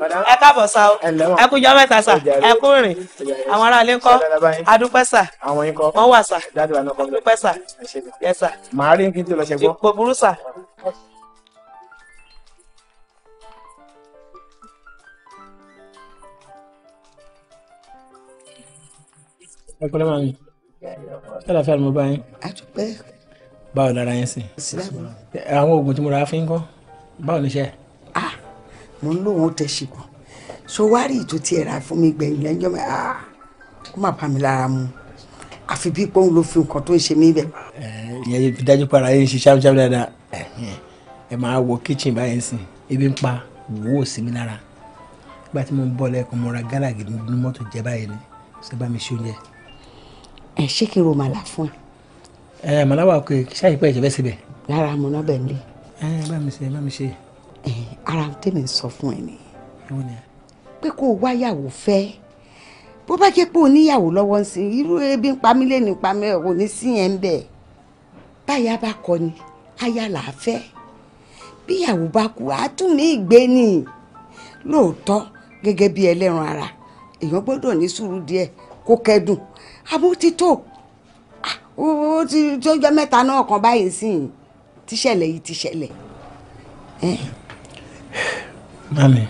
ẹ káàbọ̀ sá o ẹ kújọ mẹ́ta sá ẹ kú rìn àwọn aráalé ń kọ́ adúpẹ́ sá wọ́n wà sá adúpẹ́ sa, yẹ sá màá rí nǹkan tó lọ ṣe gbọ́ ipò burú sá. ẹ kúlẹ̀ màmí kí ló fẹ́ mo bá yín. a dúpẹ́ báwo lára yín sí. àwọn oògùn tí mo ra fi ń kọ́ báwo ni iṣẹ́. Ah, mo ń lóun tẹ ṣìgbọ́n so wárí ìtò tí ẹ ra fún mi gbẹ̀yìn lẹ́jọ́ mi ah, kó má bá mi lára mu àfi bí pọ́n ló fi nǹkan tó ń ṣe mí bẹ̀. ìyẹn ti dájú para yín ṣe ṣáfíṣáfí dáadáa ẹ máa wọ kíchìn báyìí sìn ebi ń pa wò ó sí mi lára nígbà tí mo ń bọ̀ lẹ́ẹ̀kan mo ra gálà nínú mọ́tò jẹ báyìí ni ṣé bá mi ṣe oúnjẹ. ẹ ṣé kí n ro màlá fún ẹ ẹ mọ̀láwà kò ṣàyípẹ́ ìjẹ́bẹ́ síbẹ̀. lára mo náà bẹ̀ ń lé. ẹ bá mi ṣe bá mi ṣe. ara tèmi sọ fún ẹ ni pé kó o wáyàwó fẹ́ bó bá jẹ́ pé o níyàwó lọ́wọ́ sí i irú ebi ń pa mí lé ní pa mí ò ní sí yẹn ń bẹ̀ báyà bá kọ ni aya là á fẹ́ bíyàwó bá kú àátún ìgbé ni lóòótọ́ gẹ́gẹ́ bí ẹlẹ́ran ara èèyàn gbọ́dọ̀ ní sùúrù díẹ̀ kó kẹ́dùn àmọ́ ti tó ó ti tó jẹ́ mẹ́ta náà kan báyìí sí i tíṣẹ̀lẹ̀ yìí tíṣẹ̀lẹ̀. Mami,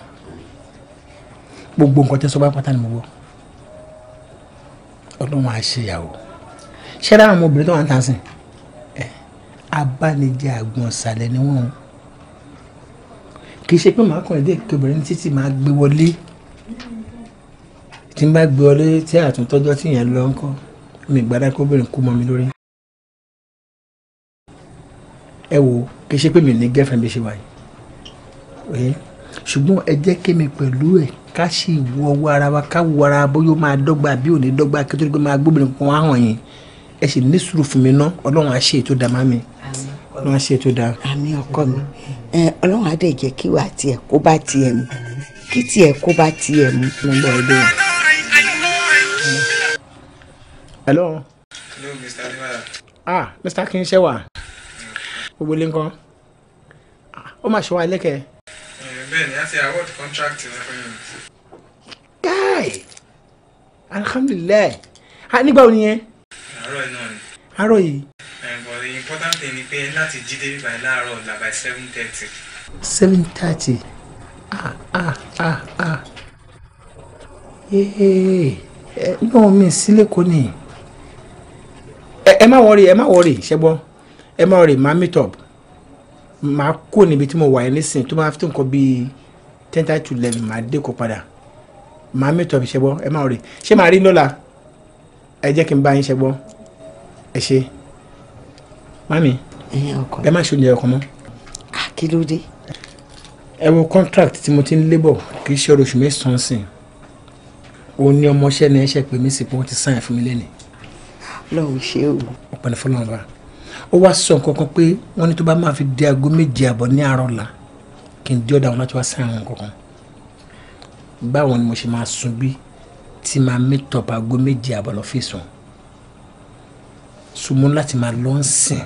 gbogbo nǹkan tẹ́ sọ bá pátá ni mo gbọ́. Ọlọ́run á ṣe ìyàwó. Ṣé dáhùn àwọn obìnrin tó wà ń tàn sìn? Abánijẹ́ àgbọn ìsàlẹ̀ ni wọ́n. Kì í ṣe pé màá kàn dé kí obìnrin títí máa gbé wọlé. Tí n bá gbé wọlé tí àtúntọ́jọ́ tí yẹn lọ ń kọ́ mi gbàdá kó obìnrin kú mọ́ mi lórí ẹ wo kí ṣe pé mi ní girlfriend bí ṣe wà yìí ṣùgbọ́n ẹ jẹ́ kémi pẹ̀lú ẹ̀ ká sì wo ọwọ́ ara wa ká wo ara bóyá ó máa dọ́gba bí ò ní dọ́gba kí tó dé pé máa gbóbìnrin kan wá hàn yín ẹ sì ní sùúrù fún mi ná ọlọ́run á ṣe ètò dá má mi ọlọ́run á ṣe ètò dá. àmì ọkọ mi ọlọ́run á dẹ̀ kí wàá tiẹ̀ kó bá tiẹ̀ mu kí tiẹ̀ kó bá tiẹ̀ mu. mo ń bọ̀ ọdún wa hello. hello mr adimara. ah mr kinshewa gbogbo ilé nǹkan ó mà ṣe wá lẹ́kẹ̀. Eh, bẹ́ẹ̀ ni a ti award contract fún yín. guy alhamdulilayi a nígbà wo nìyẹn. àárọ̀ yìí náà ni. àárọ̀ yìí. Eh, but the important thing ni pé láti jí débi báyìí láàárọ̀ by seven thirty. ah ah ah ah yéé ẹ eh, náà mi sílẹ̀ kò nìyí ẹ má wọrí ẹ má wọrí ṣẹgbọ́ ẹ má wọrí má meet up má kó níbi tí mo wà yẹn nísìn tó máa fi tó nǹkan bíi ten thirty to eleven má dé kó padà má meet up ṣẹgbọ́ ẹ má wọrí ṣé màá rí lọ́la ẹ jẹ́ kí n bá yín ṣẹgbọ́ ẹ ṣe mami ẹ má ṣe ọkọ mọ́. kí ló dé ẹ wo contract tí mo ti ń labour kì í ṣe ọ̀rọ̀ oṣù mẹ́sàn-án sìn òun ni ọmọọṣẹ́ ni ẹ ṣe pè mí sí pé wọ́n ti sign fún mi lẹ́nìí lọ́hùn ṣe o. ọ̀pẹ̀lẹ̀ fọlọ́run bá ó wá sọ nǹkan kan pé wọ́n ní tó bá máa fi di aago méje àbọ̀ ní àárọ̀ la kí n díọ̀dà wọn láti wá sí àwọn nǹkan kan báwo ni mo ṣe máa sun bí tí máa mẹ́tọ̀pù aago méje àbọ̀ lọ́fíìsì wọn sùnmọ́ láti máa lọ́ọ́ sìn.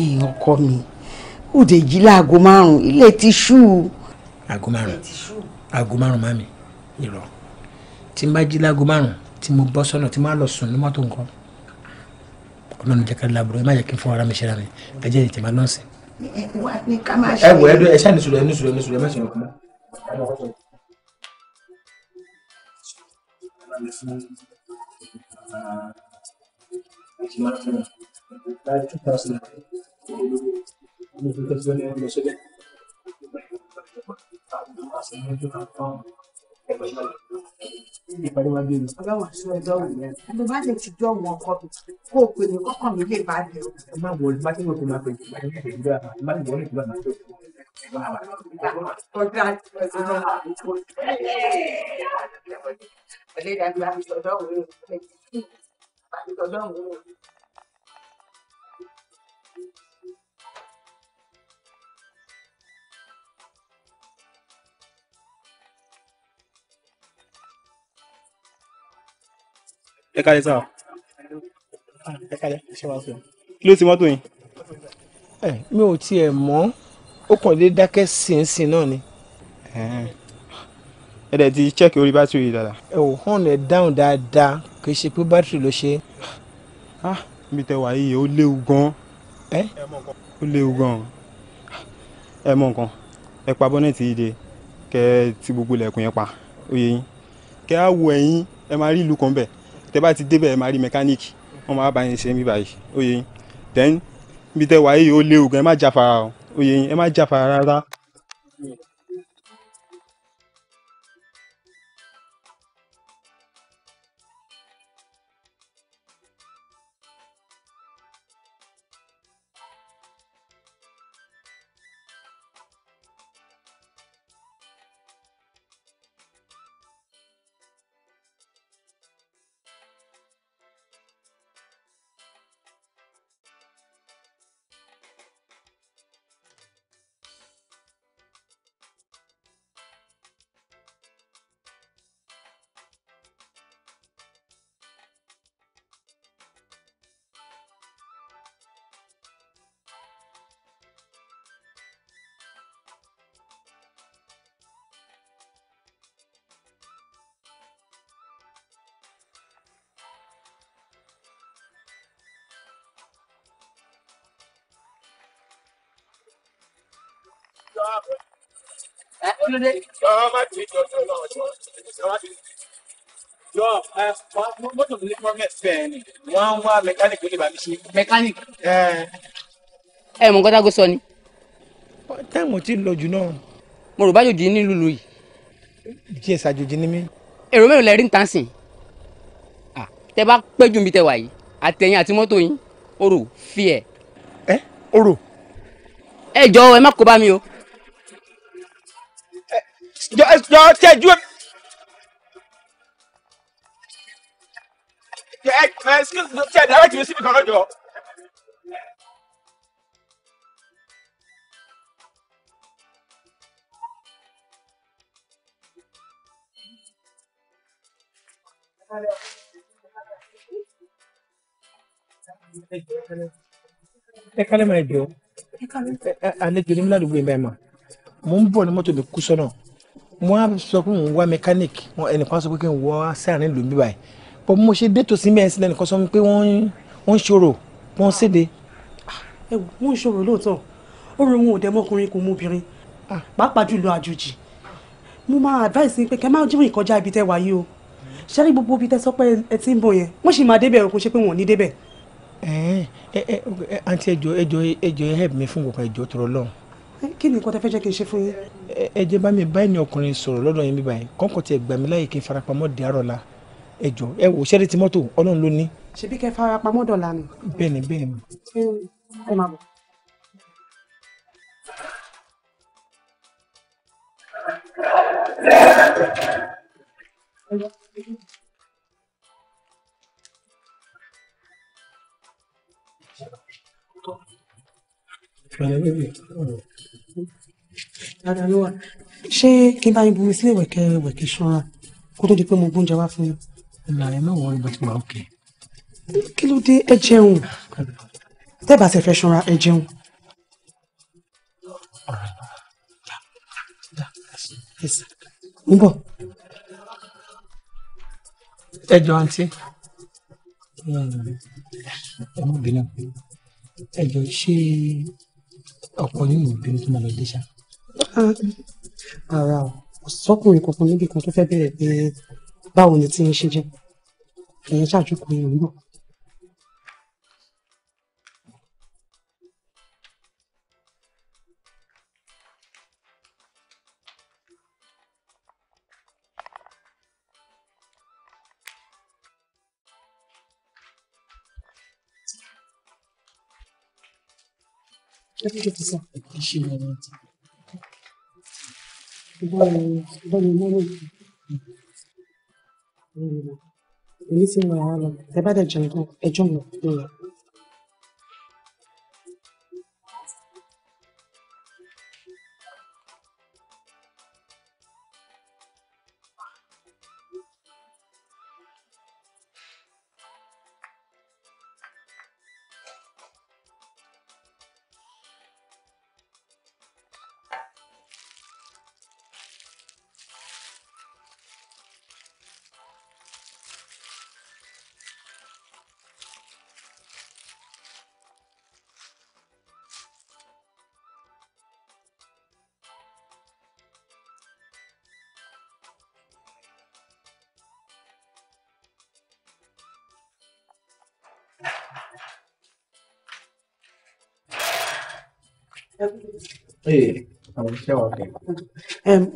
èèyàn ah, kọ́ mi òde jí láago márùn ilé ti ṣú. aago márùn aago márùn mami irọ́ tí n bá jí láago márùn tí mo bọ́ sọ́nà tí máa lọ sùn ní mọ́tò nǹkan ọlọ́run jẹ́ ká laburo ẹ má jẹ́ kí n fún ara mi ṣe mi ẹ jẹ́ ìtìmá nọ́ọ̀sì. ẹ wọ ẹdọ ẹ ṣáà ní sùúrù ẹ ní sùúrù ẹ ní sùúrù ẹ má ṣe lọkùnrin. Thank you. Mo bá lè ti jọ wọn kọ́ kó o pè ní kọ́kàn mi lè bá dé. Ẹ má wọlé, má tẹ́wọ́ tó máa pè é. Ẹ má wọlé tó máa pè é. Ọ̀dọ́ ìdájọ́ àti ọ̀dọ́ òun. ẹ káyẹ sáà ẹ káyẹ ṣé wàá sọ kí ló ti mọ́tò yín. ẹ mi ò tiẹ̀ mọ̀ ó kàn lè dákẹ́ sínsìn náà ni. ẹ dẹ̀ ti ṣẹ́ẹ̀kì orí bátìrì yìí dáadáa. ẹ ò hàn ẹ dáhùn dáadáa kì í ṣe pé bátìrì ló ṣe. mi ah, tẹ wàá yìí ó léwu gan-an. ẹ ó léwu gan-an ẹ mọ nǹkan ẹ pa bọ́nẹ̀tì yìí de kẹ ti gbogbo ilẹ̀kùn yẹn pa ó yẹ yín kẹ á wo ẹ̀yìn ẹ máa rí ìlú kan bẹ́ẹ̀ tẹ bá ti débẹ̀ ẹ máa rí mẹkáníìkì wọ́n máa bá yín ṣe mí báyìí ó yín then ibi tẹ wà yìí ó léwu gan ẹ má jáfara o ó yín ẹ má jáfara rárá ló dé. jọ̀ọ́ má ti jọ jọ lọ jọ jọ má ti jọ ẹ mọ́tò tó ní kí wọ́n mẹ́fẹ́ ẹ ni wọ́n ń wá mẹkáníìkì ó lè bá mi ṣe. mẹkáníìkì. ẹ mọ̀ nǹkan tá a gbé sọ ni. táìmù ti lọ jù náà. mo rò bá jòjì nílùú yìí. díẹ̀ ṣàjòjì ni mí. èrò mélòó lẹ rí ń tàn sìn tẹ bá pẹ́ jù mí tẹ wà yìí àtẹ̀yìn àti mọ́tò yín orò fi ẹ̀. ẹ orò. ẹ jọ̀ọ́ ẹ má kó bá mi o. Eh, jọ tẹjú ẹ. ẹ ẹ excuse me ṣe ẹ̀dá láti mi síbi kan lọ́jọ́. ẹ kálẹ̀ máa jọ àlejò ní mílíọ̀nù gbé bẹ́ẹ̀ mọ̀ mò ń bọ̀ ní mọ́tò mi kú sọ́nà mo á sọ pé mò ń wá mẹkáníìkì ẹnìkan sọ pé kí n wọ sáàrin lòmí báyìí bọ́ mo ṣe dé tòsí mẹ́rin sílẹ̀ nìkan sọ pé wọ́n ń ṣòro wọ́n ah. ṣèdè. Ah, ẹ wò wọ́n ń ṣòro lóòótọ́ ó ro wọn ò dẹ́ mọ́kùnrin kò mú obìnrin ah, pàápàá jùlọ àjòjì mo máa advice ni pé kẹ́ máa jẹ́ ìkọjá ibi tẹ́ wáyé o ṣe rí gbogbo ibi tẹ́ sọ pé ẹ ti ń bọ̀ yẹn wọ́n sì máa débẹ̀ o kò ṣe pé wọ́n ní débẹ̀. ẹ ẹ ẹ àǹtí ẹjọ ẹjọ ẹjọ help mi fún gbogbo ẹjọ tó rọ Eh, kí ni nǹkan tẹ́ fẹ́ jẹ́ kí n ṣe fún yín. ẹ jẹ́ bá mi bá ẹni ọkùnrin sọ̀rọ̀ lọ́dọ̀ yín bíbá yìí kọ́ńkọ́ tiẹ̀ gbà mí láyè kí n farapamọ́ di àárọ̀ la ẹ jọ ẹ wò ṣẹ́rí ti mọ́tò ọlọ́run ló ní. ṣebí kẹ́ farapamọ́ dọ̀la ni. bẹ́ẹ̀ni bẹ́ẹ̀ni. ẹ Thank you. ṣé kí n bá yín bomi sílé wẹ̀kẹ́ wẹ̀kẹ́ ṣanra kó tó di pé mo gbóúnjẹ wá fún yín. ìlà ẹ̀ náà wọ́n bá ti wà òkè. kí ló dé ẹ jẹun tẹ́ẹ̀bà ṣe fẹ́ ṣanra ẹ jẹun. ń bọ̀. ẹ jọ àǹtí ẹ mọ̀ bí náà ẹ jọ ṣé ọkọ yóò mú bínú tó máa lọ dé ṣá. ara o sọkùnrin kankan níbi kan tó fẹ́ bẹ̀rẹ̀ pé báwo ni tí ń ṣe jẹ́ kì í ṣàjùkù ìrùn náà èyí tí mo rà á lọ ẹ bá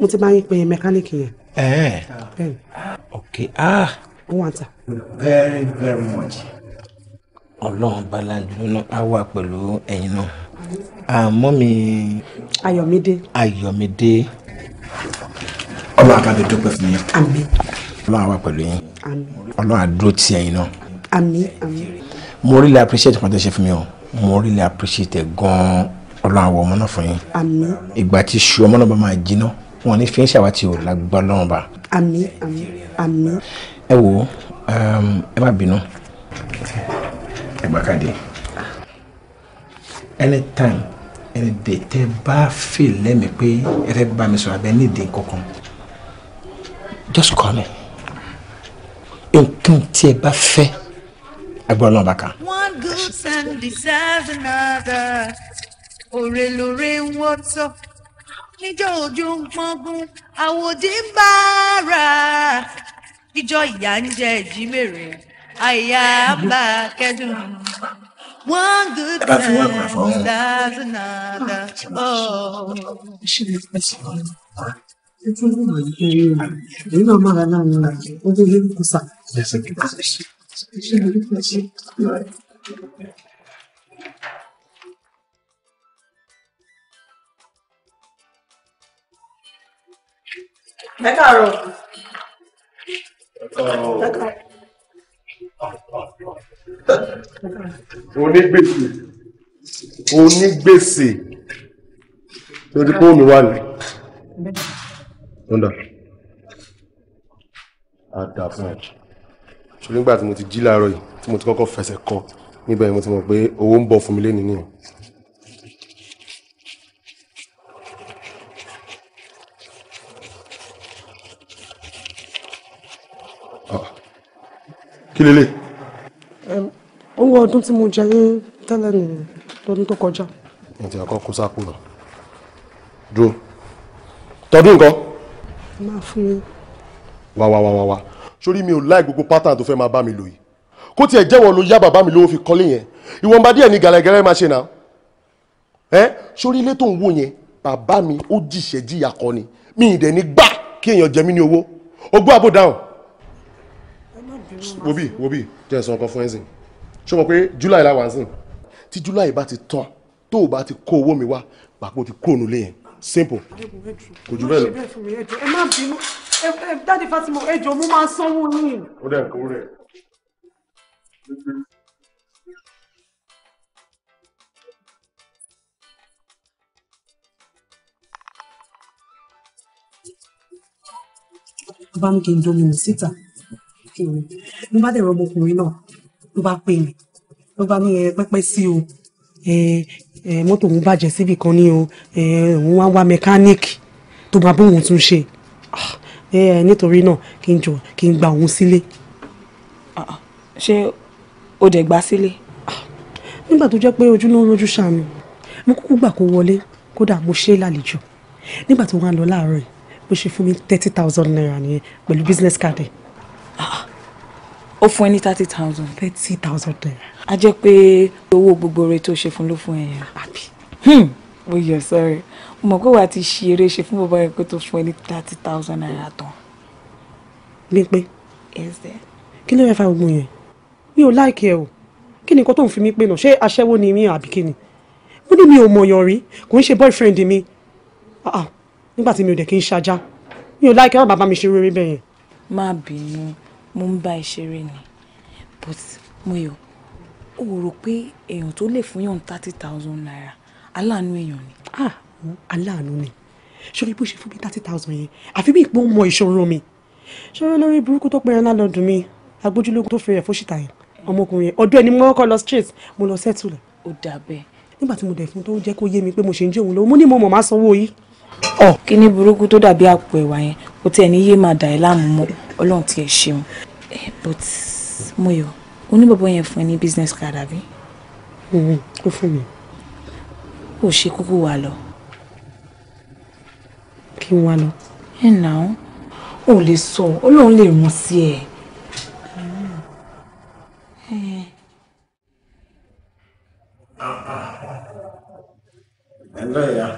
mo ti bá yín pe mẹkáníìkì yẹn. ok ah. ó wà ta. very very much. ọlọ́run balajú náà á wà pẹ̀lú ẹ̀yin náà àmọ́ mi. ayọ̀mídé. ayọ̀mídé. ọlọ́run àbábẹ́ dúpẹ́ fún yín. àmín. ọlọ́run á wà pẹ̀lú yín. àmín. ọlọ́run á dúró ti ẹ̀yin náà. àmín àmín. mo really appreciate nǹkan tó ṣe fún mi o mo really appreciate ẹ gan ọlọ́run àwọ̀ ọmọ náà fún yín. àmín. ìgbà tí iṣu ọmọ náà bá máa jiná wọn ní fi ń ṣàwá tí ò lágbára bá. àmín àmín àmín. ẹ wo um, ẹ má bínú ẹ gbà anytime ẹni dè tẹ bá fè lẹ́mi pé ẹ fẹ́ bá mi sọ̀rọ̀ abẹ́ ní ìdè kankan just call me nǹkan tí ẹ bá fẹ́ agbọ́n náà bá kà. one good son deserves another òrè lóore ń wọ́tọ̀ níjọ́ òjò ń pọ́ngún àwòdì ń bára ìjọ ìyá ń jẹ ìjímèrè àyà bá kẹ́dùn. One good time loves another. Oh. Yes, I can. ẹ káàárọ̀. onígbèsè onígbèsè lórí fóònù wà ní. àdàbọ̀ ẹ̀ ṣùgbọ́n nígbà tí mo ti jí láàárọ̀ yìí tí mo ti kọ́kọ́ fẹsẹ̀ kọ níbẹ̀ mo ti mọ̀ pé owó ń bọ̀ fún mi lẹ́nu nìyẹn. kí lélẹ̀. owó ọdún tí mo jẹ yín tẹ́lẹ̀ nìyẹn lọ́dún tó kọjá. ètò ẹ̀kọ́ kó sápò náà dúró tọdún nǹkan. máa fún mi. wá wá wá wá wá sórí mi ò láì gbogbo pátá tó fẹ́ máa bá mi lò yìí kó tiẹ̀ jẹ́wọ́ ló yá bàbá mi lówó fi kọ́lé yẹn ìwọ̀nba díẹ̀ ni gàlẹ́gẹ́rẹ́ máa ṣe náà ẹ sórí ilé tó ń wò yẹn bàbá mi ó jìṣẹ́ jìyà kọ́ mi ì dẹ̀ ní gbà kí èèyàn jẹ mí ní owó ogún àbò dáhùn wobi bí wo bí jẹ́ sọ nǹkan fún ẹ̀sìn ṣé o mọ̀ pé july la wà ń sìn tí july bá ti tán tó o bá ti kó owó mi wá pàpọ̀ ti kúrò nílé yẹn simple kò jù bẹ́ẹ̀ lọ. ẹ má bínú dáàdi Fatima ẹjọ mo máa sanwó yín. ó dẹ̀ kó rẹ̀. bá mi kì í síta kí mi ló bá dẹ̀ rọ́bọ ọkùnrin náà ló bá pè mí ló bá ní pẹ́pẹ́ sí o mọ́tò òun bàjẹ́ síbì kan ní o òun wá wá mẹkáníìkì tó bá bóun tún ṣe ah, nítorí náà kí n jọ kí n gba òun sílé. Ah, ah, ṣé o dẹ̀ gbà sílé. nígbà tó jẹ́ pé ojú náà rojú ṣàánú mo kúkú gbà kó wọlé kódà mo ṣe é lálejò nígbà tó wà lọ láàárọ̀ yìí bó ṣe fún mi thirty thousand naira nìyẹn pẹ̀lú business card ẹ̀ ó fún ẹ ní thirty thousand. thirty thousand naira. a jẹ́ pé owó gbogbo rẹ tó ṣe fún ló fún ẹ yẹn. àbí. o yọ sọrọ mo mọ̀ pé ti ṣe eré ṣe fún bàbá yẹn pé tó fún ẹ ní thirty thousand naira tán. mi pé. ẹsẹ̀. kí ló yẹ fa gbogbo yẹn mi ò láìkí ẹ o kí ni nǹkan tó ń fi mí pè ṣé aṣẹ́wó ni mí àbí kí ni mo ní mi ò mọ̀yàn rí kò ń ṣe boyfriend mi ah, ah. nígbà tí mi ò dẹ̀ kí ń ṣajá mi ò láìkí ẹ má bàbá mi ṣe rere bẹ́ẹ̀ yẹn. má bínú mo ń bá ẹ ni but mo yọ ó rò pé èèyàn tó lè fún yàn thirty thousand naira aláàánú èèyàn ni. ah aláàánú ni sori bó ṣe fún mi thirty thousand yẹn àfi bí ìpò ń mọ ìṣòro mi ṣòro lórí burúkú tó pẹ́ran lálọ́dún mi agbójúlógún tó fẹ́rẹ̀ fóṣìta yẹn ọmọkùnrin yẹn ọdún ẹni mo kọ́kọ́ lọ straight mo lọ settle. ó dà bẹ́ẹ̀. nígbà tí mo dẹ̀ fún tó jẹ́ kó yé mi pé mo ṣe ń jẹ́ òun lọ mo ní mo mọ̀ má sanwó yìí. kí ni burúkú tó dàbí àpò ẹ̀wà yẹn kò tiẹ̀ ní yé máa dà ẹ́ láàmú mọ́ ọlọ́run tiẹ̀ ṣeun but Moyo oníbọ̀bọ̀ yẹn fún ẹ ní business card àbí. Mm-hmm. ó fún mi. ó ṣe kúkú wà lọ. kí n wá lọ. ẹ nà ó ò lè sọ ọlọ́run lè rán sí ẹ. ẹ ǹlẹ́ ìyá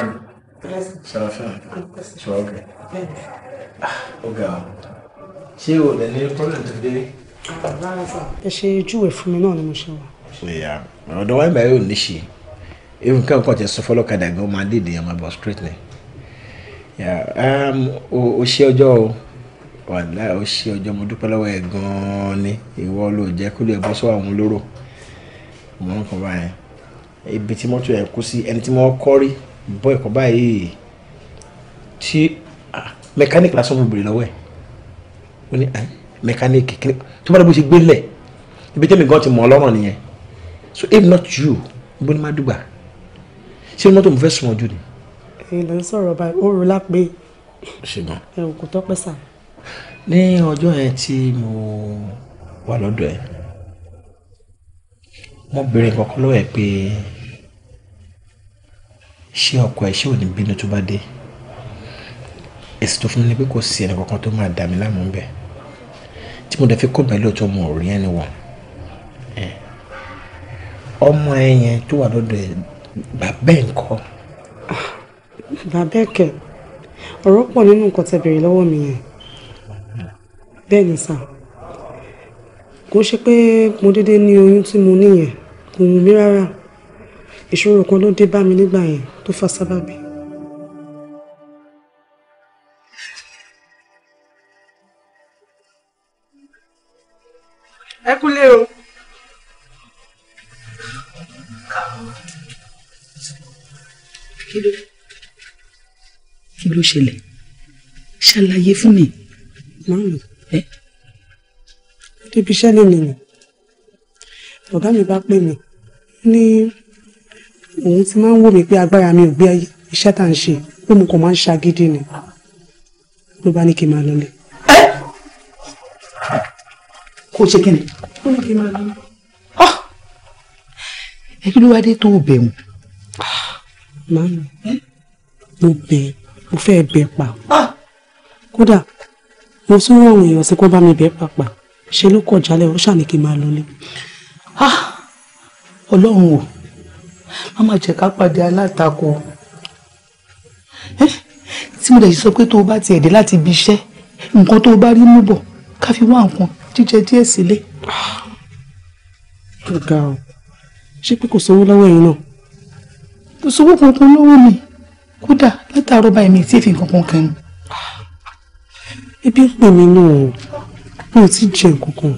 ẹ̀ ṣàlàfíà ṣùgbọ́n ok ọ̀gá ṣé o lè ní problem today. dé. ẹ ṣe júwe fún mi náà ni mo ṣe wà. ọ̀dọ̀ wa ìgbà yóò ní ṣe even kí n kọ́ ti sọ fọlọ́kadà gan máa dìde yẹn máa bọ̀ straight ni um, o ṣe ọjọ́ o wàlá o ṣe ọjọ́ mo dúpẹ́ lọ́wọ́ ẹ gan-an ni ìwọ ló jẹ́ kó lè bọ́ sọ́wọ́ àwọn olóró mọ̀ nǹkan báyẹn ibi tí mọ́tò ẹ̀ kú sí ẹni tí wọ́n kọ́ rí bọ́ ẹ̀kọ́ báyìí tí mẹkáníìkì lásán mo bèrè lọ́wọ́ ẹ̀ ó ní mẹkáníìkì kí tó bá dé bó ṣe gbélẹ̀ ibi tẹ́mi gan ti mọ̀ ọlọ́rọ̀ nìyẹn so if not you bó ni má dùgbà ṣé mọ́tò mo fẹ́ sùn ọjọ́ ni. èyí ló ń sọ̀rọ̀ báyìí ó rò lápé ṣùgbọ́n ẹ̀rù kò tọ́pẹ́ sà. ní ọjọ́ yẹn tí mo wà lọ́dọ̀ ẹ̀ mo bèrè nǹkan kan lọ́wọ́ ẹ̀ pé ṣé ọkọ ẹ ṣé ò ní bínú tó bá dé èsì tó fún mi ni pé kò sí ẹnì kankan tó máa dà mí láàmú bẹ́ẹ̀ tí mo dẹ̀ fi kọ́ bẹ́ẹ̀ lóòótọ́ mo ò rí ẹni wọ̀n ọmọ ẹ yẹn tó wà lọ́dọ̀ ẹ bàbá ẹ̀ ń kọ́. bàbá ẹ̀ kẹ́ ọ̀rọ̀ nínú nǹkan tẹ́ bèrè lọ́wọ́ mi yẹn bẹ́ẹ̀ ni sà kò ṣe pé mo déédéé ní oyún tí mo níyẹn kò wù mí rárá ìṣòro kan ló dé bá mi nígbà yẹn tó fa sábàbí. ẹ kúlé o. kí ló ṣẹlẹ̀ ṣàlàyé fún mi. márùn ẹ. débi iṣẹ́ lè nìyẹn ọ̀gá mi bá pè mí ní òun ti máa ń wò mí pé agbára mi ò gbé iṣẹ́ tá à ń ṣe pé mo kàn máa ń ṣagídí ni ló bá ní kí n máa lọlé. ẹ kò ṣe kíni. ó ní kí n máa lọlé. ẹ kí ló wá dé tó o bẹ̀ wọ́n. màámi mo bẹ̀ mo fẹ́ bẹ̀ pa kódà mo tún rán àwọn èèyàn sí kó bá mi bẹ̀ pàpà ṣe ló kọ̀ jálẹ̀ ó ṣàní kí n máa lọlé. ọlọ́run o má má jẹ́ ká pàdé alátakò eh, tí mo dẹ̀ sọ pé tó o bá tiẹ̀ dé láti ibi iṣẹ́ nǹkan tó o bá rí mú bọ̀ ká fi wá nǹkan jíjẹ díẹ̀ sílé. tó ga ọ ṣé pé kò sówó lọ́wọ́ yìí náà. kò sówó kankan lọ́wọ́ mi kódà látàárọ̀ báyìí mi tí èfi nǹkan kan kẹnu. ebi ń pè mí náà mi ò tí ì jẹ nǹkan kan.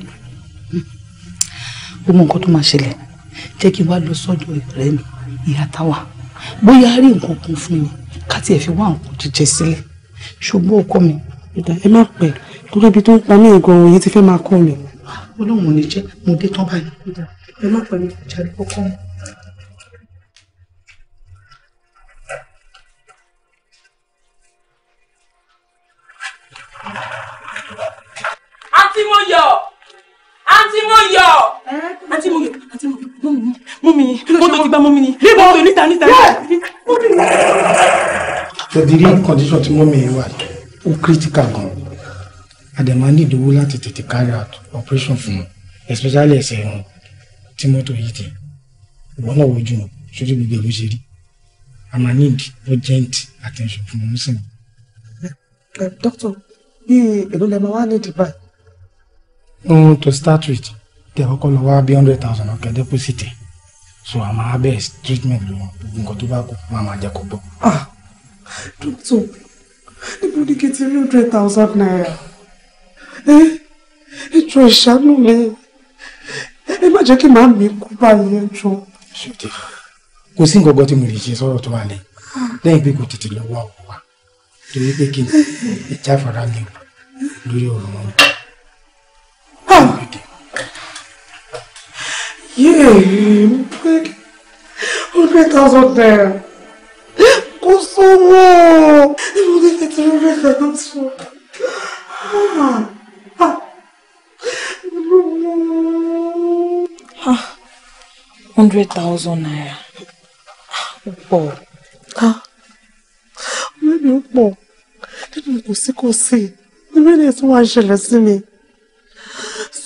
ó mọ nǹkan tó máa ṣẹlẹ̀ jẹ́ kí n wá lọ sọ́dọ̀ ìrẹ́ mi ìyá táwa bóyá rí nǹkan kan fún mi ká tiẹ̀ fi wá nǹkan jíjẹ sílẹ̀ ṣùgbọ́n ọkọ mi ìdá ẹ má pẹ́ torí ibi tó ń pa mí ìgàn òye ti fẹ́ máa kọ́ mi. olóhùn ní jẹ́ mo dé tán báyìí ẹ má pẹ́ mi jàre kọ́kọ́ mi. àti mo àǹtí mo yọ. àǹtí mo yọ àǹtí mo yọ mú mi ni mọ́tò ti gbá mú mi ni mọ́tò níta the real condition tí mọ́mí yìí wà ó critical gan àdèmà ní ìdówó láti tètè carry out operation fún especially ẹsẹ̀ wọn tí mọ́tò yìí tẹ̀ ìwọ náà wojú wọn sórí gbogbo ìlú ṣe rí need urgent attention from un nísìnyí. doctor bí èlò lè máa wá ní dubai um, to start with tẹ kọ́kọ́ lọ wá bí hundred thousand ọkẹ deposit so a máa bẹ treatment lọ nǹkan tó bá kú wọn a máa jẹ ah dókítà níbo ni kí n ti rí hundred thousand naira ẹ ẹ jọ ìṣàánú mi ẹ má jẹ́ kí màá mi kú báyìí ẹ jọ. kò sí nǹkan gbọ́ tí mo lè ṣe sọ̀rọ̀ tó wà lẹ́yìn lẹ́yìn pé kò tètè lọ wá òun wá torí pé kí n ìjáfara ni lórí ọ̀rọ̀ wọn. yéé mo hundred thousand naira kò sówó mo ní fẹ́ three hundred thousand. Ah, ah. hundred thousand naira ah, ó pọ̀ ó pọ̀ nínú kò sí kò sí ìrẹ́lẹ̀ tí wọ́n á ṣẹlẹ̀ sí mi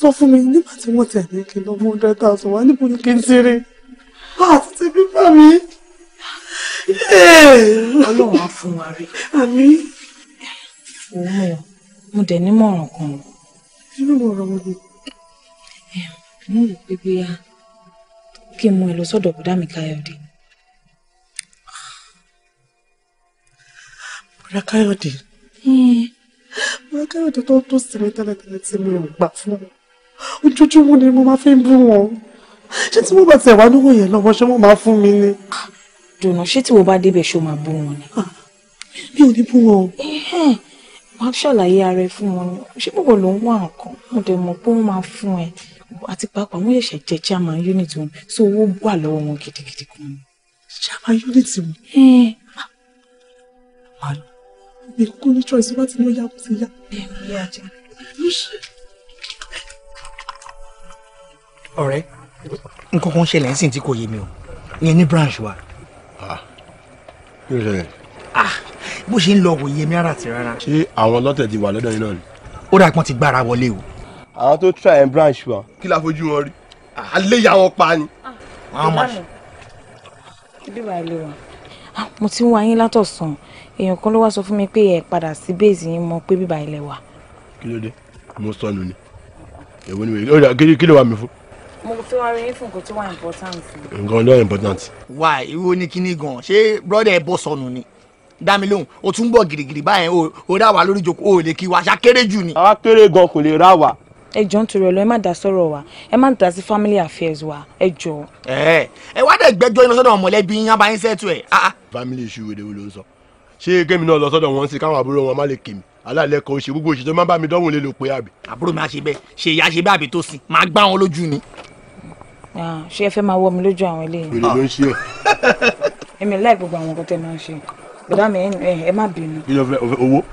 sọ fún mi nígbà tí wọ́n tẹ̀ ní kí n lọ mú hundred thousand wá níbo ni kí n ti rí àti ti pípa mi. ọlọ́run á fún wa rí. àmì. òun mo dẹ̀ nímọ̀ràn kan. inú mo rọ̀ wọ́n ni. mo rò pé bóyá kí n mú ẹ lọ sọ́dọ̀ bùdá mi káyọ̀dé. bùdá káyọ̀dé. bùdá káyọ̀dé tó tó sinmi tẹ́lẹ̀tẹ́lẹ̀ tí mi ò gbà fún un ojoojúmọ́ ni mo máa fi ń bú wọn ṣé tí mo bá tẹ̀ wá lówó yẹn lọ́wọ́ ṣé wọ́n máa fún mi ni. dùnà ṣé tí mo bá débẹ̀ ṣó máa bú wọn ni. Ah, mi ò ní bú wọn. máa ṣàlàyé ara ẹ fún wọn ṣé gbogbo ló ń wá nǹkan mo dẹ̀ mọ̀ pé wọ́n máa fún ẹ àti pàápàá wọ́n ṣẹ̀ṣẹ̀ jẹ́ chairman unit wọn so owó wà lọ́wọ́ wọn gidigidi kan. chairman unit wọn. mi kú ní choice wá tí mo yá kó ti yá. bẹ́ẹ̀ ni ìyá àjẹ́ ọ̀rẹ́ nǹkan kan ṣẹlẹ̀ ńsìn tí kò yé mi o ìyẹn ní branch wa. Ah, kí ló ṣẹlẹ̀. Ah, bó ṣe ń lọ kò yé mi ara ti rárá. ṣé àwọn lọ́tẹ̀ ti wà lọ́dọ̀ yín náà ni. ó dà pọ́n ti gbára wọlé o. àwọn tó try ẹ̀ branch wa. kí la fojú wọn rí ah. alẹ́ ìyá wọn pa ni. àwọn máa ṣe. ibi wàá lè wà mo ti ń wá yín látọ̀sán èèyàn kan ló wá sọ fún mi pé ẹ padà sí bẹ́ẹ̀sì yín mọ̀ pé bíbá ilẹ̀ wà. kí ló dé mo sọnù ni èwo ni kí ló wà mí fún mo fi wá rí fún nǹkan tó wà important. nǹkan ló wà important. wà ìwọ ni kíní gan ṣé brọ́dà ẹ bọ́ sọnù ni dá mi lóhùn o tún bọ̀ gìrìgìrì báyẹn o rà wá lórí ìjókòó o lè kí wa ṣàkéré jù ni. àwa kéré gan kò lè rà wá. ẹ jọ̀ọ́ nítorí ọlọ ẹ má dá sọ̀rọ̀ wa ẹ má dá sí family affairs wa ẹ jọ̀ọ́. ẹ ẹ wá dẹ gbẹ́jọ́ iná sọ́dọ̀ mọ̀lẹ́bí yín abayín sẹẹtù ẹ. Ah, ah. family issue wo ló ń sọ ṣé kémi náà lọ sọ́dọ̀ wọn sí káwọn àbúrò wọn má lè kémi alálẹ kan oṣù gbogbo oṣù tó máa bá mi dánwò lè lò pé àbí. àbúrò mi àṣebẹ ṣe ìyá àṣebẹ àbí tó sìn máa gbá wọn lójú ni. ṣé ẹ fẹ́ máa wọ mi lójú àwọn eléyìí. èrè ló ń ṣe ẹ. èmi láì gbogbo àwọn nǹkan tẹ́ máa ń ṣe bọ̀dá mi ẹ má bínú. kí ló fẹ́ owó.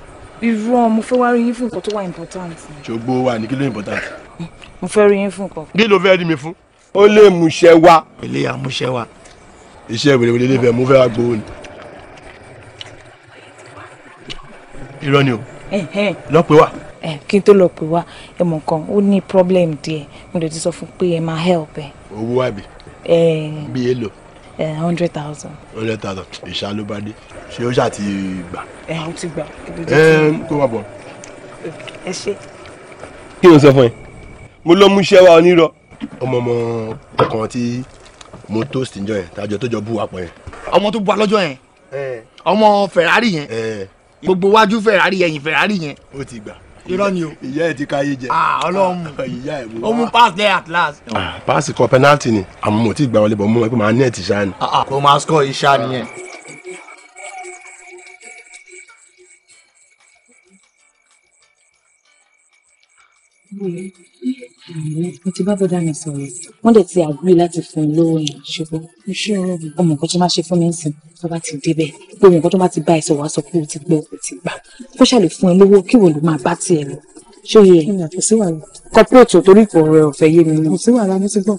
irú ọ mo fẹ́ wá rí yín fún nǹkan tó wà important. ṣògbó wa ní kí ló important. mo fẹ́ rí yín fún nǹkan. kí ló fẹ́ rí mi fún. ó lè múṣẹ́ wa. ilé àmúṣẹ́ wa. iṣẹ́ wèrèwèrè lè fẹ́ mo fẹ́ wá gbowó ni. irọ́ ni o lọ pè wá. kí n tó lọ pè wá ẹ mọ̀ nǹkan ó ní problem díẹ̀ mo lè ti sọ fún pé ẹ máa help ẹ. owó àbí. bí èlò. hundred thousand. hundred thousand ìṣàlóbádé ṣé ó ṣáà ti gbà. ẹ ó ti gbà. kó wà bọ̀. ẹ ṣe. kí ló ń sọ fún ẹ mo lọ mú iṣẹ́ wa onírọ́. ọmọ ọmọ kankan tí mo toast njọ yẹn tájọ tó jọ bú wa pọ̀ yẹn. ọmọ tó bu alọ́jọ́ yẹn ọmọ Ferrari yẹn gbogbo wájú Ferrari ẹ̀yìn Ferrari yẹn. ó ti gbà irọ́ ni o. ìyá ẹ ti ka ayé jẹ. Ah, ọlọ́run ah, ìyá ẹ wo. ó mú pass there at last. Ah, pass kọ penalty ni àmọ́ mo ti gbà wọlé bọ̀ mo mọ̀ pé màá net ṣáà ni. kò máa score iṣá nìyẹn. Mm-hmm mo ti bá bọ́dà mi sọ̀rọ̀ wọ́n dẹ̀ ti àgbúrè láti fún un lówó yẹn ṣùgbọ́n ọmọ nǹkan tó máa ṣe fún mi nsìn tó bá ti débẹ̀ gbogbo nǹkan tó máa ti bá ẹ wàá sọ pé o ti gbọ́ o ti gbà kó ṣàlè fún ẹ lówó kí wọ́n ló máa bá tiẹ̀ lọ ṣé yẹ kọ́pẹ́ẹ̀tì torí kò rẹ ọ̀fẹ́ yé mi kò sí wàhálà mo ti gbọ́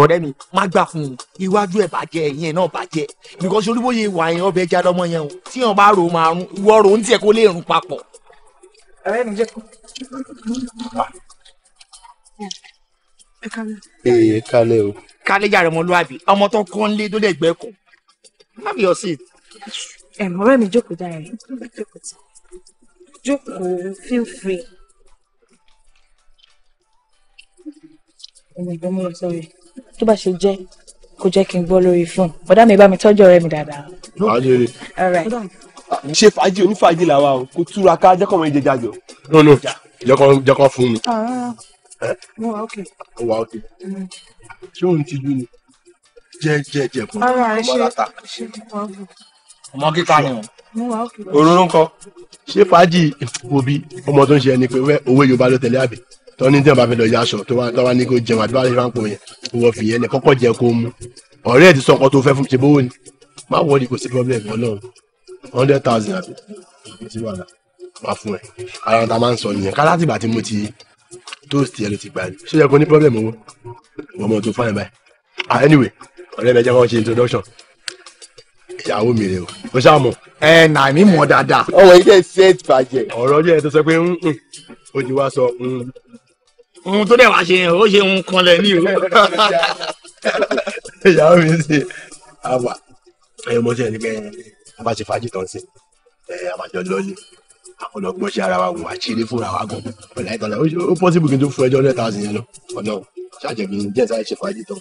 ọ̀rẹ́ mi má gbà fún un iwájú ẹ̀ bàjẹ́ ẹ̀yìn ẹ̀ náà bàjẹ́ because olúbóyè wà yẹn ọbẹ̀ jáde ọmọ yẹn o tí bá rò ó máa rún ìwọ rò ó ń tiẹ̀ kó lè rún papọ̀ Ee kálẹ̀ o. Kálẹ̀ yàrá ọmọlúwàbí, ọmọ tó kọ́ ń lé tó dẹ̀ gbẹ́kọ̀. Má bí ọ̀sìn. Ẹ̀mọ́ rẹ̀ mi jókòó dára rẹ̀. Jókòó feel free. Ọmọ ìgbọ́n mọ́ lọ sọ́rọ̀ tó bá ṣe jẹ́ kó jẹ́ kí n gbọ́ lórí fóònù. Bọ̀dá mi bá mi tọ́jú ọ̀rẹ́ mi dáadáa. All right ṣe fàájì onífàájì làwa o kò túra ká jẹ́ kọ́mọ ìjẹjà jọ. no no jẹ́ kọ́ fún mi. Ah, mo wà ókè. mo wà ókè. ṣé òun ti dún ni jẹ́ jẹ́ jẹ́ fún mi ọmọ rata. ọmọ kíkà ni o. òróró ńkọ́ ṣé fàájì òbí ọmọ tó ń ṣe ẹni pé òwe Yorùbá ló tẹ̀lé àbí tọ́ni tí wọ́n bá fẹ́ lọ yá aṣọ tó wá ní kó jẹun àbí wọ́n á ṣe fáńpọ̀ yẹn wọ́n fi yẹn lẹ̀ kọ́kọ́ jẹ kó mu ọ̀rẹ́ ẹ̀ ti sọ nǹkan tó fẹ́ fún ṣe bówó ni má wọ́ọ̀dì kò sí pọ́blẹ̀mù ọlọ́run hundred thousand àbí ìgbésí wàhálà máa fún ẹ ara ta máa ń sọ nìyẹn ká láti ìgbà tí mo ti toast yẹn ló ti gbà ṣé yẹ kó ní problem owó wọn mọ tó fáyìn báyìí ah anyway ọ̀rẹ́ mi ẹ jẹ́ kó ṣe introduction ìyàwó mi rè o o ṣáà mọ̀. ẹ nà mí mọ̀ dáadáa. ọwọ iṣẹ ṣe é bàjẹ́. ọ̀rọ̀ díẹ̀ tó sọ pé ń ń o ti wá sọ ń. ohun tó dẹ̀ wá ṣe ó ṣe ń kanlẹ̀ ní ìlú. ìyàwó mi ṣe àwà ẹ̀ mọ̀ sí ẹ̀ nígbà yẹn a bá ṣe fàájì tán sí ẹ a máa jọ lọ́ọ̀lì ọlọ́gbọ́n ṣe ara wa wò wá ṣeré fúnra wa gan ọ̀la ìtọ́lá ó pọ́sibù kí n tó fún ẹjọ́ hundred thousand yẹn lọ ọ̀nà ṣàjẹ̀bí díẹ̀ sáré ṣe fàájì tán.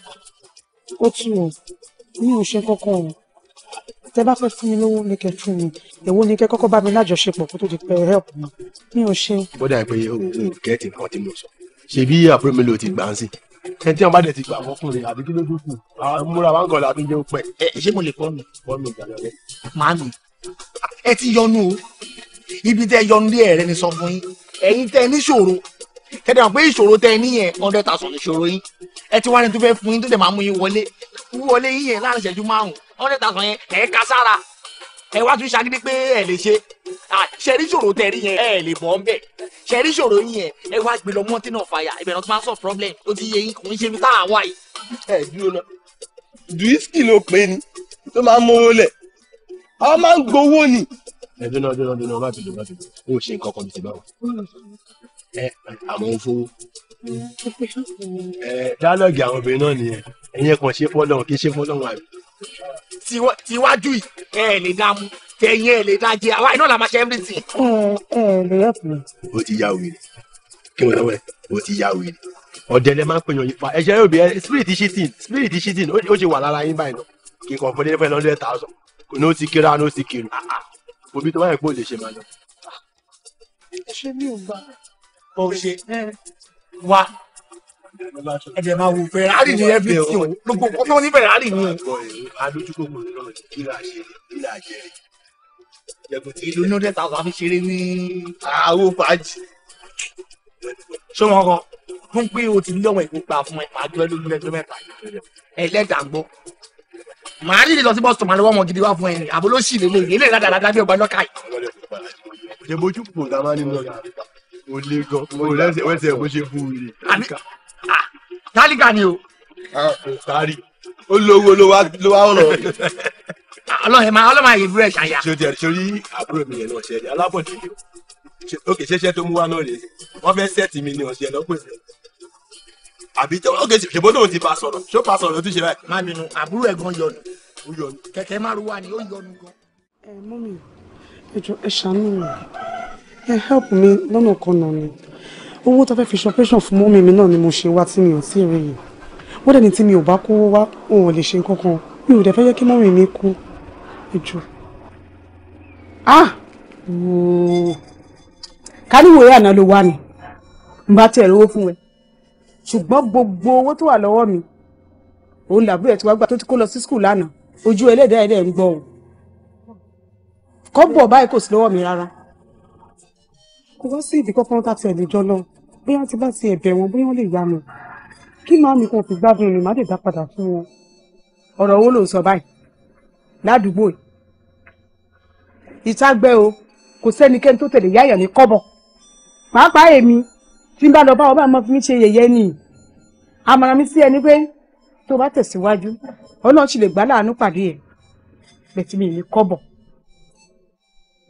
ó tù ọ mi ò ṣe kọkọ o tẹ bá fẹ́ fún mi lówó ni kẹ́ fún mi èwo ni kẹ́ kọ́kọ́ bá mi lájọṣepọ̀ kó tó di pé help mi mi ò ṣe. bọ́dà pé o kẹ́ẹ̀tì nǹkan tí mo sọ ṣebí àpérò mi ló ti gbà ń sìn ẹ tí wọn bá dẹ̀ ti gbà fọkùnrin àbí kí ló dún kù àwọn múra wa ń gọ̀ọ́lá tó jẹ́ ó pẹ́. ẹ ṣé mo lè pọ́ mi. pọ́ mi ìgbà ẹ ti yọnu o ibi tẹ yọnu lé ẹ̀rẹ́ ni sọ fún yín ẹ̀yin tẹ níṣòro ẹ dẹ̀ mọ̀ pé ìṣòro tẹ ní yẹn hundred thousand ìṣòro yín ẹ ti wá ní tó fẹ́ fún yín tó dẹ̀ máa mú yín wọlé wọlé yín yẹn láàrin ìṣẹ́jú márùn-ún hundred thousand yẹn ẹ̀ ká ẹ wá tún ṣagídí pé ẹ lè ṣe ṣẹ̀rí ṣòro tẹ̀ rí yẹn ẹ lè bọ́ ń bẹ̀ ṣẹ̀rí ṣòro yín yẹn ẹ wá gbé lọ mountain of fire ibẹ̀ náà tó máa sọ problem ó ti yẹ yín kò ń ṣe mi tá à ń wá yìí. ẹ dúró lọ dùísìkì ló pé ni tó máa ń mówó lẹ̀ ọ máa ń gbowó ni. ẹ dúná dúná dúná má fi dùn má fi dùn ó ṣe nǹkan kan tètè báwọn. ẹ àmọ́ ń fowó. ẹ dálọ́ọ̀gì àwọn obìnrin náà nìyẹn ẹ̀yin ẹ̀kan ṣe fọ́lọ́run tiwájú yìí ẹ ẹ lè dá mú tẹ̀yìn ẹ lè dá jẹ àwa iná la máa ṣe everything. ẹ ẹ lè yẹ fún mi. o ti ya wèrè kí wọn lọ́wọ́ ẹ o ti ya wèrè. ọ̀dẹ̀ lẹ máa ń pèyàn yípa ẹ̀ṣẹ̀ yóò bí ẹ spirit shitting spirit shitting ó ṣe wà lára yín báyìí náà kí n kàn fún ẹlẹ́fẹ̀ẹ́ lọ́dún ẹ̀ta ọ̀sán ní ó ti kíra ní ó ti kiri òbí tó bá yẹ kó lè ṣe máa lọ. ẹ ṣe ò gbà. bó ṣe wá ẹ jẹ máa wo ferrari ni everything o gbogbo nǹkan ní ferrari ni o. adójúkòkòrò náà ti fi ṣeré ní àwọ fàájì. ṣé wọn kọ fún pé o ti lọ́wọ́ ìgbópa fún ẹ máa jọ ẹ lójú ẹjọ́ màá rí lọ bọ́sùn màá lọ́wọ́ gidi wá fún ẹni àbólóṣì lélẹ̀ ilé ìlànà àdájọ́ ọgbà lọ́kà yìí. ìdèbójú kò dá máa nínú ọ̀gá o lè gan o lẹ́sẹ̀ bó ṣe fún mi tálíkà ni o. sáré olówó ló wá ló wá ọ̀nà. ọlọ́run máa ọlọ́run máa yẹ fúrẹ́ ṣàyà. ṣé o jẹ sórí àbúrò mi yẹn lọ ṣe ẹja alábọ̀dé òkè ṣẹṣẹ tó mú wa náà rèé wọ́n fẹ́ sẹ́ẹ̀tì mi ni ọ̀ṣẹ́ lọ́pẹ̀sẹ̀ àbí òkè ṣèbó lòun ti bá sọ̀rọ̀ ṣó bá sọ̀rọ̀ tó ṣe báyìí. má bínú àbúrò ẹ̀ gan yọnu kẹ̀kẹ́ márùwá ni ó yọnu gan. ẹ mú mi ẹ jọ ẹ ṣàánú mi ẹ help mi lọ́nà kan náà ni owó tó fẹ́ fi ṣọpẹ́ṣàn fún mọ́mí mi náà ni mo ṣe wá tí mi ò tí ì rí yìí wọ́n dẹ̀ ní tí mi ò bá kó wá òun ò lè ṣe nǹkan kan mi ò dẹ̀ fẹ́ jẹ́ kí mọ́mí mi kú ẹjọ́. ah ooo káníwò yà náà ló wà ní n bá tẹ̀ lówó fún ẹ ṣùgbọ́n gbogbo owó tó wà lọ́wọ́ mi òun làbúrò ẹ̀ tí wàá gbà tó ti kó lọ sí skul lánàá ojú ẹlẹ́dàá ẹ̀dẹ̀ ń gbọ́ ọ kọ́ bọ̀ báyìí kò sí lọ́wọ́ mi rárá kò wá sí ìdí kankan tá a tiẹ̀ lè jọ lọ́wọ́ bóyá tí bá ti ẹ̀bẹ̀ wọn bóyá wọ́n lè yá mi kí màá mi kàn fi gbádùn ni màá lè dá padà fún wọn. ọ̀rọ̀ owó ló ń sọ báyìí ládùúgbò yìí ìtagbẹ́ o kò sẹ́nikẹ́ni tó tẹ̀lé yáyọ̀ ní kọ́bọ̀ pàápàá èmi tí n bá lọ bá ọba máa fi mí ṣe yẹ̀yẹ́ ni àmọ̀ràn mi sí ẹni pé tó bá tẹ̀síwájú ọlọ́run sì lè gbá láàánú pàdé ẹ̀ bẹ̀tí mi ní kọ́bọ̀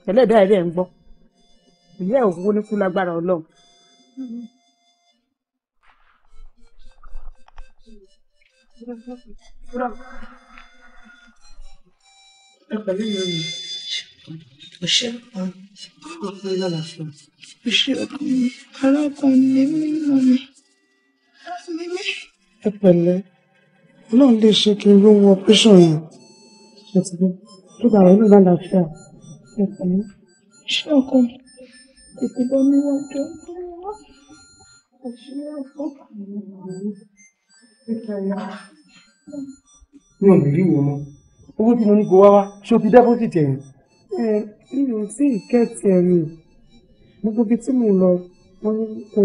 ẹlẹ́dàá ẹ̀rẹ́ ń gbọ́ ìyá òwúwo ní kú lágbára ọlọ́run ẹ lè ṣe kí n ló wọ pẹ́sàn yẹn ṣètìlẹ́ tó bá wọlé lálàáfíà ẹ pẹ̀lẹ́ ṣé ọkọ mi tètè bọ́ Het is heel goed. Mi ò lè rí ìyẹn mọ́. Owó tí mo ní kó wá wá, ṣé o fi dẹ́pọ́sìtì ẹ̀yìn? Ẹ mi ò tí ì kẹ́ẹ̀tì ẹ̀yìn. Gbogbo ibi tí mo lọ, mo kò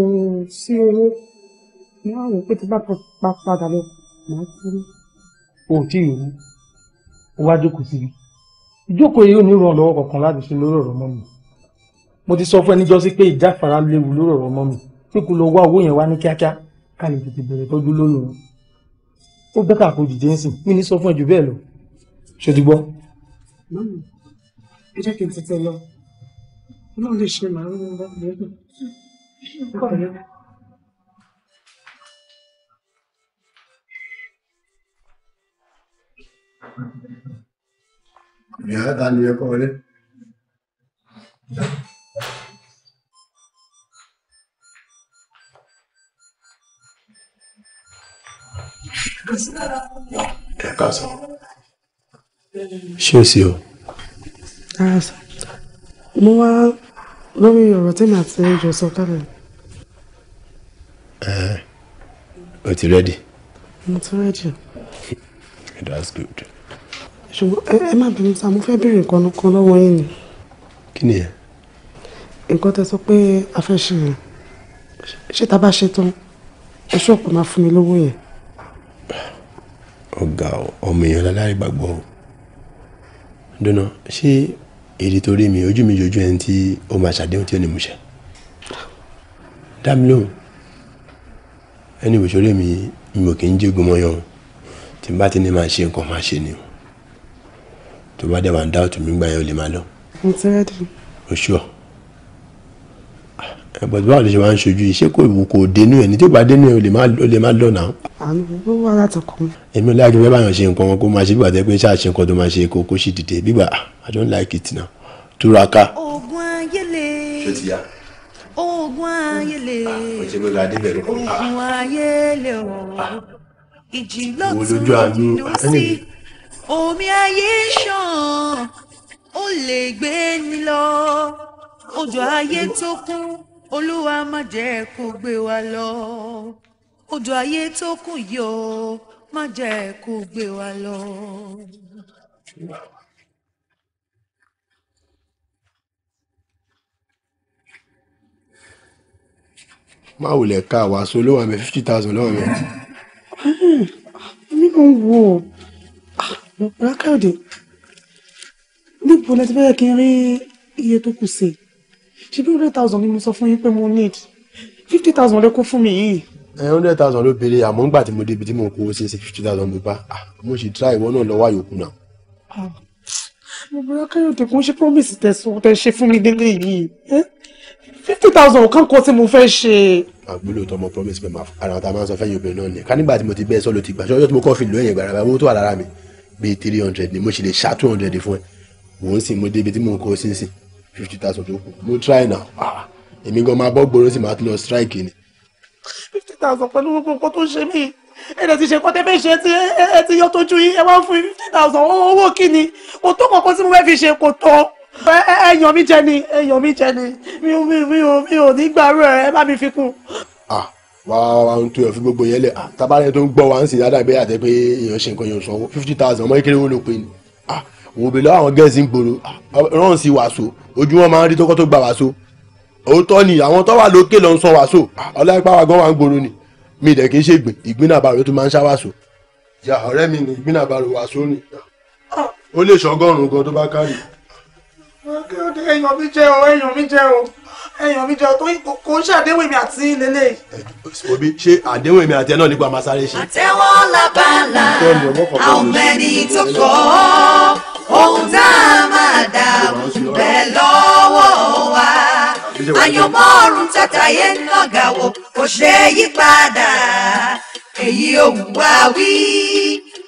sí owó. Mo wá pé tí bá pa padà lọ, màá kúrú. O tí ì rí. O wá jókòó síbi. Ìjókòó yìí ò ní ìrànlọ́wọ́ kankan láti ṣe lórí ọ̀rọ̀ mọ́ mi. Mo ti sọ fún ẹni jọ́sí pé ìjáfara léwu lórí ọ̀rọ̀ mọ́ mi pé kó lọ wá owó yẹn wá ní kíákíá ká lè tètè bẹ̀rẹ̀ tọ́jú lóyún wọn ó bẹ́tà kó dìde ń sìn mí ní sọ fún ẹ jù bẹ́ẹ̀ lọ ṣe ti gbọ́. mọ́mí ẹ jẹ́ kí n tètè lọ náà lè ṣe màá ń bá mi lọ. Ìyá ta ni ẹ kọ́ ọ ẹ ká sọ ṣé o sì o. ara sọ mo wá lórí ọ̀rọ̀ tèmi àti ìjọ sọ kálẹ̀. ẹ o ti rẹ́dì. mo ti rẹ́dì. that's good. ṣùgbọ́n ẹ má bínú sáà mo fẹ́ béèrè nǹkan kan lọ́wọ́ yín ni. kí ni ẹ. nǹkan tẹ sọ pé a fẹ́ ṣe yẹn ṣé tá a bá ṣe tán ẹ ṣọ́ọ̀pù máa fún mi lówó yẹn ọ̀gá ọmọ èèyàn láláìgbàgbọ́ o dùnà ṣé èrè torí mi ojú mi jojú ẹni tí ó máa ṣàdéhùn tí ó ní mú ṣe dá lóhùn ẹni ìwòsórí mi mi ò kì í jégun mọ́yán tí n bá ti ní máa ṣe nǹkan máa ṣe ni o tó bá dẹ̀ wá ń dáwọ̀tún mi gbà yẹn ò lè máa lọ. mo ti rẹ́dì. o ṣùọ́. Sure ẹ̀bọ̀dé báwo lè ṣe máa ń ṣojú iṣẹ́ kò mú kò dénú ẹ̀ ní bá dénú ẹ̀ ó lè má lọ́nà. àmì gbogbo wà láti kọ́. èmi ò láàkì báyọ̀ ṣe nǹkan wọn kó máa ṣe bí gbàtẹ́ pé ṣáà ṣe nǹkan tó máa ṣe kó kó sì dìde bíbà ah, I don't like it now túraká. oògùn ayélè. ṣé ti yá. oògùn ayélè. ọ̀sẹ̀ ah, ló la dé bẹ̀rẹ̀ kọ́. Ah. oògùn ayélè o. ìjì lọ́tún lọ́sí. omi ayé ṣàn ó lè gbé ni lọ. odò ayé tó kún olúwa má jẹ́ kó gbé wa lọ odò ayé tó kùn yìí o má jẹ́ kó gbé wa lọ. má wò lẹ ká wàásù olówó àmì fifty thousand lọ́wọ́ mi. nínú wo rákàdé níbo lẹ ti fẹ́ kí n rí iye tó kù sí i ṣe bí hundred thousand ni mo sọ fún yín pé mo need fifty thousand lè kó fún mi yìí. ẹ hundred thousand ló béèrè àmọ́ ńgbà tí mo débi tí mo kó ṣe ṣe fifty thousand mo bá ah, mo ṣe try ìwọ náà lọ́wọ́ àyòkù náà. Ah, mo bọ̀rọ̀ káyọ̀dé kò ń ṣe promise tẹ̀sán tẹ̀ ṣe fún mi délé yìí fifty thousand kan kọ́ tí mo fẹ́ ṣe. àgbélò tọmọ promise pé màá ara ta máa ń sọ fẹ́yìn obìnrin náà ni ká nígbà tí mo ti bẹ́ẹ̀ sọ́ ló ti gbà ṣọ́jọ́ tí mo kọ́ fi lóyìn ìgbàlá owó tó wà lára mi bíi three hundred ni mo ṣe lè ṣá two hundred fún ẹ wò ó sì mo débi tí mo kó sínsìn fifty thousand tó kù mo try now ah, èmi gan máa bọ́ gbòòrò sí màá tún lọ strike ni. fifty thousand pẹ̀lú gbogbo nǹkan tó ń ṣe mí ẹ̀rẹ̀ ti ṣe kọ́tẹ́ fẹ́ ṣe tí ẹ ti yọ tójú yín ẹ wá ń fún fifty thousand owó kí ni kò tó kankan tí mo fẹ́ fi ṣe kò tó ẹyàn mi jẹ ni ẹyàn mi jẹ ni mi ò mi ò mi ò ní gbàrú ẹ ẹ bá mi fi kún. ah wá wá wá ń tó yàn fi gbogbo yẹn lẹ ah tabalẹ tó ń gbọ́ wá ń sì dáadáa ìgbéyàwó àti pé èèyàn ṣe nǹkan yẹn sọ fifty thousand ọmọ kékeré wo ló pe ni ah òun bèlè àwọn gẹ̀ẹ́sì ń gbòòrò ah, rán sí wàásù ojú wọn máa ń rí tókọ́ tó gba wàásù òótọ́ ni àwọn tó wà lókè ló ń sọ wàásù ah, ọláìpá wa gan wa ń gbòòrò ni mi ìdẹ̀ kì í ṣe ìgbìn ìgbín náà bàrò tó máa ń ṣá wàásù. ìyá ọ̀rẹ́ mi ni ìgbín náà bàrò wàásù ni ó lè ṣọgọ́rùn-ún gan tó bá kárì. èèyàn mi jẹ́ o èèyàn mi jẹ́ o èèyàn mi jẹ́ o kò ń ṣe èmi àti lélẹ̀. òbí ṣe àdéhùn èmi àti ẹ náà nípa màsáré ṣe. àtẹwọ́ làbàlà àwọn ẹni tó kọ́ ohun tá a máa dà bẹ̀ lọ́wọ́ wa àyànmọ́ ọ̀run tàtàyé nàgà wo kò ṣe é yí padà èyí ò wá wí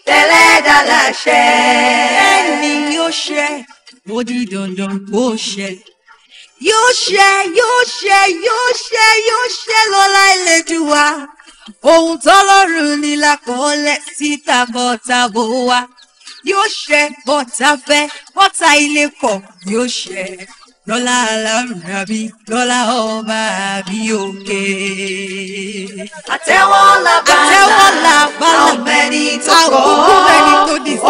tẹ́lẹ̀dá láṣẹ. ẹni yóò ṣe mo di dandan kó ṣe yóò ṣe yóò ṣe yóò ṣe yóò ṣe lọ́la ìlẹ́jú wa ohun tọ́lọ́run ni lákọọ́lẹ̀ sí tàbọ̀tàbọ̀ wa yóò ṣẹ bọ́tà fẹ́ bọ́tà ilé kọ̀ yóò ṣẹ lọ́lá alárùnàbí lọ́lá ọba àbí òkè. àtẹ́wọ́ làbàlà ọmọ ẹni tó kọ́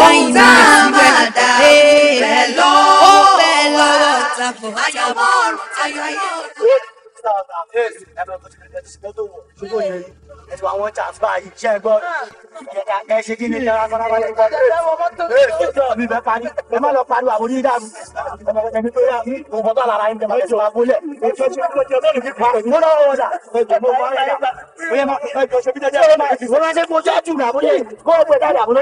ohun tá a máa dà bẹ́ẹ̀ lọ́wọ́ àtàfọ̀ ayọ̀mọ́ ọ̀rùn ayọ̀yọ̀ ẹ ti wà wọ́n gbọ́ ẹ ṣe kí ni ẹ rárá balẹ̀ gbọ́ ẹ ṣe mi bẹ́ẹ̀ parí ẹ má lọ pariwo àwọn onídà ẹni tó yà mí òun tó lára yín bẹ́ẹ̀ jọ abúlé ẹ jọ ṣe bí ọjọ́ mi pa mo náà wọ́n dà ẹ jọ mo wọ́n rẹ̀ ẹ má ẹ jọ ṣe pa mo máa ṣe kó jọ́ jù mí àbúlé kó o gbé dáadáa mo lọ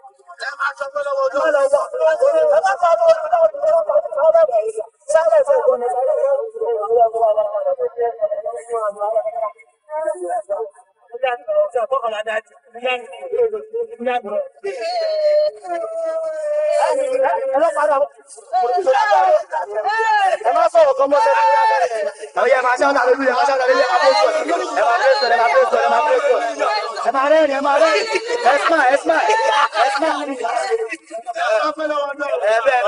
Ẹ máa ṣe ọ̀nà àlejò, ẹ máa ṣe ọ̀nà àlejò, ẹ máa pèsè, ẹ máa pèsè, ẹ máa pèsè ẹ máa rẹ́rìn ẹ máa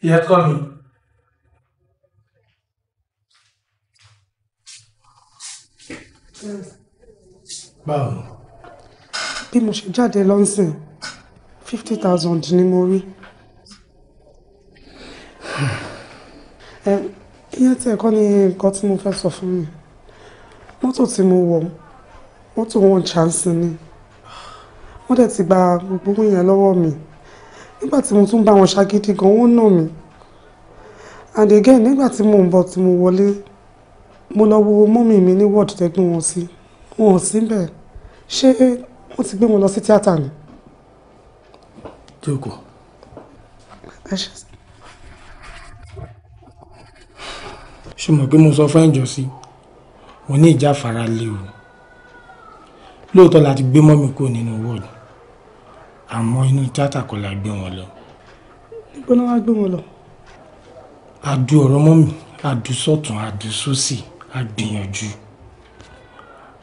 You have got me. báwo. bí mo ṣe jáde lọ́sìn fifty thousand ni mo rí. iye tí ẹ̀kọ́ ni nǹkan tí mo fẹ́ sọ fún mi mọ́tò tí mo wọ̀ mọ́tò wọn chance ni wọ́n dẹ̀ ti gba gbogbo yẹn lọ́wọ́ mi nígbà tí mo tún bá wọn ṣagídí gan wọ́n nà mí and again nígbà tí mo ń bọ̀ tí mo wọlé mo lọ wo mọ́mì mi ní wọ́ọ̀dù tẹ́gbọ́n wọn sí wọn ò sí bẹ́ẹ̀ ṣé wọ́n ti gbé wọn lọ sí tíátà ni. jókòó. ṣé mọ̀ pé mo sọ fún ẹ̀jọ̀ sí mo ní ìjà fara lé o lóòótọ́ la ti gbé mọ́mì kúrò nínú wọ́ọ̀dù àmọ́ inú tíátà kọ́ la gbé wọn lọ. níbo ni wọ́n á gbé wọn lọ. adu ọ̀rọ̀ mọ́mì adu sọ́tún adu sósì. So a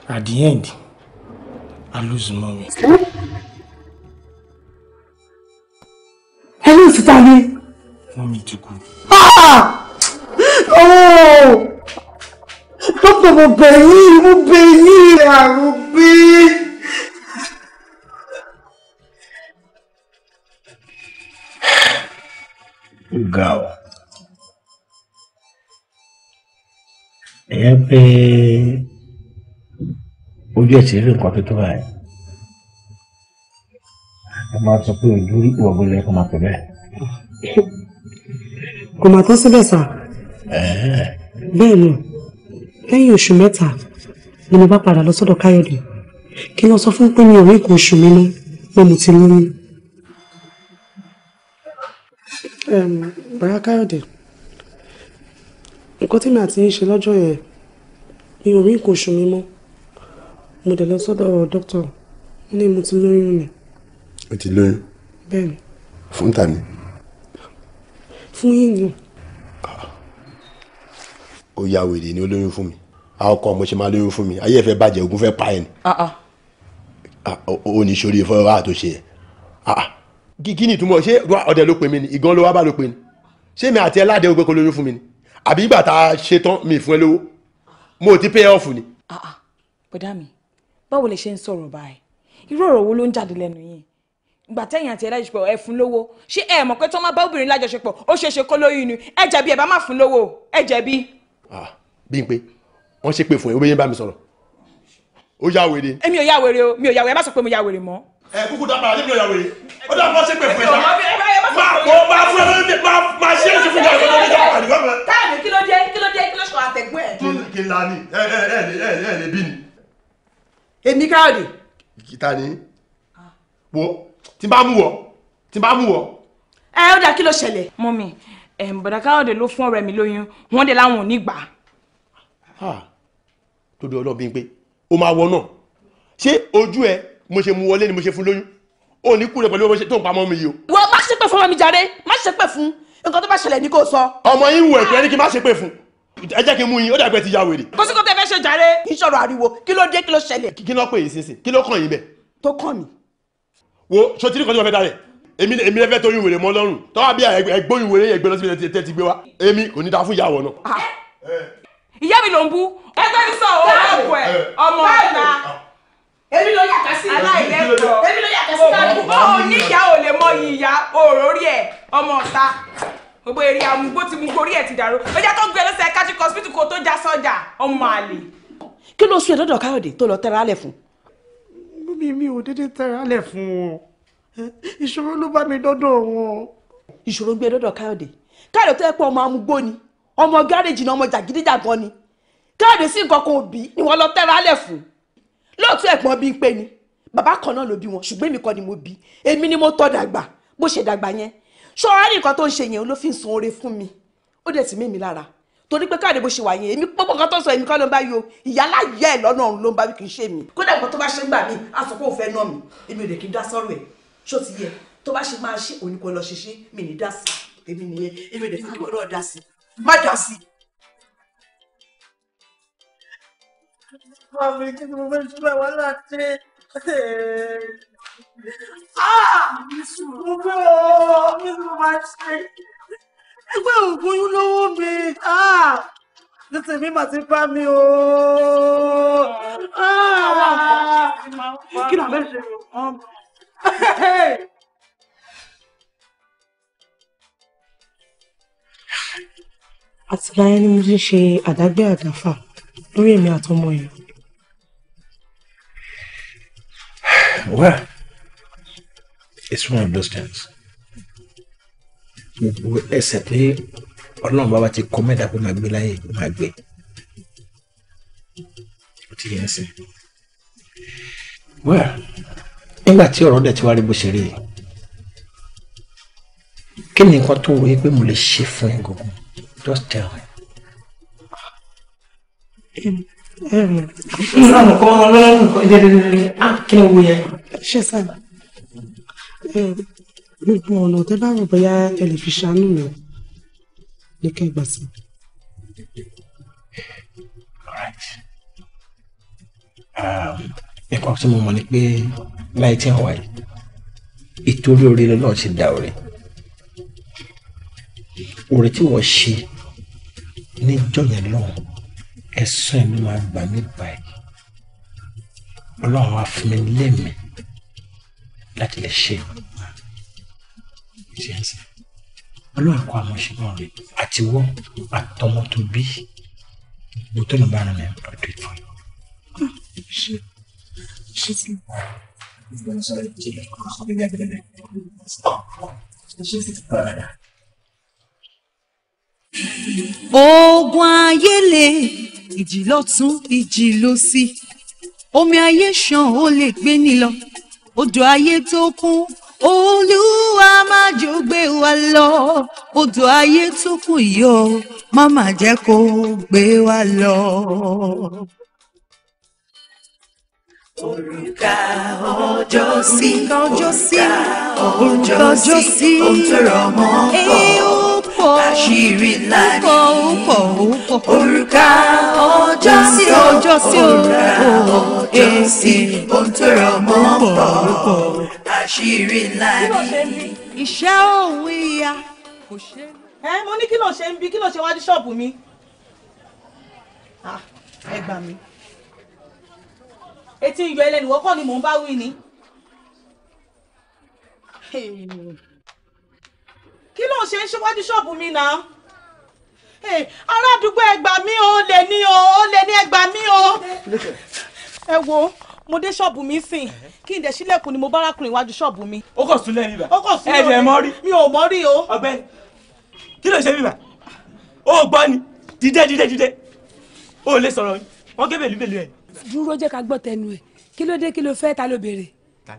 at the end I lose mommy. ẹni ìsìta ni. mommy ti kú. dókítà mo bẹ̀ yín mo bẹ̀ yín àrùn bíi. Gal. ìyẹn pé ojú ẹ̀ ti rí nǹkan tó tó báyìí ẹ máa sọ pé ojú rí ìwọ̀gbọ́n lẹ́kọ̀ọ́ máa pè bẹ́ẹ̀. kò mà tó síbẹ̀ sà. bẹ́ẹ̀ ni lẹ́yìn oṣù mẹ́ta ni mo bá padà lọ sọ́dọ̀ káyọ̀dé kí lọ sọ fún pé mi ò rí nǹkan oṣù mi ní pé mo ti lóyún. bàyá káyọ̀dé nǹkan tèmi àti yín ṣe lọ́jọ́ yẹn mi ò rí nǹkan oṣù mi mọ́ mo dẹ̀ lọ sọ́dọ̀ dókítà wọ́n ní mo ti lóyún ni. o ti lóyún. bẹ́ẹ̀ni. fún tani. fún yíyan. ó ya wèrè ni ó lóyún fún mi àwọn ọkọ mo ṣe máa lóyún fún mi ayé ẹ fẹ́ bàjẹ́ ogun fẹ́ pa ẹ ni. ó ah, ah. ní sori fọwọ́ àtúnṣe yẹn ah, kí ni ìtumọ̀ ṣé ọ̀dẹ̀ ló pè mí ni ìgan ló wá bá ló pè ni ṣé mi àti ẹ ládẹ́ ògbé kó lóyún fún mi ni àbí ìgbà tá a ṣe tán mi fún ẹ lówó mo ti pay off ni. Ah, ah, bọ́dá mi báwo lè ṣe ń sọ̀rọ̀ báyìí irú ọ̀rọ̀ wo ló ń jáde lẹ́nu yìí ìgbà tẹ́yìn àti ẹlẹ́jọpọ̀ ẹ fún lówó ṣé ẹ mọ̀ pé tó máa bá obìnrin lájọṣepọ̀ ó ṣeé ṣe kó lóyún ni ẹ jẹ̀bi ẹ bá má fún lówó ẹ jẹ̀bi. Ah, bí n pé wọ́n ṣe pé fún ẹ obìnrin bá mi sọ̀rọ̀ ó yá wèrè. èmi ò yá wèrè o mi ò yá wèrè ẹ má sọ pé mo yá wèrè mọ́. ẹ kúkú dábàá ní mi ò yá wèrè ó dábàá ṣe máa kó máa fún ẹ lóde máa máa ṣe é ṣe fún ìjọba ìjọba ìjọba ìjọba ìjọba. táàmì kí ló jẹ ni wo tí n bá mú wọ tí n bá mú wọ. ẹ ó dà kí ló ṣẹlẹ̀. mọ́mì bọ̀dà káyọ̀dé ló fún ọ̀rẹ́ mi lóyún wọ́n dé láwọn ò ní gbà. tó dé ọlọ́ọ̀bí pé ó máa wọ náà ṣé ojú ẹ mo ṣe mú wọlé ni mo ṣe fún lóyún ò ní kúrò pẹ̀lú owó tó ń pamọ́ mi yìí o. wọ́n má ṣe pé fún mi jàre má ṣe pé fún nǹkan tó bá ṣẹlẹ̀ ní kò sọ. ọmọ yín wù ẹ̀kẹ́ ní kí má ṣe pé fún ẹ jẹ́ kí n mú yín ó dàgbẹ́ ti ya wèrè. kó sí kó tẹ fẹ́ ṣe jàre. kì í sọ̀rọ̀ ariwo kí ló dé kí ló ṣẹlẹ̀. kí ló pè yín sísìn kí ló kàn yín bẹ́ẹ̀. tó kàn mí. wo sotiri kan tí wọn fẹ́ dalẹ̀ èmi èmi lẹ́fẹ́ tó yún wèrè mọ́ lọ́rùn tọ́wọ́ bí ẹgbóyún wèrè yẹn gbé lọ síbi tẹ́ ti gbé wa èmi kò ní da fún ìyàwó náà. Ah. ìyá mi ló ń bú ẹgbẹ́ mi sọ òun ọ̀pọ̀ ẹ̀ ọmọ ọ̀la èmi ló yàtọ̀ sí aláìlẹ́kọ̀ọ́ èmi ló yàtọ̀ sí aláìlẹ́kọ̀ọ́ ó ní ìyá ò lè mọ ìyá òrórí ẹ̀ ọmọ ọ̀tá gbogbo eré amúgbó ti mú gorí ẹ̀ ti dàrú ó jẹ́ tó gbé lọ́sẹ̀ kájú hospital kó tó já sọ́jà ọmọ àlè. kí ló sún ẹ lọ́dọ̀ káyọ̀dé tó lọ tẹ́ra lẹ̀ fún. mi mi ò dédé tẹ́ra lẹ̀ fún wọn ìṣòro ló bá mi dọ́dọ̀ wọn. ìṣòro gbé lọ́dọ̀ káyọ̀dé káyọ̀dé tó yẹ pé ọmọ amúgbó ni ọmọ gáréèjì ni ọmọ jàgídíjàgan ni káyọ̀dé sí nǹkan kan òbí ni wọ́n lọ tẹ́ra lẹ̀ fún lóòótọ́ ẹ̀gbọ́n bí ń pè ní bàbá kan náà ló bí wọn ṣùgbọ́n èmi kọ́ ni mo bí èmi ni mo tọ́ dàgbà bó ṣe dàgbà yẹn ṣọ́ra nìkan tó ń ṣe yẹn ló fi ń sun oore fún mi ó dẹ̀ ti mímí lára torí pé káàdé bó ṣe wà yẹn èmi pọ́pọ́ kan tó sọ èmi kọ́ ló ń bá yọ ìyálà yẹ ẹ̀ lọ́nà òun ló ń bá mi kì í ṣe mi kódà nǹkan tó bá ṣe ń gbà mí àsopò òfẹ́ náà mi èmi ò lè kí n dá sọ́rọ̀ ẹ̀ ṣó ti yẹ tó bá ṣe máa ṣe òní kò lọ ṣe ṣe mi ní dá sí èmi nìyẹn èmi ò lè fi kí wọn náà dá sí má dá sí. আমি কিন্তু মোবাইল চুলে আমার লাগছে ẹgbẹ́ ògbóyún lọ́wọ́ mi nítorí ah! mi màá ti bá mi o. Ah! kí ló ń bẹ ṣe o. Um, àtìgbà ni mo ti ṣe àdágbé àdáfà lórí èmi àtọmọ yìí. well, it's one of those things. gbogbo ẹsẹ̀ pé ọlọ́run bá wa ti kọ́ mẹ́ta pé máa gbé láyé pé máa gbé ó ti yẹn sí. well nígbà tí ọ̀rọ̀ dẹ̀ ti wá rí bó ṣe rí yìí kí ni nǹkan tó rò yí pé mo lè ṣe fún ẹ gbogbo just tell me ìrànwọ́ kọ́ wọn lọ́nà nǹkan ìdẹ́dẹ́dẹ́dẹ́ á kí ni wo yẹn. ṣé sáà gbogbo ọ̀nà tẹ́ bá rò bóyá ẹ lè fi ṣàánú mi ní kẹgbà sí. Um, ẹ̀kọ́ tí mo mọ̀ ni pé láì tí ń wáyé ìtorí orí lọ́nà ti da orí orí tí wọ́n ṣe níjọ́ yẹn lọ́hùn-ún ẹ̀sùn ẹ̀mí máa gbà mí báyìí ọlọ́run á fún mi lémi láti lè ṣe ọlọ́run kọ́ àwọn ṣùgbọ́n rẹ̀ àtiwọ́ àtọmọ tó bí gbogbo tó lọ bá ara mi I'll do it for you oògùn ayélè ìjì lọ́tún ìjì lósì omi ayé ṣàn ó lè gbé ni lọ odò ayé tó kún olúwa má jò gbé wa lọ odò ayé tó kún yìí o má má jẹ́ kó gbé wa lọ. Òrùka ọjọ́ sí, òrùka ọjọ́ sí, òun tó rọ̀ mọ́ ọ́ pọ̀ láṣìírí láàrin pọ̀ pọ̀ òrùka ọjọ́ sí ọjọ́ sí ọjọ́ sí ohun tó rọ mọ́ pọ̀ láṣìírí láàrin. iṣẹ́ òun ìyá kò ṣe. ẹ mo ní kí ló ṣe ń bí kí ló ṣe wájú ṣọ́ọ̀bù mi ah, ẹ gbà mí etí ń yọ ẹlẹ́nu wọ́kọ́ ni mò ń bá wí ni kí ló ń ṣe ń ṣíwájú ṣọ́ọ̀bù mi náà eh, ará àdúgbò ẹgbà mi o olè ní o olè ní ẹgbà mi o. ẹ wo mo dé ṣọ́ọ̀bù mi sìn kí n dẹ̀ sílẹ̀kùn ni mo bá rákùnrin iwájú ṣọ́ọ̀bù mi. ó kò sún lẹ́yìn ibà ó kò sún lẹ́yìn ẹ̀jẹ̀ mọ́ rí mi ò mọ́ rí o. ọ̀gbẹ́ni kí ló ṣe bíbà ó gbọ́ ni dídé dídé dídé ó lè sọ̀rọ̀ wọn gé bèlúbèlú ẹ̀. dúró jẹ́ ká gbọ́ tẹnu ẹ̀ kí ló dé kí ló fẹ́ ta ló béèrè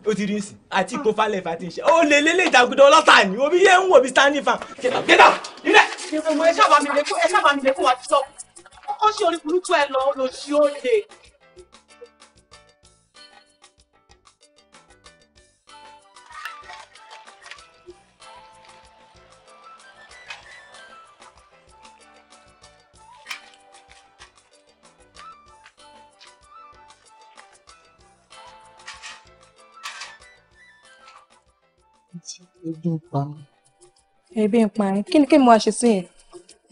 ó ti rí nsìn àti ìkó falẹ̀ ìfà ti ń ṣe ó lè lélẹ̀ ìjàgùdà ọlọ́tà ni omi yẹn ń wò bí standing fan. gẹ́tà gẹ́tà ilẹ̀. ẹ sábà mi lè kó wa ti sọ ó ṣe orí burúkú ẹ lọ lọ sí ó lè. ebi ń pa mí. ebi ń pa mí kí ni kí ni mo wá ṣe sí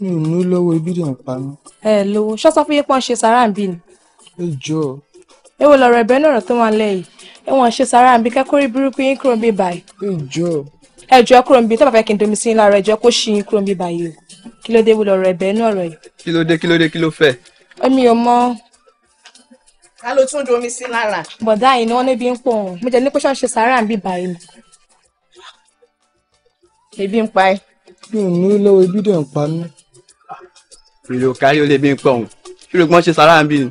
yẹn. mi ò ní lọ́wọ́ ebi dẹ̀ ń pa mí. ẹ lówó ṣọ́sọ́ fún yín pọ́n ṣe sàrà ń bí ni. ẹ jọ. èwo lọ̀rọ̀ ẹ̀bẹ̀ náà tó wà lẹ́yìn ẹ̀wọ̀n ṣe sàrà ń bí kẹ́kọ̀rí burúkú yín kúrò ń bí báyìí. ẹ jọ. ẹ jọ kúrò ń bí tẹ́ bá fẹ́ kí n domi sí lára ẹ jọ kó ṣí yín kúrò ń bí báyìí o kí ló dé wo lọ̀rọ̀ ẹ̀bẹ̀ náà rẹ̀. kí ló dé kí ló dé kí ló fẹ́. omi ò mọ ká ló tún domi sí lára. bọ̀dá yìí ni wọ́n níbi ń pọ̀ ọ́n mo jẹ́ ní pé ṣọ́n ṣe báyìí ebi ń pa ẹ. mi ò ní lọ́wọ́ ebi dẹ̀ ń pa mí. ìlò kárí ó lè bí ń pọ̀ òun kí ló ṣe sára ń bí ni.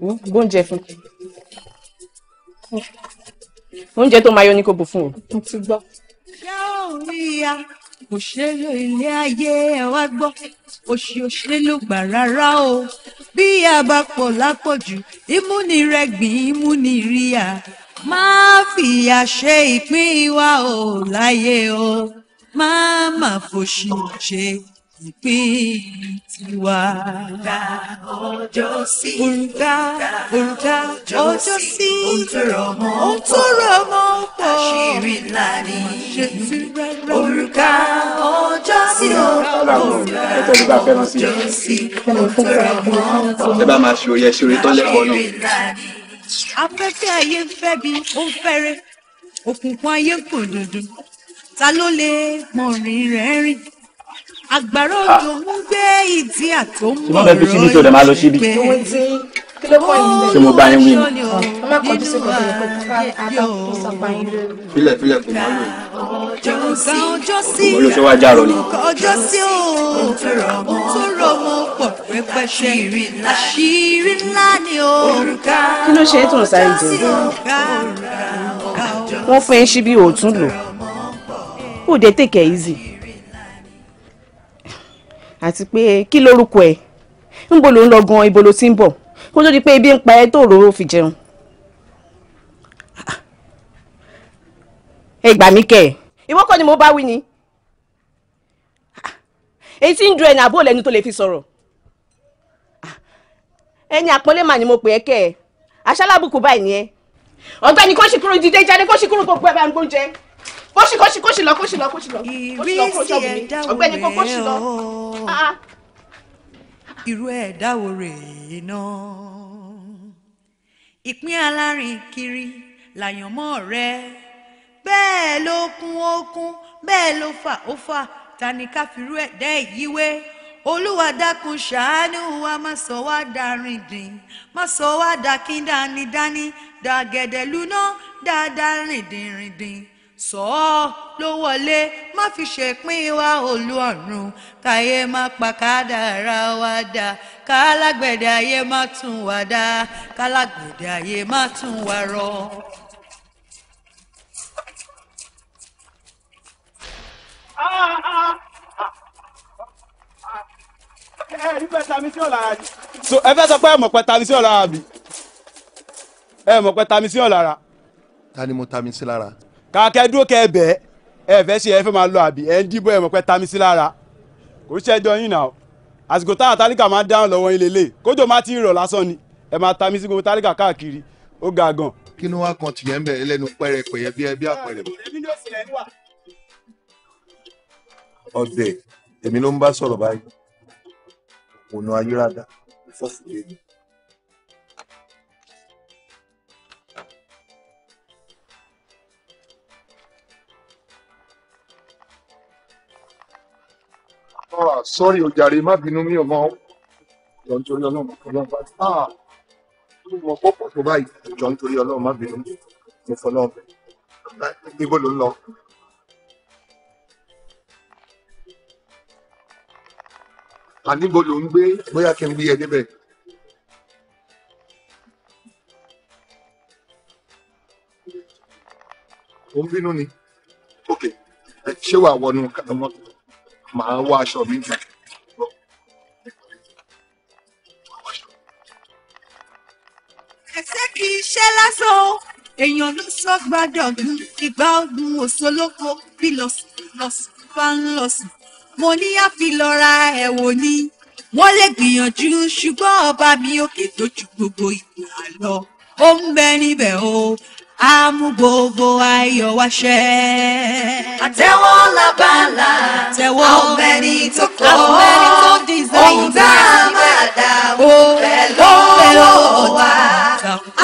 Hm, gbóúnjẹ fún oúnjẹ tó máa yọ ní kò bù fún o. mo ti gbọ́. ṣé ò rí ya òṣèlú ilé ayé ẹ wá gbọ́ òṣì òṣèlú gbà rárá o bí a bá pọ̀ lápọ̀jù imú ni má fìyà ṣe ìpín wa o láyé o má má fòṣì ṣe ìpín tiwa. Òǹkà ọjọ́ sí. Òǹkà òǹkà ọjọ́ sí. Òǹtọ̀rọ̀ mọ́ pọ̀. Òǹtọ̀rọ̀ mọ́ pọ̀. Àṣírí ńlá ni. Ṣé ti rárá. Òǹkà ọjọ́ sí. Òǹkà ọjọ́ sí. Òǹtọ̀rọ̀ pọ̀. Ẹ bá máa ṣe òye tán lẹ́kọ̀ọ́ náà afẹ́fẹ́ ayé ń fẹ́ bí ó ń fẹ́rẹ́ òkùnkùn ayé kò dúdú ta ló lè mọ rìn rẹ̀ rìn agbára òjò ń gbé ìdí àtòmọ̀ rọ̀ ìgbẹ́ kí ló kọ́ yìí bẹ́ẹ̀. ṣé mo bá yín wí ni. ẹ má kọjú sí kọjú rẹ pé ká àtàkùn sọpá yín lórí. filẹ filẹ kò máa lò yìí. mo lọ sí wájà rọ ni. ọjọ́ sí òun tó rọ mọ́ pọ̀ rẹpẹṣẹ àṣírí ńlá ni o. kí ló ṣe é tó ń sáré jẹ. wọ́n fún ẹ ṣíbí òòtún lò ó dé take it easy àti pé kí lórúkọ ẹ ńbo ló ń lọ gan ibo ló ti ń bọ̀ kó tó di pé ebi ń pa ẹ́ tó òróró fi jẹun. ẹ gbà mí kẹ́ ẹ̀ ìwọ kọ́ ni mo bá wí ni etí ń du ẹni àbó lẹ́nu tó lè fi sọ̀rọ̀ ẹni àpọ́nlé mà ni mo pè é kẹ́ ẹ̀ aṣálábùkù báyìí ni ẹ ọ̀gbẹ́ni kó ṣì kúrò dídé jáde kó ṣì kúrò gbogbo ẹ̀ bá ń gbóúnjẹ kóṣì kóṣì kóṣì lọ kóṣì lọ kóṣì lọ kóṣì lọ kóṣì lọ kóṣì lọ ọ̀gbẹ́ni kó kóṣì lọ irú ẹ̀dá wo rèé náà ìpín alárin kiri làyànmọ́ rẹ bẹ́ẹ̀ ló kún ó kún bẹ́ẹ̀ ló fà ó fà ta ni ká firú ẹ̀dá èyí wé olúwa dákun ṣàánú wa má sọ wá darin dín má sọ wá dakín dání dání dàgẹ̀dẹ̀ luná dáadáa rìndìnrìndìn sọ ọ́ ló wọlé má fi ṣèpín wa olú ọ̀run káyé má pa kádàrá wa dá kálágbẹ̀dẹ ayé má tún wa dá kálágbẹ̀dẹ ayé má tún wa rọ. so ẹ fẹ́ sọ pé ẹ mọ̀ pé tami sí ọ̀la àbí ẹ mọ̀ pé tami sí ọ̀la ra. ta ni mo tami sí lára kàkẹ́ dúró kẹ́ ẹ bẹ́ ẹ fẹ́ ṣe ẹ fẹ́ máa lọ àbí ẹ ń dìbò ẹ mọ̀ pé tami sí lára kò ṣe ẹjọ́ yín náà àsìkò táyà tálíkà máa ń dáhùn lọ́wọ́ yín lélẹ̀ kójò má ti rọ̀ lásán ni ẹ máa tami gbogbo tálíkà káàkiri ó ga gan. kí ni wàá kan tìyẹn bẹ ẹlẹnu pẹrẹ pẹyẹ bí ẹbí àpẹrẹ. ọ̀dẹ̀ èmi ló ń bá sọ̀rọ̀ báyìí òun ayírádá fọ́sùn ah sorry ojàre má bínú mi ò mọ jọ nítorí ọlọ́run ọlọ́run bá ti ah mo mọ pọ̀pọ̀ tó báyìí jọ nítorí ọlọ́run má bínú mo fọlọ́ níbo ló ń lọ. àníbo ló ń gbé bóyá kí n gbé ẹ débẹ̀. ó ń bínú ni ok ṣé wàá wọnú kàtàmọ́tò màá wá aṣọ mi gbà. ẹsẹ kì í ṣe lásán o èèyàn ló sọ gbàdọ̀gbọ́n ìgbà ogun òṣòlóko bí lọ́sùn bá ń lọ́sùn mo ní á fi lọ ra ẹ̀wò ni wọ́n lè gbìyànjú ṣùgbọ́n ọba mi òkè tó ju gbogbo ìgbà lọ ó ń bẹ níbẹ̀ o a mú gbogbo ayọ̀ wá ṣẹ. àtẹ́wọ́ labala tẹ́wọ́ ọ̀gbẹ́ni tó kọ́ ohun tá a máa dà ó oh. pẹ̀lú wa.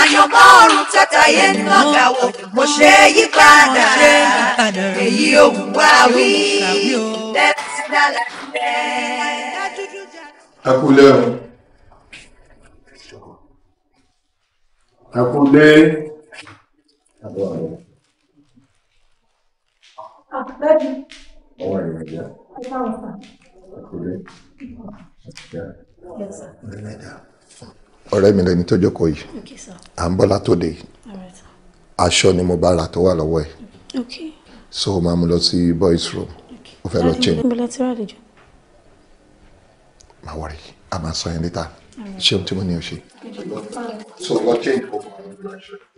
àyànmọ́ ọ̀run tẹ́tà yẹn ní ọ̀gá wo mo ṣe yí padà èyí ò wá wí lẹ́tí dálẹ̀ ẹ kúlẹ̀ o ẹ kúlẹ̀. 多少多？啊，那你偶尔有一些。知道了。ọ̀rẹ́ ah, mi lẹni tó jókòó yìí à ń bọ́ látòde aṣọ ni mo bá ra tó wà lọ́wọ́ ẹ̀ so máa mú lọ sí boys room ó fẹ́ lọ change. má wọrí a máa sọ yẹn níta ṣé ohun tí mo ní o ṣe. so lọ change kó fún mi.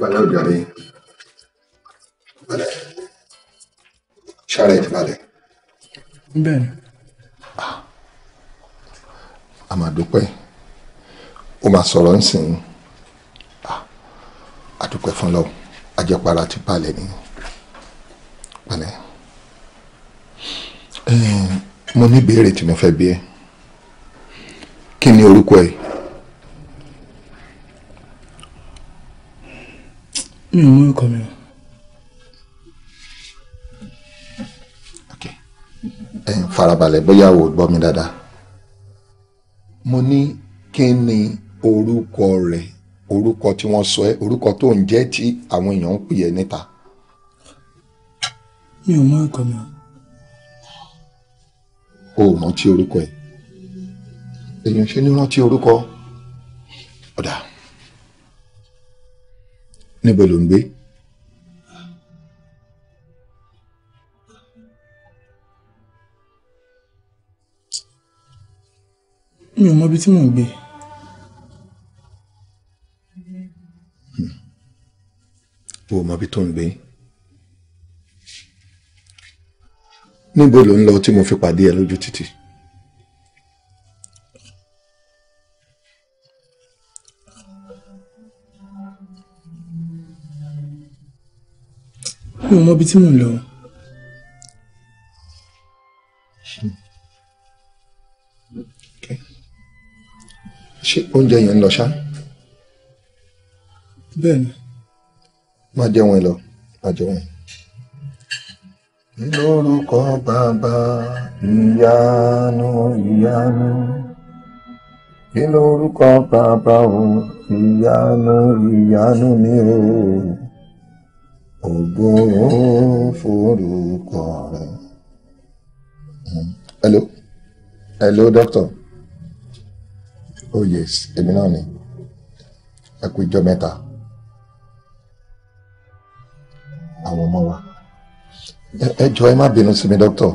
balẹ̀ òjòrè balẹ̀ ṣàrẹ̀ ti balẹ̀. bẹ́ẹ̀ni. àmàdúpẹ́ ó máa sọ̀rọ̀ nsìn àdúpẹ́ ah, fún lọ́wọ́ àjẹpara ti balẹ̀ ní balẹ̀. Eh, mo ní ìbéèrè tí mo fẹ́ bi ẹ́ kí ni orúkọ ẹ̀. mi hmm, ò mú ọkọ mi o. ẹ̀yin farabalẹ̀ bóyá o gbọ́ mi dáadáa mo ní kí ni orúkọ rẹ orúkọ tí wọ́n sọ ẹ́ orúkọ tó ń jẹ́ tí àwọn èèyàn ń pè ẹ́ níta. mi ò mọ ọkọ mi o. o ò rántí orúkọ ẹ èèyàn ṣe ní rántí orúkọ ọ̀dà. Oh, níbo ló ń gbé. mi ò mọ ibi tí mò ń o mọ ibi tó ń gbé. níbo ló ń lọ tí mo fi pàdé ẹ lójú títì. mi ò mọ ibi tí mò ń lọ. ṣé oúnjẹ yẹn ń lọ ṣá. bẹ́ẹ̀ni. má jẹun ẹ lọ má jẹun ẹ. lórúkọ bàbá ìyanu ìyanu kí lórúkọ bàbá o ìyanu ìyanu ni o ògo forúkọ rẹ. Hmm. hello hello doctor oh yes èmi náà ni ẹ kú ìjọ mẹ́ta àwọn ọmọ wa ẹ jọ̀ọ́ ẹ má bínú sí mi doctor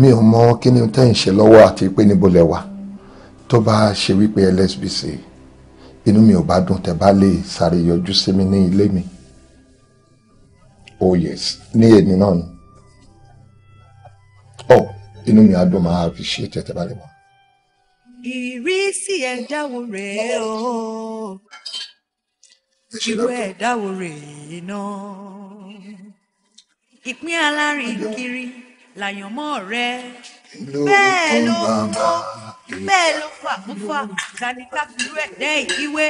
mi ò mọ kí ni tẹ́ ń ṣe lọ́wọ́ àti pé níbo lẹ wà tó bá ṣe wípé lsbc inú mi ò bá dùn tẹ́ bá lè sáré yọjú sí mi ní ilé mi oh yes ní èmi náà ni ọ oh, inú mi á dùn máa appreciate tẹ́tẹ́ bá lè wá. ìrísí ẹ̀dáwó rẹ̀ o ìwé ẹ̀dáwó rẹ̀ yìí ìpín alárin kiri làyànmọ́ rẹ̀ bẹ́ẹ̀ ló mọ́ bẹ́ẹ̀ ló fà fúnfà kàníkà fúru ẹ̀dẹ́ ìwé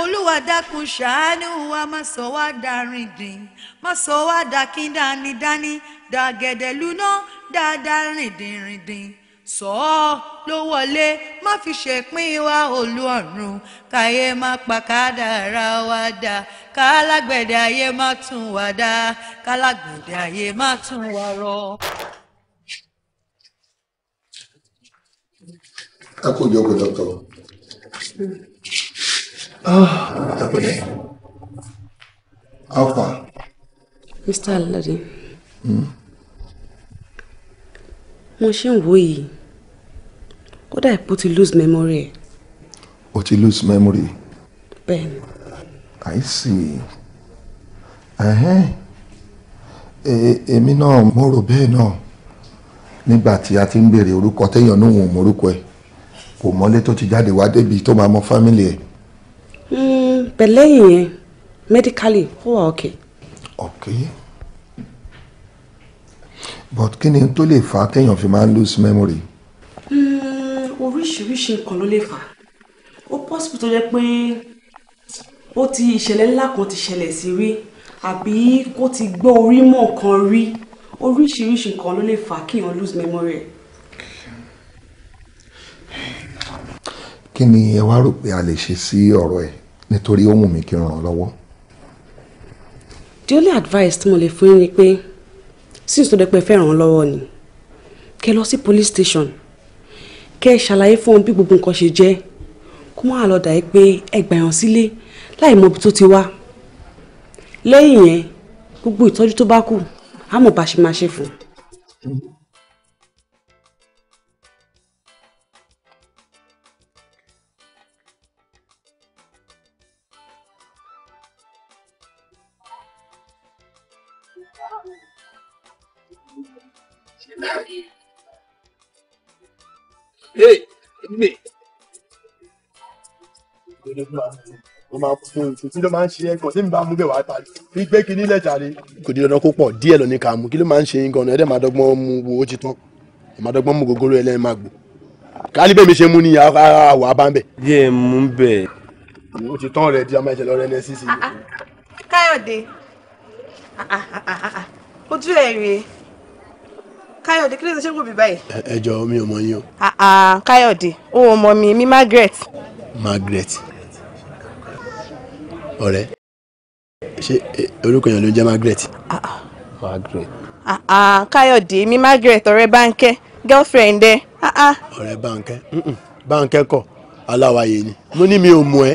olúwa dákun ṣàánú wa má sọ wá darin dìn má sọ wá dakin dánidání dàgẹ̀dẹ̀ luná dáadáa rìndìnrìndìn sọ ọ́ ló wọlé má fi ṣèpín wa olú ọ̀run káyé má pa kádàrá wa dá kálágbẹ̀dẹ̀ ayé má tún wa dá kálágbẹ̀dẹ̀ ayé má tún wa rọ. ẹ kò jókòó dọ́kítọ̀ ẹ pẹ̀lẹ́ alpha. mr alade mo ṣe ń wo yìí ó dà ipò ti lose memory ẹ. o ti lose memory. bẹ́ẹ̀ni. i see. Uh-huh èmi náà mo rò bẹ́ẹ̀ náà nígbà tí a ti ń béèrè orúkọ téèyàn náà ò mọ orúkọ ẹ̀ kò mọ́lé tó ti jáde wá débi tó máa mọ fámìlì ẹ̀ pẹ̀lẹ́yìn yẹn medically who are okay. Okay. but can you tell if fà á of fi máa lose memory. Hmm, oríṣiríṣi nǹkan ló lè fà á ó possible tó jẹ́ pé ó ti ìṣẹ̀lẹ̀ ńlá kan ti ṣẹlẹ̀ sí rí àbí kó ti Oh, orí mọ́ nǹkan rí oríṣiríṣi nǹkan ló lose memory Can you ever ẹ wá rò see a way? nítorí ó wù mí kí n ràn lọ́wọ́. the only advice tí mo lè fún yín ni pé since tó dẹ́ pé fẹ́ ràn án lọ́wọ́ ni kẹ́ lọ sí police station kẹ́ ẹ ṣàlàyé fún wọn bí gbogbo nǹkan ṣe jẹ́ kó má lọ dà í pé ẹ gbà yàn sílé láì mọ ibi tó ti wá lẹ́yìn yẹn gbogbo ìtọ́jú tó bá kù á mọ̀ bá ṣe máa ṣe fún un. Hey, gbè. Mo máa fún un tí ló máa ń ṣe ẹ̀kọ́ tí mi bá mú bẹ̀ wá ta fi gbé kinní lẹ́jà ni. Kò di dandan kó pọ̀ díẹ̀ lọ ní ká mú kí ló máa ń ṣe yín gan-an ẹ̀ẹ́dẹ̀ máa dọ́gbọ́n mú owó ti tán ẹ̀ máa dọ́gbọ́n mú gogoro ẹlẹ́yìn máa gbò. Kálí bẹ́ẹ̀ mi ṣe mú ni àwọ̀ abá ń bẹ̀. Díẹ̀ mú bẹ̀. O ti tán rẹ̀ di ọmọ ẹ̀jẹ̀ lọ́rẹ́ nẹ́sìsì. Káyọ̀dé, ojú ẹ̀ rèé káyọ̀dé kí ló ṣe kò bí báyìí. ẹ jọ mi ò mọ yín o. káyọ̀dé ó mọ mi mi margaret. margaret ọ̀rẹ́ ṣé orúkọ yẹn ló ń jẹ́ margaret. margaret. káyọ̀dé mi margaret ọ̀rẹ́ bánkẹ́ girlfriend ẹ. ọ̀rẹ́ bánkẹ́ bánkẹ́ kọ́ aláwáyé ni mo ní mi ò mọ ẹ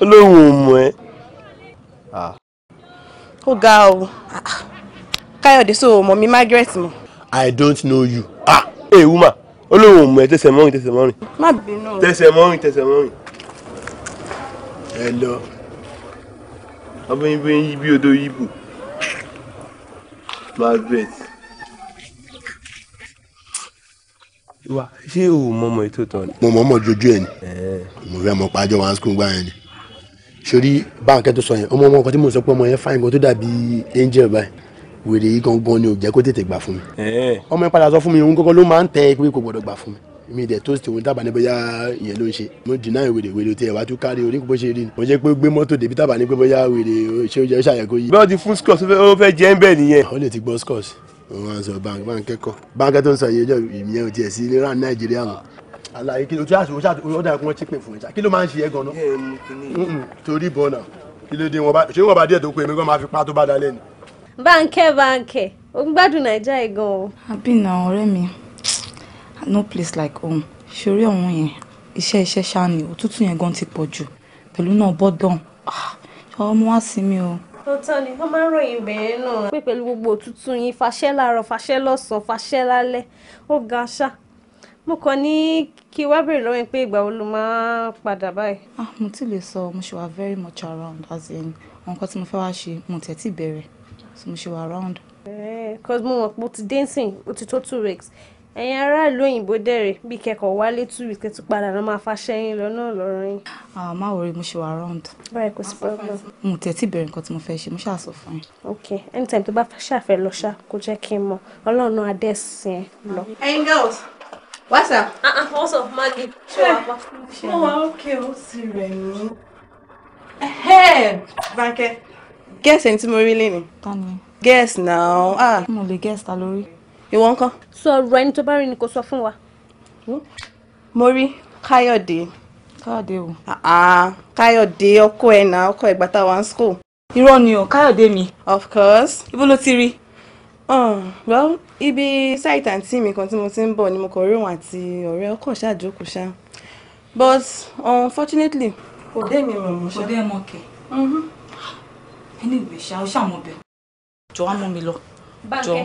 olóhùn ò mọ ẹ. ó ga o káyọ̀dé sọ mọ̀ mi margaret mọ̀ i don't know you ah hey woman olóhùn òmù ẹ tẹsẹ̀ mọ́rin tẹsẹ̀ mọ́rin. má bínú. tẹsẹ̀ mọ́rin tẹsẹ̀ mọ́rin. ẹ lọ ọbẹ̀yìnbẹ̀ yí bí odò yíbù margaret. wa ṣé o mọ ọmọ ètò tán ni. mo mọ ọmọ jojú ẹ ni eh. mo fẹ́ mọ pàjọ one school gbá yẹn ni sori báńkẹ́ tó sọ yẹn ọmọ ọmọ kan tí mo sọ pé ọmọ yẹn fáyín kan tó dàbí angel báyìí wèrè yìí gangan ni ò jẹ́ kó tètè gbà fún mi. ọmọ yẹn padà sọ fún mi òun gangan ló máa ń tẹ pé kò gbọdọ̀ gbà fún mi mi dẹ̀ tó ti òun tábà ní bóyá ìyẹn ló ń ṣe mo dìnnà ìwèrè wèrè tí ẹ wá tún kárí orí bó ṣe rí ni mo jẹ́ pé gbé mọ́tò débi tábà ní pé bóyá wèrè ṣé ó jẹ́ ṣàyẹ̀kọ́ yìí. bẹ́ẹ̀ ti fún scott ó fẹ́ jẹ́ ń bẹ̀ nìyẹn. ó lè ti gbọ́ scott kí ló dé wọn bá ṣé wọn bá díẹ̀ tó pé mi gan máa fi pa tó bá dalẹ́ ni báńkẹ́ báńkẹ́ ó ń gbádùn nàìjà yìí gan o. àbínà ọ̀rẹ́ mi no place like home ṣorí ọ̀hún yẹn iṣẹ́ iṣẹ́ ṣáà ni òtútù yẹn gan ti pọ̀ jù pẹ̀lú náà bọ́dàn ah, ọmọ wá sí mi o. lóòótọ́ ni wọ́n máa ń ròyìn bẹ́ẹ̀ náà. pé pẹ̀lú gbogbo òtútù yín faṣẹ́ láàárọ̀ faṣẹ́ lọ́sàn-án faṣẹ́ lálẹ́ ó ga ṣá mo kàn ní kí wá bèrè lọ́wọ́ pé ìgbà wo ló máa padà báyìí. ah mo ti lè sọ mo ṣe wà very much around as in nǹkan tí mo fẹ́ wá ṣe mo tẹ̀ tí bẹ̀rẹ̀ so mo ṣe wà round. Eh, cos mo mọ̀ pé o ti dancing o ti tó two weeks ẹ̀yin aráàlú òyìnbó dẹ̀rẹ̀ bí kẹ́kọ̀ọ́ wálé two weeks kẹ́tù padà lọ́ máa faṣẹ́ yín lọ náà lọ́rọ̀ yín. àwọn ah, máa wọrí mo ṣe wà round. báyìí kò sí problem. mo tẹ̀ tí bẹ̀rẹ̀ nǹkan tí mo fẹ́ ṣe mo ṣáà sọ fún yín. ok anytime tó bá ṣàfẹ́ lọ ṣá kó jẹ́ kí n mọ ọlọ́run náà adé sí ẹ lọ. ẹ̀yin girls what's up. ah ah what's up maggie ṣé wàá pa. mo wà ókè ó sì rẹ̀ mí. Hey, Banke, guess ẹni tí mo rí lẹ́nu. tani. guess now. Ah. mo lè guess ta lórí. ìwọ ńkọ́. sọ ọ̀rọ̀ ẹni tó bá rí ni kò sọ fún wa. mo rí káyọ̀dé. káyọ̀dé o. Ah, ah. káyọ̀dé ọkọ ẹ̀ náà ọkọ ẹ̀gbà tá a school. irọ́ ni o káyọ̀dé mi. of course. ibo ló ti rí. Um, well ibi site àǹtí mi kan tí mo ti ń bọ̀ ni mo kàn rí òun àti ọ̀rẹ́ ọkọ̀ ṣáàjókòó ṣá but unfortunately kò dé mi mọ̀ mọ́ ṣá. kò dé mọ̀ kẹ́. Mm-hmm anyway ṣá o ṣá mo bẹ̀ jọ wá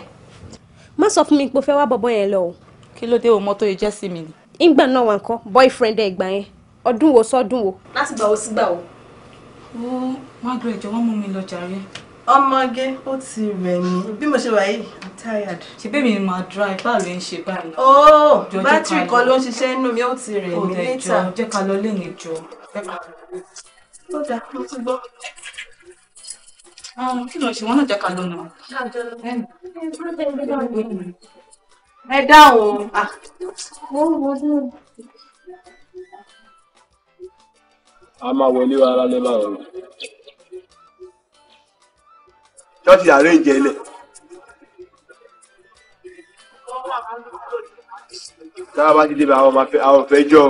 mú sọ fún mi pé o fẹ́ wá bọ̀bọ̀ yẹn lọ o. kí ló dé o mọ́tò yìí jẹ́ sí mi ni. ìgbà náà wà nǹkan boyfriend ẹ̀ gbà yẹn ọdún wo sọ́dún wo. láti gbà wo sí gbà wo. ó Margaret jọ wá mú mi lọ jàre. ọmọge ó ti rẹ̀ mí bí mo ṣe wà yìí i'm tired. ṣe bẹ́ẹ̀ mi ni màá drive báà ló ń ṣe báyìí. ooo oh, bátìrì kan ló ń ṣiṣẹ́ inú mi ó ti rẹ̀ mí later. ó jẹ́ ká lọ lé ní jọ. ó dà mo ti gbọ́ kí ló ṣe wọn náà jẹ́ ká lónà. ẹ dáhùn a máa wọlé wa lálẹ́ báwọn lọ. ṣọ́ọ̀ṣì àrẹ́ǹjẹ ilẹ̀. tá a bá ti dé bá àwọn ọmọ afẹ́jọ́ o.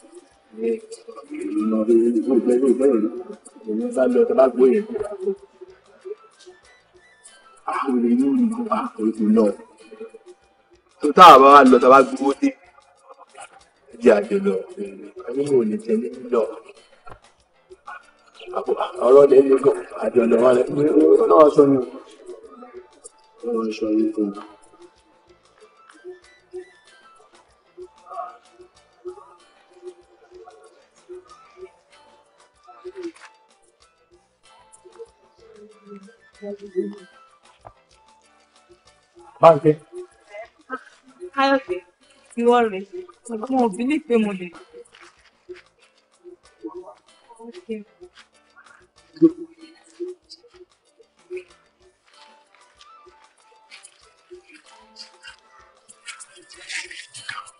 ìnáwó ìgbẹ́ ìgbẹ́ ìgbẹ́ ìlú bá lọ tó bá gbé yẹn. àwọn èèyàn ò ní kó bá ojú lọ. tó tá a bá wá lọ tó bá gbówó dé jẹ́ àjò lọ àwọn ò ní tẹ̀lé lọ. ọ̀rọ̀ lè ní kọ́ àjọ lọ́wọ́ rẹ̀ pé ó náà sọ ni. ó sọ yìí fún Báńkì. Káyọ̀dé, ìwọ rẹ̀, mo ò ní pé mo lè.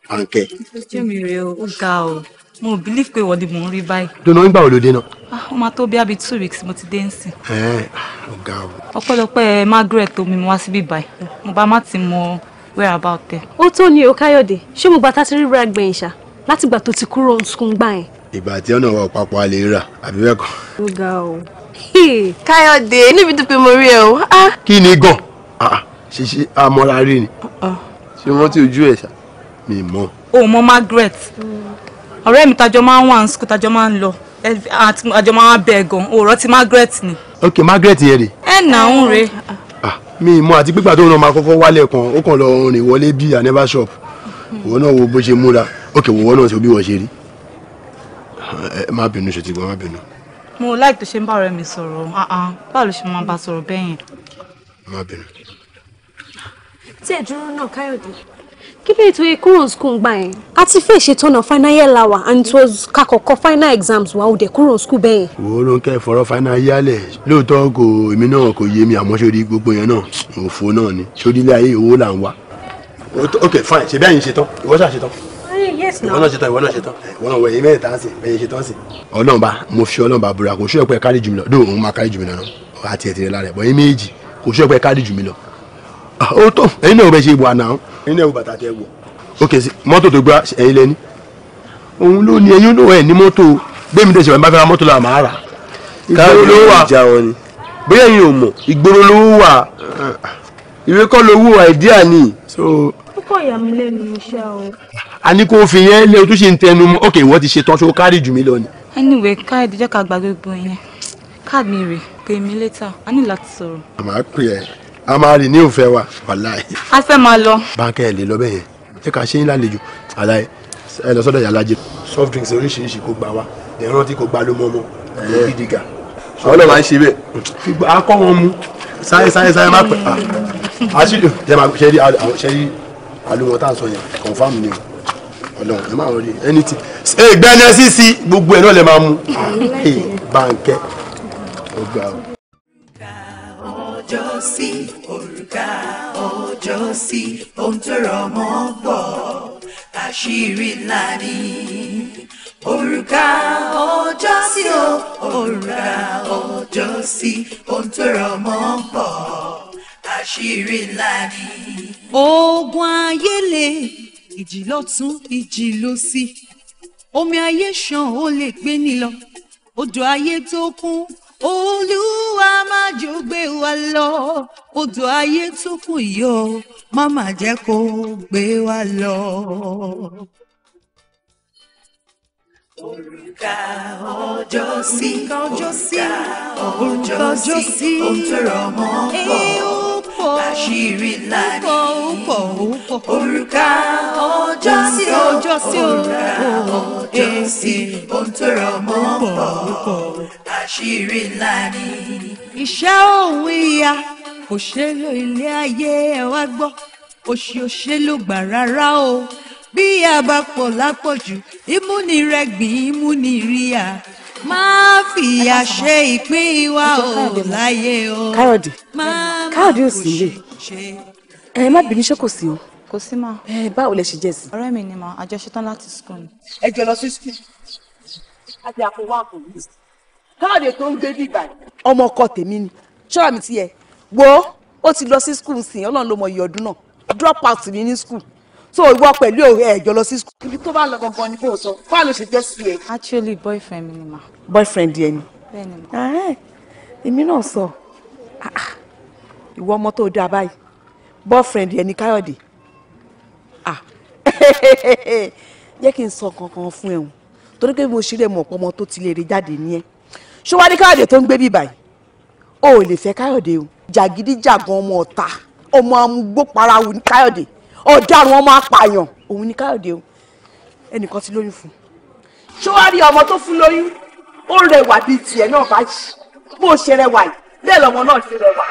Báńkì. mi rèé o, ó ga o mo believe pé ìwọ ni mò ń rí báyìí. dùnà nígbà wo ló dé náà. Ah, ó máa tó bí abi two weeks mo ti dé nsìn. Eh, ọ̀gá o. ọpẹ́lọpẹ́ Margaret omi mo wá síbí báyìí mo bá má ti mọ where about ẹ. ó tó ní o Káyọ̀dé ṣé mo gba tátí rírà gbẹ̀yìn ṣá látìgbà tó ti kúrò school gbà yẹn. ìgbà tí ọ̀nà wa papọ̀ a lè rà àbí bẹ́ẹ̀ kọ́. ọ̀gá o. Káyọ̀dé níbi tó pe mo rí ẹ o. Ah. kí ni gan ah, ṣíṣe amọ́ra rí ni ṣé wọ́n ti ojú ẹ̀ ṣá mi mọ́. o mọ Margaret. Mm ọ̀rẹ́ mi tajọ máa ń wà ní sukù tajọ máa ń lọ àjọ máa ń bẹ̀ gan òòrọ̀ ti Margaret ni. ok Margaret yẹn rè. ẹ nà ń re. Ah, mi mọ àti pípa tó ń lọ máa kọ́kọ́ wálẹ̀ kan ó kàn lọ rìn wọlé bí i never shop òwò náà wo bó ṣe múra ok òwò náà ṣe bí wọ́n ṣe rí ẹ eh, má bínú ṣe ti gbọ́ má bínú. mo láì tó ṣe ń bá ọ̀rẹ́ mi sọ̀rọ̀ ah, ah. báwo ló ṣe máa bá sọ̀rọ̀ bẹ́yẹn. má bínú. tí ẹ dúró náà Káyọ̀dé kí lè tó kúrò school gbà yẹn. a ti fẹ́ ṣetọ́nà final year lawa and it was kakọ̀kọ́ final exams wa ò dẹ̀ kúrò school bẹ́ẹ̀. wo ló ń kẹ́ ìfọ̀rọ̀ final year lẹ̀ lóòótọ́ kò èmi náà kò yé mi àmọ́ sórí gbogbo yẹn náà òfo náà ni sórí ilé ayé owó là ń wá. ok fine ṣe bí àyìn ṣetán ìwọ ṣáà ṣetán. ìwọ náà ṣetán ìwọ náà ṣetán ìwọ náà wẹ̀yìn mẹ́ta sí ẹ̀yìn ṣetán sí. ọlọ́mba mo fi ọlọ́mba búra kò ṣọ́ọ̀pẹ́ kárí jù mí lọ dóò òun máa kárí jù mí lọ náà àti ẹ̀tìrẹ̀ lára ẹ̀ bọ́ yín méjì kò ṣọ́ọ̀pẹ́ kárí jù mí lọ. Ah, ó tó ẹ̀yin náà ò bẹ ṣe ìbò àná ẹ̀yin náà wo bàtà tẹ wọ. ok mọ́tò tó gbá ẹ̀yin lẹ́ni òun ló ní ẹ̀yin ló ẹ̀ ní mọ́tò bẹ́ẹ̀mi tẹ̀sí bàbá fẹ́ra mọ́tò la máa rà. ìgboro ló wà bóyá ẹ̀yin ò mọ̀ ìgboro ló wà ìwé kọ́ ló wù àìdíà ni. púpọ̀ ìyá mi lẹ́nu iṣẹ́ o. a ní kó fi yẹn lé o tún ṣe ń tẹnu mọ́ ok ìwọ ti ṣe tán ṣó kárì jù mí lọ ni. anyway káàdì jẹ́ ká gbàgbé gbogbo yẹn káàdì mi rè pè mí later a ní a máa rìn ní òfẹ́ wa wàláì. a fẹ́ máa lọ. báńkẹ́ ẹ̀ lè lọ bẹ́ẹ̀ yẹn ṣé ká ṣe ń lálejò àlàyé ẹ lọ sọ́dọ̀ ìyálàjẹ. soft drinks oríṣiríṣi kò gbà wá ẹ̀rọ tí kò gbà ló mọ́ mọ́ ló fi dìgà. àwọn náà máa ń ṣe bẹ́ẹ̀. fìgbà akọ́ wọn mú sáyé sáyé sáyé má pẹ́ àṣìlò ah. tẹ máa ṣe rí ṣe rí àlùmọ̀ tá à ń sọ yẹn confam ni ọlọ́run ẹ máa rí anything. ṣé ìgbẹ́ni ẹ sísí gbogbo ẹ̀ náà lè máa mú. báńkẹ́ ọgbà o ọjọ́ sí òrùka ọjọ́ sí ohun tó rọ̀ mọ́ pọ̀ àṣírí ńlá ni. Òrùka ọjọ́ sí o, òrùka ọjọ́ sí ohun tó rọ̀ mọ́ pọ̀ àṣírí ńlá ni. Oògùn ayélè ìjì lọ́tún ìjì lósì omi ayé ṣàn ó lè gbé ni odò ayé tó kún olúwa má jù gbé wa lọ odò ayé tó kù yìí má má jẹ́ kó gbé wa lọ. Òrùka ọjọ́ sí òrùka ọjọ́ sí òrùka ọjọ́ sí òǹtọ̀rọ̀ ọmọ pọ̀ àṣírí ńlá ni òrùka ọjọ́ sí ọjọ́ sí òrùka ọjọ́ sí òǹtọ̀rọ̀ ọmọ pọ̀ àṣírí ńlá ni. Ìṣẹ́ òun ìyá òṣèlú ilé ayé ẹ̀ wá gbọ́ òṣì òṣèlú gbà rárá o. She, bí a bá pọ̀ lápọ̀jù imú ni rẹ̀gbìn imú ni ríà máa fìyà ṣe ìpín wa ò láyé o. káyọ̀dé káyọ̀dé ò sí ilé ẹ má bínú iṣẹ́ kò sí o. kò sí mà. ẹ báwo lẹ ṣe jẹ sí. ọ̀rẹ́ mi ni mà àjọ ṣetán láti skul ni. ẹ jọ lọ sí skul àti àpò wa kò tó ń gbé bí ìbàdàn. ọmọ ọkọ tèmi ni ṣọ́ra mi ti yẹ wo ó ti lọ sí skul nsìn ọlọ́run ló mọ iye ọdún náà drop out mi ní skul so ìwọ pẹ̀lú ọ̀rẹ́ ẹ̀jọ lọ sí school. ibi tó bá lọ gangan ni kò sọ fáà ló ṣe jẹ́ sí ẹ. actually boyfriend mi ni ma. boyfriend yẹn ni. bẹ́ẹ̀ni ma. èmi náà sọ ah, ah, ìwọ ọmọ tó dáa báyìí boyfriend yẹn ni káyọ̀dé ah, jẹ́ kí n sọ kankan fún ẹ̀hún torí pé mo ṣe lè mọ̀ pọ́ ọmọ tó ti lè rí jáde ní ẹ́ ṣọwádìí káyọ̀dé tó ń gbé bíbà yìí o ò lè fẹ́ káyọ̀dé o jàgídíjàgan ọmọ ọ̀tá ọmọ amúgbó parawu ní káyọ̀dé ọ̀daràn ọmọ apààyàn òun ni káyọ̀dé o ẹnìkan ti lóyún fún un ṣé wàá rí ọmọ tó fún lóyún ó rẹwà bíi tiẹ̀ náà báyìí bó ṣe rẹwà yìí bẹ́ẹ̀ lọmọ náà ṣe rẹwà.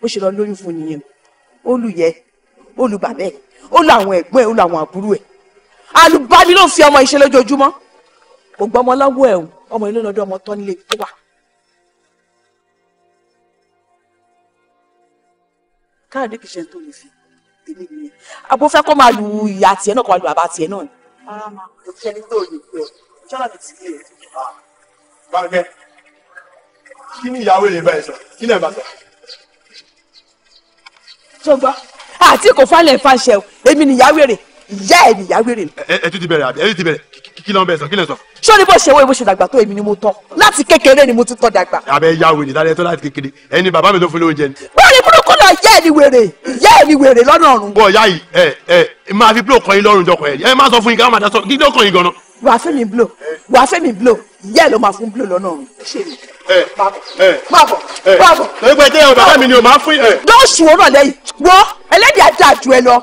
bó ṣe lọ lóyún fún nìyẹn ó lù yẹ ó lù bàbẹ ó lù àwọn ẹ̀gbọ́n ẹ̀ ó lù àwọn àbúrò ẹ̀ alùbami ló fi ọmọ ìṣe lójoojúmọ́ kò gbọmọ lọ́wọ́ ẹ̀ ọmọ ilé lọ́dọ̀ ọmọ tọ́ nílé tó wà káàdé kìí ṣe tó lè fi tèmi nìyẹn abo fẹ́ kọ́ máa lu ìyá tiẹ̀ náà kọ́ máa lu bàbá tiẹ̀ náà ni. ara máa kò fi ẹni tó yẹ pé jọ́nà mi ti lè. báńkẹ́ kí ni ìyàwó rẹ̀ bá ẹ sọ kí ni ẹ bá sọ. jọba àti kò falẹ̀ fàṣẹ o èmi nìyàwó rẹ̀ ìyá ẹ̀ nìyàwó rẹ̀. ẹ ẹ tún ti bẹ̀rẹ̀ àbí ẹ tún ti bẹ̀rẹ̀ kí ló ń bẹ sọ kí ló ń sọ. sọ ni bó ṣe wọ ìbò ṣe dàgbà tó èmi ni mo tọ́ láti kékeré ni mo ti tọ́ dàgbà. abẹ ya wèrè lálẹ́ tó láti kékeré ẹni bàbá mi ló fún lóúnjẹ ni. báwo ni kúrò bọ́ ìyá ẹ̀ ni wèrè ìyá ẹ̀ ni wèrè lọ́nà ọ̀run. bọ ìyá yìí ẹ ẹ máa fi bílò kọyin lọ́rùn jọkọ ẹ ẹ má sọ fún yín ká má dá sọ kí ló kọyin ganan. wà á fẹ́ mi bílò wà á fẹ́ mi bílò ìyá ẹ̀ ló máa fún bílò lọ́nà ọ̀run. ẹ ẹ má bọ̀ má bọ̀. ẹgbẹ́ tẹ́yà bàbá mi ni o máa fún ẹ. yóò sùn ó rọ̀ lẹ́yìn wọ́ ẹlẹ́dìí àdá ju ẹ lọ.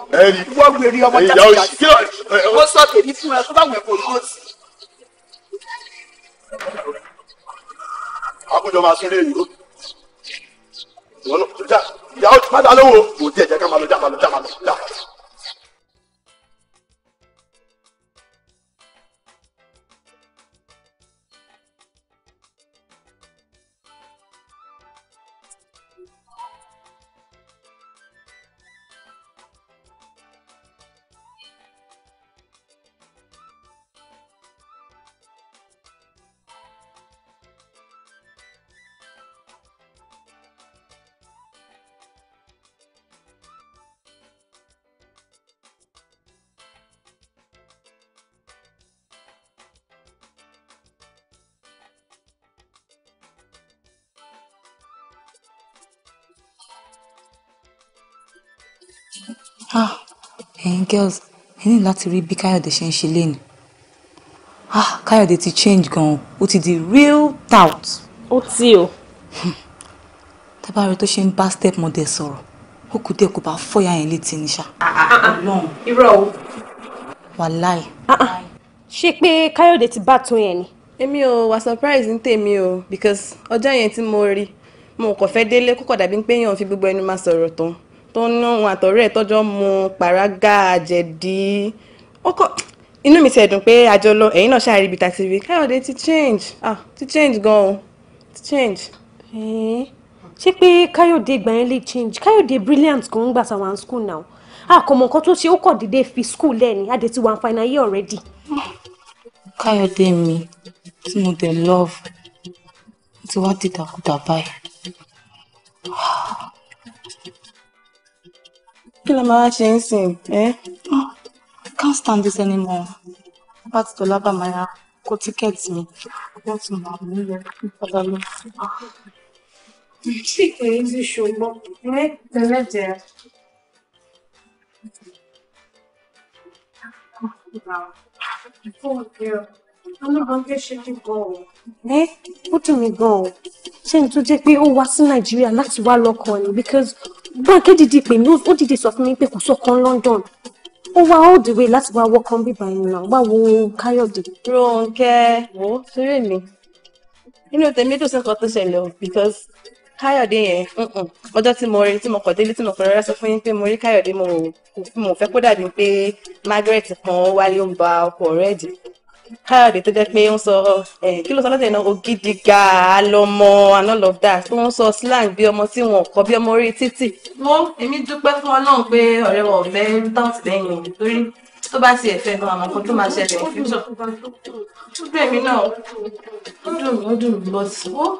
wọ́n wèrè ọmọ jáde wọ́n sọ tèmi fún ẹ tó bá wẹ̀ kó lóòótì. àkójọ máa sún lé ìlú ìwọ náà ìyàwó má dá lówó kò tiẹ̀ jẹ́ ká má lọ já má lọ já má lọ já. ẹ̀yin girls ẹ ní láti rí bí káyọ̀dé ṣe ń ṣe lénìí ah káyọ̀dé ti change gan-an ó ti di real tout. ó ti o. Hmm. tábàárẹ̀ tó ṣe ń bá step model sọ̀rọ̀ ó kù díẹ̀ kó bá fọ́yà yẹn létí ní ṣá. Ah, ah, ah, ọlọ́run irọ́ o. wàláì. ṣé pé káyọ̀dé ti bá tó yẹn ni. èmi ò wà surprise ní tèmi o because ọjọ́ yẹn tí mo rí mo kàn fẹ́ délé kókò dàbí pé èèyàn fi gbogbo ẹnu máa sọ̀rọ̀ tán tó ní òun àtọ̀rẹ́ ẹ̀ tọ́jọ́ mu pàrágà àjẹ̀dí ọkọ inú mi ti ẹ̀dùn pé àjọ lọ ẹ̀yin náà ṣáà rí ibi tàti rí káyọ̀dé ti change ah ti change gan-an ti change. ṣé pé káyọ̀dé gbà yẹn lè change káyọ̀dé brilliant kan ń gbà sáwọn school now àkọ́mọ̀ nǹkan tó ṣe ó kọ̀ dédé fi school lẹ́ni adé ti wà ń final year already. káyọ̀dé mi tí mo dẹ̀ love ti wá di báyìí kí ló máa ṣe ń sìn ẹ́ ah, I can't stand this anymore bàbá tí tọ́lá bá máa ya kó tíkẹ́ẹ̀tì mi wọ́n ti máa mú lọ padà lọ. sì ah. pé ní ṣùgbọ́n ẹ tẹ́lẹ̀ jẹ́ ẹ ó dùn mí gan-an ṣé n tó jẹ́ pé ó wá sí nàìjíríà láti wá lọ́kọ ni because Gbọ́nkẹ́ dìde pè mí ó dìde sọ fún mi pé kò sọ́kan London ó wá all the way láti wá wọ́kàn bíbá ẹ̀yìn náà wá wo Káyọ̀dé. Rónkẹ́ wò ó sórí mi nínú tèmi tó sẹ́kọ̀ọ́ tó ṣẹlẹ̀ o because Káyọ̀dé yẹn ọjọ́ tí mo rí tí mo kọ̀ délé tí mo kọ̀ rẹ́rẹ́ sọ fún yín pé mo rí Káyọ̀dé mo fẹ́ kó dàbí pé Margaret kan wálé ń ba ọkọ rẹ̀ dì káàdì they jẹ́ me, ó ń Eh, kí ló sọ lọ́dẹ̀ náà ògidì gàá lọ́mọ and all of that ó ń slang bí ọmọ tí wọn kọ bí ọmọ orí títì. mo èmi dúpẹ́ fún Ọlọ́run pé ọ̀rẹ́ wọn ò fẹ́ ń tán tìlẹ́yìn òní torí tó bá tiẹ̀ fẹ́ gan àmọ́ kan tó máa ṣẹlẹ̀ ní fíjọ́. dúdú èmi náà ó dùn mí ó dùn mí lọ sí wọ́n.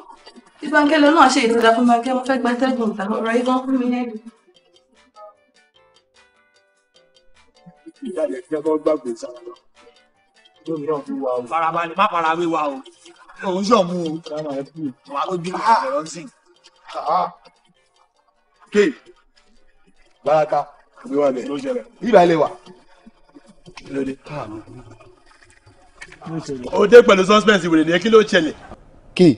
ìbánkẹ́lẹ́ náà ṣe ìtura fún bánkẹ́ mo fẹ́ gbatẹ́gùn ìta ọ̀rọ̀ yìí gan fún mi lẹ́nu. ìyá rẹ̀ fi ọgbọ́n gbàgbé sára lọ lórí náà fi wá o. farabalẹ̀ má fara wé wa o òun yọ̀ mú o. dáná ẹ kú. wà á ah. ló bí ọ̀rọ̀ ń sìn. Ah. ké baraka ìwé wa lẹ ibà lè wà. o dé pẹ̀lú suspense ìwèrè nìyẹn kí ló ṣẹlẹ̀. ké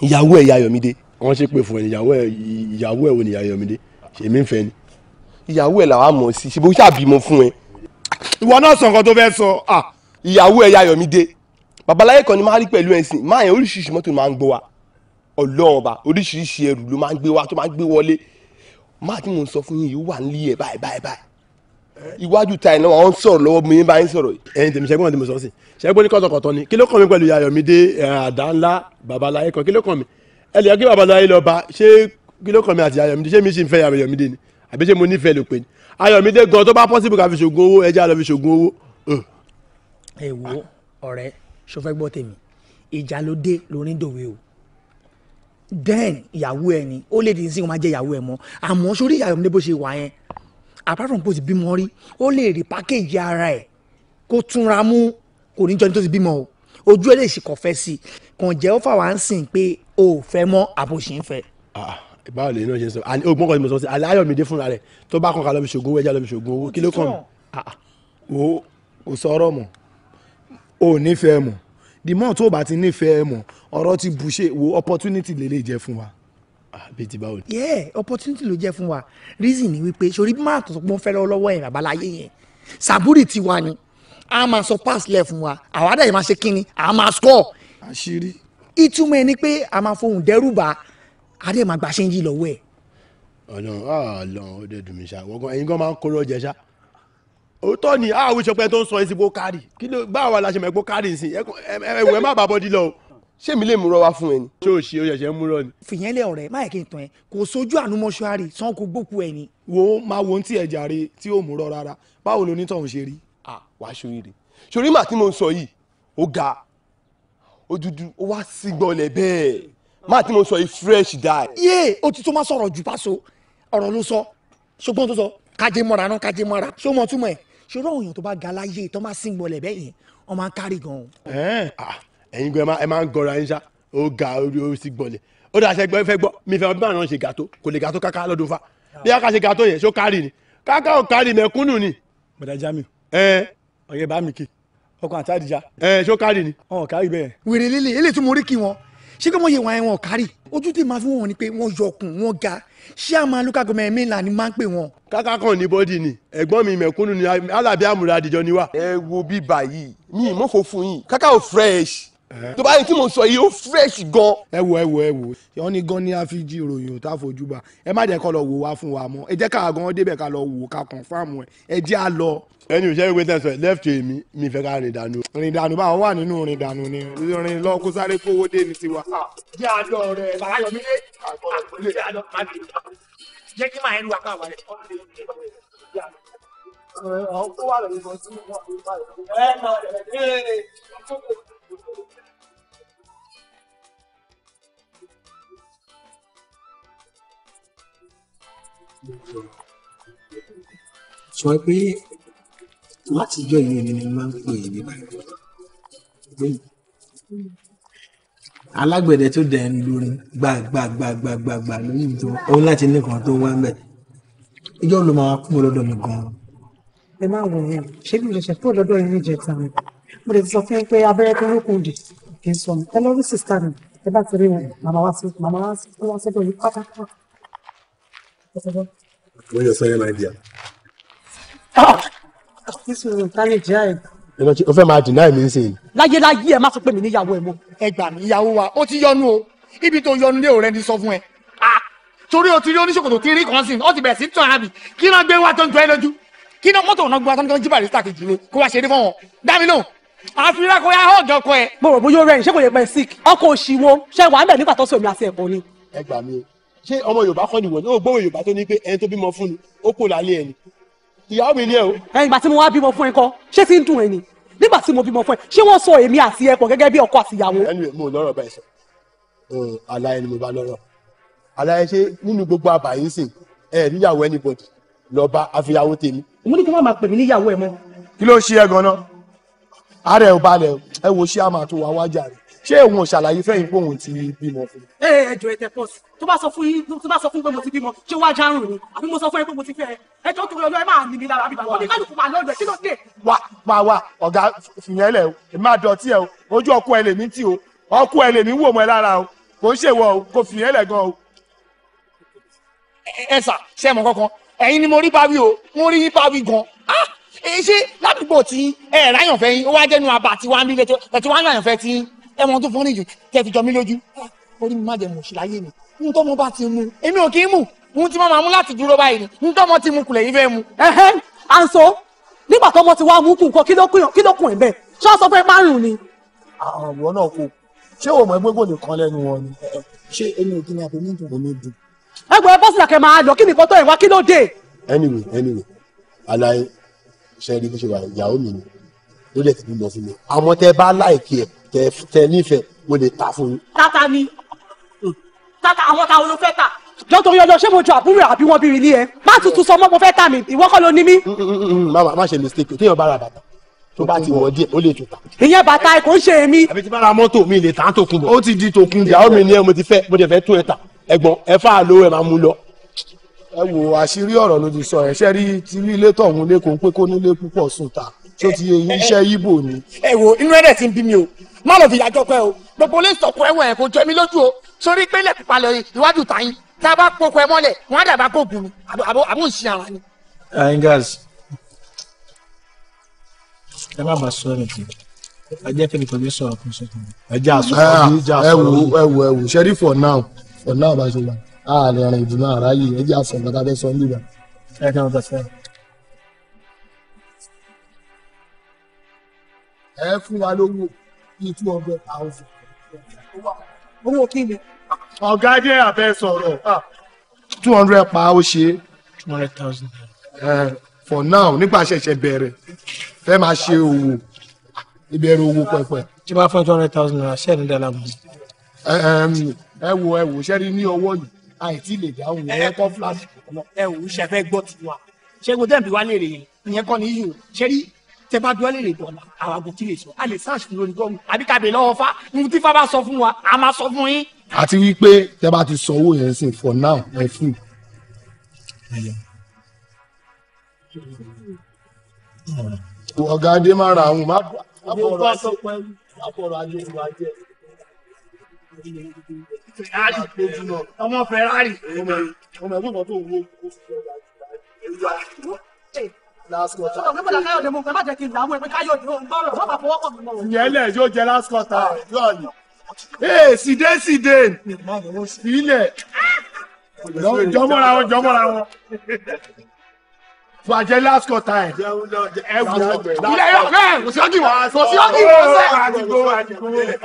ìyàwó ẹ̀ ya Yọ̀mídé wọ́n ṣe pé fún ẹ̀ ìyàwó ẹ̀ ìyàwó ẹ̀ wo ni ya Yọ̀mídé ṣèmí ń fẹ́ ni ìyàwó ẹ̀ làwọn mọ̀ sí ṣe bó ṣàbímọ fún ẹ. ìwọ náà sọ tó fẹ́ sọ ah ìyàwó ẹ̀ yayọ̀mídé babaláyé kan ni máa rí pẹ̀lú ẹ̀sìn máa yẹn oríṣiríṣi mọ́tò máa ń gbọ́ wa ọlọ́run ọba oríṣiríṣi ẹrù ló máa ń gbé wa tó máa ń gbé wọlé máa tí mò ń sọ fún yín yìí wà ń lé ẹ̀ báyìí báyìí báyìí iwájú ta ìnáwó àwọn sọ̀rọ̀ lọ́wọ́ mi bá ń sọ̀rọ̀. ẹ̀yin tèmi ṣẹ́gun àti mọ̀sán sí ṣẹ́gun ní kọ́tọ̀kọ́tọ̀ ni kí ló kàn mí pẹ̀lú Ayọ̀mídé àdá ńlá babaláyé kan kí ló kàn mí ẹ lè kí babaláyé lọ bá ṣé kí ló kàn mí àti Ayọ̀mídé ṣé mi ṣì ń fẹ́ Ayọ̀mídé ni àbí ṣé mo nífẹ̀ẹ́ ló pe ni Ayọ̀mídé gan tó bá pọ́sibú ká fi ṣògùn owó já lọ fi ṣògùn owó ẹ wo ọ̀rẹ́ ṣo fẹ́ gbọ́ tèmi ìjà ló dé lórí dòwe o then ìyàwó ẹ ni ó lè di sí kó máa jẹ ìyàwó ẹ mọ́ àmọ́ sórí ìyàwó mi bó ṣe wà yẹn apart from post bímọ rí ó lè rí package ara ẹ kó túnra mú kò ní jọ ní tó ti bímọ o ojú ẹ lè ṣì kọ sí i kàn jẹ́ ó fà wá ń sìn pé o ò fẹ́ mọ́ àbòsí ń fẹ́. Ah, báwo lè iná ṣe sọ àní ogun ọkọ ni mo sọ sí àlẹ ayọ̀mídé fúnra rẹ̀ tó bá kàn ká lọ fi ṣògùn owó ẹja lọ fi ṣògùn owó kí ló kàn mí. Ah, ah. wo sọ ọ̀rọ̀ mọ́ ò nífẹ̀ẹ́ mọ̀ the more tó o bá ti nífẹ̀ẹ́ mọ̀ ọ̀rọ̀ ti bù ṣe wo opportunity lè lè jẹ́ fún wa. àbí ti báwo ni. yeah opportunity ló jẹ́ fún wa reason ni wípé sori bí máa tọ̀ pọ́n fẹ́rẹ́ lọ́wọ́ ẹ̀ babaláyé yẹn sàbúrì ti wa ni a máa sọ pass lẹ̀ fún wa àwa dẹ̀ yẹn máa ṣe kínni a máa score. àṣírí. ìtumọ̀ ẹ ni pé a máa fohùn dẹ́rùbà a dẹ̀ máa gbà ṣe ń yí lọ́wọ́ ẹ̀. ọ̀nà àlọ́ ah, ó dẹ̀ dùn mí ṣá wọ́n gan ẹ̀yin gan máa ń kóró ọjà ṣá òótọ́ ni àwọn ìṣọpẹ́ tó ń sọ ẹ̀sìn bókárì kí ló bá àwa la ṣe mẹ́gbó kárì ń sìn ẹ̀wẹ̀ má bàbọ̀ dí lọ o ṣé mi lè múrọ wá fún ẹ ni. ṣé o ṣe o ṣẹ̀ṣẹ̀ ń múrọ ni. fìyẹn lẹ ọ̀rẹ́ má yẹ kí n tàn ẹ kò sójú àánú mọ́ṣúárì sàn kó gbókù ẹ ni. wo máa wo ti ẹ̀jà re tí ò múrọ rárá báwo lo onítọ̀hún ṣe rí. à wá ṣoríire ṣorí màá tí mo ń sọ yìí o ga o dúdú o wá sí gbọ́lẹ̀ bẹ́ẹ̀ màá tí mo ń sọ yìí fresh die. yé o ti tó má sọ̀rọ̀ jù bá so ọ̀rọ̀ ló sọ ṣùgbọ́n tó sọ kájé mọ́ra náà kájé mọ́ra ṣó mọ́ túmọ̀ ẹ̀ ṣòro àwọn èèyàn tó bá ga láyé tó máa sìn gbọlẹ̀ bẹ́ẹ̀ yẹn wọ́n máa ń kárí gan-an. ẹ̀yin ẹ máa ń gọra yín ṣá ó ga orí ó sì gbọlẹ̀ ó dà ṣe fẹ́ gbọ́ mi fẹ́ bí màrán ṣe gàtó kò lè gàtó káká lọ́dún fa bí a ká ṣe gàtó yẹn ṣó kárì ni káká ò kárì mẹ̀kúnnù ni. bọ̀dà jamiu ọ̀yẹ́ bá mi kì ọkọ̀ àti àdìjà. ṣó kárì ni. ọ̀ kárì bẹ́ẹ̀. wèrè líle ilé tí mo rí kí wọn ṣé kí wọ́n yẹ wọn ẹ̀wọ̀n kárì ojú tí màá fún wọn ni pé wọ́n yọkùn wọn ga ṣé àmà local government mainland ni máa ń pè wọn. káká kan bọ́dì ni ẹ̀gbọ́n mi mẹ̀kúnnù ni alábí àmúradìjọ ni wá. ẹ wo bíbà yìí mi ì mọ́kò fún yín káká ò fresh tó bá yẹ tí mo sọ yìí ó fresh gan. ẹ wo ẹ wo ẹ wo wọn ní gan ni a ìròyìn òtá fojú bá ẹ má jẹ́ kó lọ wò wá fún wa mọ́ ẹ jẹ́ ká gan débẹ̀ ká lọ wò ká confirm ẹ ẹ jẹ́ à lọ. ẹni òṣèré pé tẹ̀sán left èmi mi fẹ́ ká rìn dànù. rìn dànù báwọn wà nínú rìn dànù ni rìn lọ kó sáré kówó dé ní tiwa. jẹ́ àlọ́ rẹ̀ bàbá jẹ́ kí máa ń lu àkàwà rẹ̀ ọ̀ sọ pé láti jọ ìyẹn mi ni máa ń pè é nípa alágbẹ̀dẹ tó dẹ̀ ń lórin gbàgbàgbàgbàgbà lóyún tó òun láti nìkan tó wá mẹ́ ìjọ ló máa kú lọ́dọ̀ mi gan-an. ẹ má wọ ẹ ṣé mi ò ṣe kúrò lọ́dọ̀ yìí níjẹta mi mo lè sọ fún yín pé abẹ́rẹ́ tó ń kù dì kì í sọ ẹ lọ rí sísá mi ẹ bá ti rí wọn màmá wá sí màmá wá sí wọn sọ́dọ̀ yìí pátápátá. Wọ́n yọ sọ́yẹ́ máa di à. Sísun ìtàlẹ̀ jẹ́ ẹ̀. O fẹ́ máa deny mi nsìn. Láyé láyé ẹ má sọ pé mi níyàwó ẹ mọ́. Ẹ gbà mí ìyàwó wa, ó ti yọnu o. Ibi tó yọnu lé òrẹ́ ni sọ fún ẹ. Ah! Torí o ti rí oníṣòkòtò tí rí kan sí, ó ti bẹ̀rẹ̀ sí tán àbí. Kí náà gbé wá tó ń jọ ẹ lójú? Kí náà mọ́tò náà gba tán jí barista kejì ni kó wá ṣeré fún wọn? Dá mi náà àfihàn kò yá ọ̀dọ̀ kọ ẹ. mo rò bóyá ó rẹ̀ ṣé kò yẹ pẹ́ sick ọkọ̀ òṣìwò ṣé wàá bẹ̀ nígbà tó sọ èmi àti ẹ̀kọ́ ni. ẹ gbà mí o ṣé ọmọ yorùbá kọ́ nìwọ náà gbọ́wọ́ yorùbá tó ní pé ẹni tó bímọ fún ni ó kò lálé ẹni ìyàwó mi ni ẹ o. ẹ̀yìn ìgbà tí mo wá bímọ fún ẹ kọ́ ṣé ti ń dùn ẹ ni nígbà tí mo bímọ fún ẹ ṣé wọ́n sọ èmi àti ẹ pọ̀ gẹ́gẹ́ bí ọkọ àti ìyàwó. ẹnu mo lọ́rọ̀ bá ẹ sọ àlàyé ni mo bá lọ́rọ̀ àlàyé ṣe nínú gbogbo àbàyè sìn ẹ níyàwó anybody lọ bá àfihàwó tèmi. mo ní kí wọ́n máa pè mí níyàwó ẹ mọ́. kí ló ṣe ẹ gan-an? àárẹ̀ ò balẹ̀ ẹ wo ṣé a tó wá wájà rẹ̀ ṣé òun ò ṣàlàyé fẹ́yìn pé òun ti bímọ fún. ẹ ẹ jọ ẹtẹ pọ sí tó bá sọ fún yín tó bá sọ fún pé mo ti bímọ ṣé wàá járùn ni àbí mo sọ fún ẹ pé mo ti fẹ́ ẹ ẹ jọ torí ọlọ ẹ máa nìmi lára àbí bàbá mi kálukú máa lọ́dọ̀ kí ló dé. wà máa wà ọ̀gá fìyẹn lẹ̀ o èmi máa dọ̀tí ẹ o ojú ọkọ ẹ lèmi tì o ọkọ ẹ lèmi wò mọ́ ẹ lára o kò ń ṣèwọ o kò fìyẹn lẹ̀ gan o. ẹ sà ṣe é mọ kankan ẹ̀yin ni mo rí bá wí o mo rí yín bá wí gan ṣé ládùúgbò tí ẹ ráyànfẹ́ yín ó wá jẹ́nu àbá tí wàá nílé tí wàá ráyànfẹ́ tí ẹmọ tó fọ́nrìn jù kẹ́ fi jọ mí lójú ah, orí mi má jẹ mọ̀ọ́sí láyé mi ní tọ́mọ bá ti mu èmi ò kì í mu mo ti máa mú láti dúró báyìí ni ní tọ́mọ ti mu kulẹ̀ yìí fẹ́ mu. àǹsọ nígbà tọ́mọ ti wá mú kù nǹkan kí ló kùn ẹ̀ bẹ́ẹ̀ ṣé ọ sọ pé márùn ni. àwọn ọ̀rọ̀ náà kò ṣé o mọ̀ ẹgbẹ́ kò lè kan lẹ́nu wọn ni ṣé ẹni òkè ni àbí ní ìdùnnú mi dùn. ẹgbẹ́ bọ́sìlà kẹ́ máa lọ kí nìkan tó ẹ̀ wá kí ló dé. anyway anyway alaye ṣe é rí bó ṣe wà ìyàwó mi ni ló dẹ̀ ti bí lọ fún mi àmọ́ tẹ bá láìkí ẹ̀ tẹ tẹ mo lè ta fún tata ni hmm. tata àwọn ta ló fẹ́ tà. jọ torí ọjọ ṣé mo jọ àbúrò àbí wọn bíi ilé ẹ má tuntun sọ mo fẹ́ tà mí ìwọ kọ́ ló ní mí. Hmm, hmm, má má ṣe mistake téèyàn bá ra bàtà tó bá ti wọ díẹ̀ ó lè tún ta. ìyẹn bàtà ẹ ń ṣe èmi. àbí tí bá ra mọ́tò mi lè tà á tòkun bọ̀. ó ti di tòkun bọ̀. ìyàwó mi ni mo ti fẹ́ mo ti fẹ́ tún ẹ ta ẹ̀gbọ́n ẹ ló ẹ máa mú lọ. ẹ wo àṣírí ọ̀rọ̀ ló ti sọ ẹ̀ ṣẹ́rí tí ilé tọ̀hún lé kó ń pé kó nílé púpọ̀ sùn ta tó ti yẹ yín iṣẹ́ ibo ni. ẹ wo inú ẹ̀rẹ̀ ti ń bí mi o má lọ fi ìyá jọpẹ́ o gbogbo olè sọ̀kọ ẹ̀wọ̀n ẹ̀ kò jẹ́ mi lójú o sórí pé lẹ́kùn palẹ̀ ìwádùú ta yín tá a bá pokò ẹ mọ́lẹ̀ wọ́n á dàbá kó gùn àbò ń ṣe ara ni. ayingas ẹ má bàa sọ ẹ nìkan ẹ jẹ́ kí nìkan mi sọ̀rọ̀ kún sọ̀rọ̀. ẹ jẹ́ àṣọ ah, ẹ wò ẹ wò ẹ wò ṣẹ́rí for now for now bá ṣe wà á lè rìn ìdùnnú àráyè ẹ jẹ́ àṣọ nǹkan tá a fẹ́ sọ nígbà. ẹ kàn ń bẹ̀ sẹ́yìn. ẹ fún wa lówó bíi two hundred thousand. owó kí ni. ọ̀gá jẹ́ abẹ́ sọ̀rọ̀ ah, two hundred pa ó ṣe. two hundred thousand. for now nígbà ṣẹ̀ṣẹ̀ bẹ̀rẹ̀ fẹ́ máa ṣe òwò ìbẹ̀rẹ̀ òwò pẹ̀pẹ̀. tí bá fún two hundred thousand naira ṣẹ́ẹ̀ ní dàlá mọ́. ẹ wo ẹ wo ṣẹ́ni ní ọwọ́ yìí àìtí lè dáhùn ẹ kọ́ fúlàṣì. ẹ wò ó ṣe fẹ́ gbọ́ tiwa ṣé kò tẹ̀ ń bí wá léèrè yẹn ìyẹn kọ́ ni yìí o rí tẹ bá dúró lè dọ̀ la àwọn àgọ́ tí lè sọ a lè search lórí gọ́ọ̀mù àbí kàbí lọ́wọ́ fa ní tí fábà sọ fún wa a máa sọ fún yín. àti wípé tẹ bá ti sọ owó yẹn sí for now ẹ fún ọ̀gá adé máa ra àwọn má bọ̀rọ̀ ajé ìwà jẹ́ ferrari lójú náà ọmọ ferrari ọmọ ẹgbẹ́ kan tó wúwo last quarter. ọ̀rọ̀ nígbàdàn káyọ̀dé mú ẹ má jẹ́ kí n làámú ẹ pé káyọ̀dé ó ń gbọ́rọ̀ wọ́n máa fọwọ́ kàn mí mọ́. ìyẹn lẹ̀ yóò jẹ last quarter ah, ee eh, sìdé sìdé sílẹ̀ jọmọ́ra wọn jọmọ́ra wọn fàjẹ last quarter ẹ wù ọ ilé yóò fẹ kò sí ọgì wọn kò sí ọgì wọn sẹ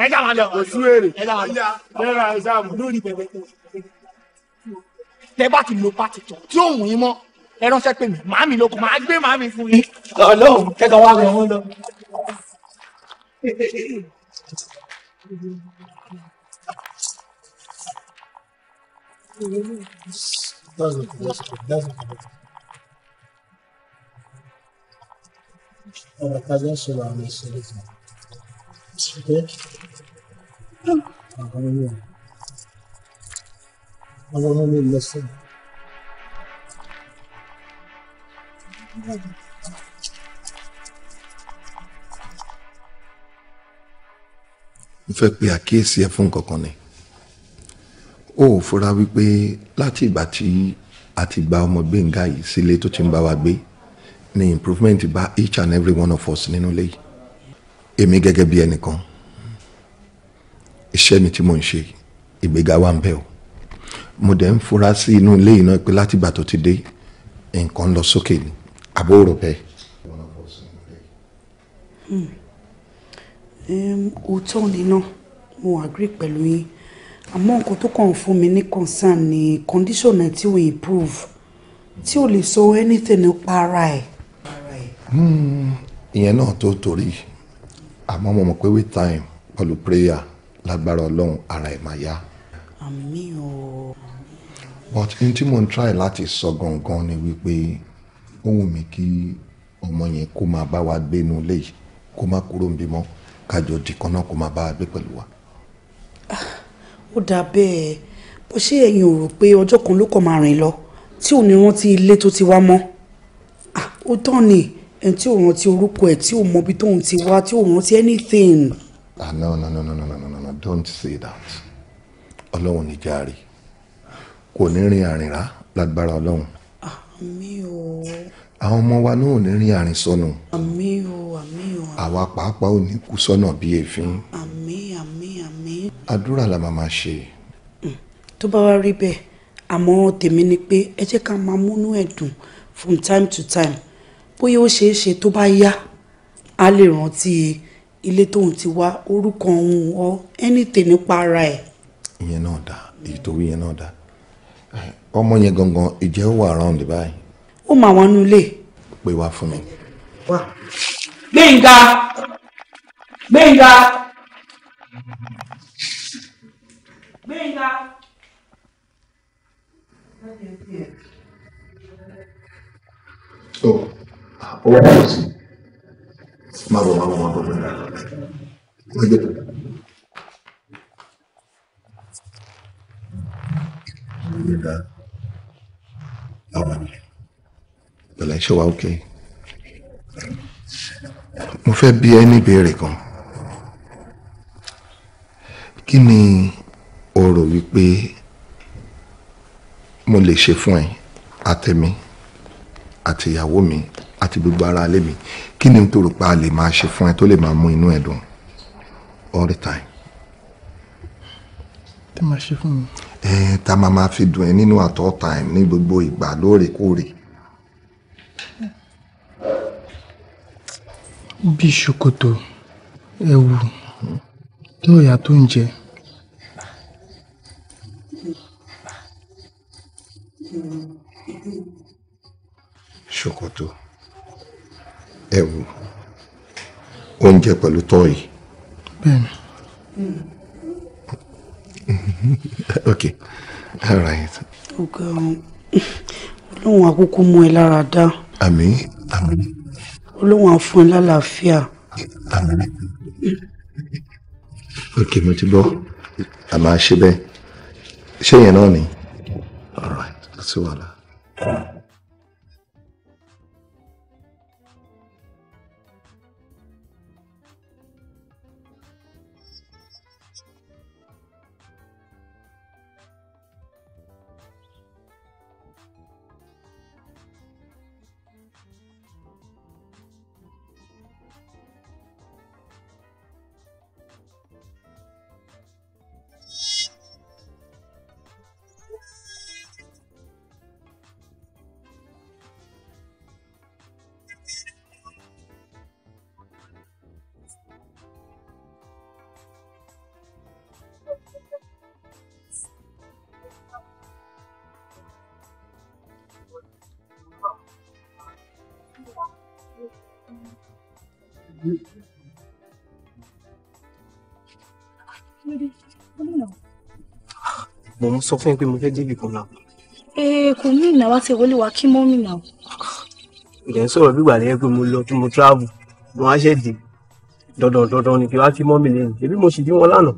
ẹ dà wọn lẹ kò sí èrè lórí bẹbẹ tẹ bá ti lo pati tán tí ó wù yín mọ ẹ ránṣẹ́ pè mí màámi ló kù màá gbé màámi fún yín. Ọlọ́run kẹ́kọ̀ọ́ wá gan lọ. Ọ̀rọ̀ kájọ́ sọ̀rọ̀ àwọn ìṣẹ̀lẹ̀ kan. mo fẹ́ pe àkíyèsí ẹ fún nǹkan kan ni ó ò fura wípé láti ìgbà tí a ti gba ọmọ Gbénga yìí sílé tó ti ń bá wa gbé ni improvement bá each and every one of us nínú ilé yìí èmi gẹ́gẹ́ bí ẹnìkan iṣẹ́ mi tí mò ń ṣe ìgbéga wa ń bẹ o mo dẹ̀ ń fura sí inú ilé yìí náà pé látìgbà tó ti dé nǹkan lọ sókè ni àbúrò bẹ́ẹ̀. Hmm. òótọ́ ni náà mo agree pẹ̀lú yín àmọ́ nǹkan tó kàn fún mi ní concern ni condition ẹ̀ tí improve tí ò lè sọ anything nípa ara ẹ̀. Hmm, ìyẹn náà to torí àmọ́ mo mọ̀ pé with time pẹ̀lú prayer lágbára ọlọ́run ara ẹ̀ máa yá. àmì o. but n tí mo ń try láti sọ gangan ni wípé ó wù mí kí ọmọ yẹn kó máa bá wa gbénu léyìí kó má kúrò níbí mọ́ kájọ dìkan náà kó máa bá wa gbé pẹ̀lú wa. ó dà bẹ́ẹ̀ bó ṣe ẹ̀yin ò rò pé ọjọ́ kan ló kàn máa rìn lọ tí ò ní rántí ilé tó ti wá mọ́ ó tán ni ẹni tí ò rántí orúkọ ẹ̀ tí ò mọbi tóun ti wá tí ò rántí anything. ah no no no no no no no no don't say that ọlọ́run ní járe kò ní rin àrìnrá lágbára ọlọ́run àmín o. àwọn ọmọ wa náà ò ní rin àrìn sọnù. àmín o àmín o. àwa pàápàá ò ní kú sọnà bíi èéfín. àmín àmín àmín. àdúrà la màmá ṣe. Hmm. tó bá wá rí bẹ́ẹ̀ àmọ̀ràn tèmi ni pé ẹ jẹ́ ká máa múnú ẹ̀ from time to time bóyá ó ṣeé ṣe tó bá yá a lè rántí ilé tóun ti wá orúkọ òun ọ anything nípa ara ẹ̀. ìyẹn náà dáa èyí tó wí yẹn náà dáa ọmọ yẹn gangan ìjẹ́ ó wà round báyìí. ó mà wọn nu ilé. pé wá fún mi. wá. gbẹ̀ngà gbẹ̀ngà gbẹ̀ngà. ó ó wá bọ̀ sí má bọ̀ má bọ̀ má bọ̀ gbẹ̀ngà má jẹ́ kó. Thank àwọn ni pẹ̀lẹ́ ṣe wá òkè mo fẹ́ bi ẹ́ ní ìbéèrè kan kí ni o rò wípé mo lè ṣe fún ẹ àtẹ̀mí àti ìyàwó mi àti gbogbo ara alẹ́ mi kí ni tó rò pé a lè máa ṣe fún ẹ tó lè máa mú inú ẹ dùn all the time. tẹ́ máa ṣe fún mi tá a máa máa fi dùn ẹ́ nínú at time ní gbogbo ìgbà lóòrèkóòrè. bí ṣòkòtò ẹ̀wù lọ́ọ̀yà tó ń jẹ. ṣòkòtò ẹ̀wù oúnjẹ pẹ̀lú tọ́ọ̀yì. bẹ́ẹ̀ni. Mm. okay all right. ọ̀gá olóhùn àkókò mú ẹ lára dá. àmín àmín. olóhùn àfún ẹ lálàáfíà. àmín. okay mo ti gbọ́ a máa ṣe bẹ́ẹ̀ ṣé yẹn náà ni all right kò sí wàhálà. mò ń sọ fún yín pé mo fẹ́ débi kan náà. ee eh, kò ní ìnáwó àti ìwọlé wa kí mọ́ mi náà. ìdẹ̀ ń sọ̀rọ̀ bígbà lẹ́yìn pé mo lọ tí mo travel mo wá ṣẹ̀ dé dandan dandan ni kí wá kí mọ́ mi lẹ́yìn èmi mo sì bí wọn lánàá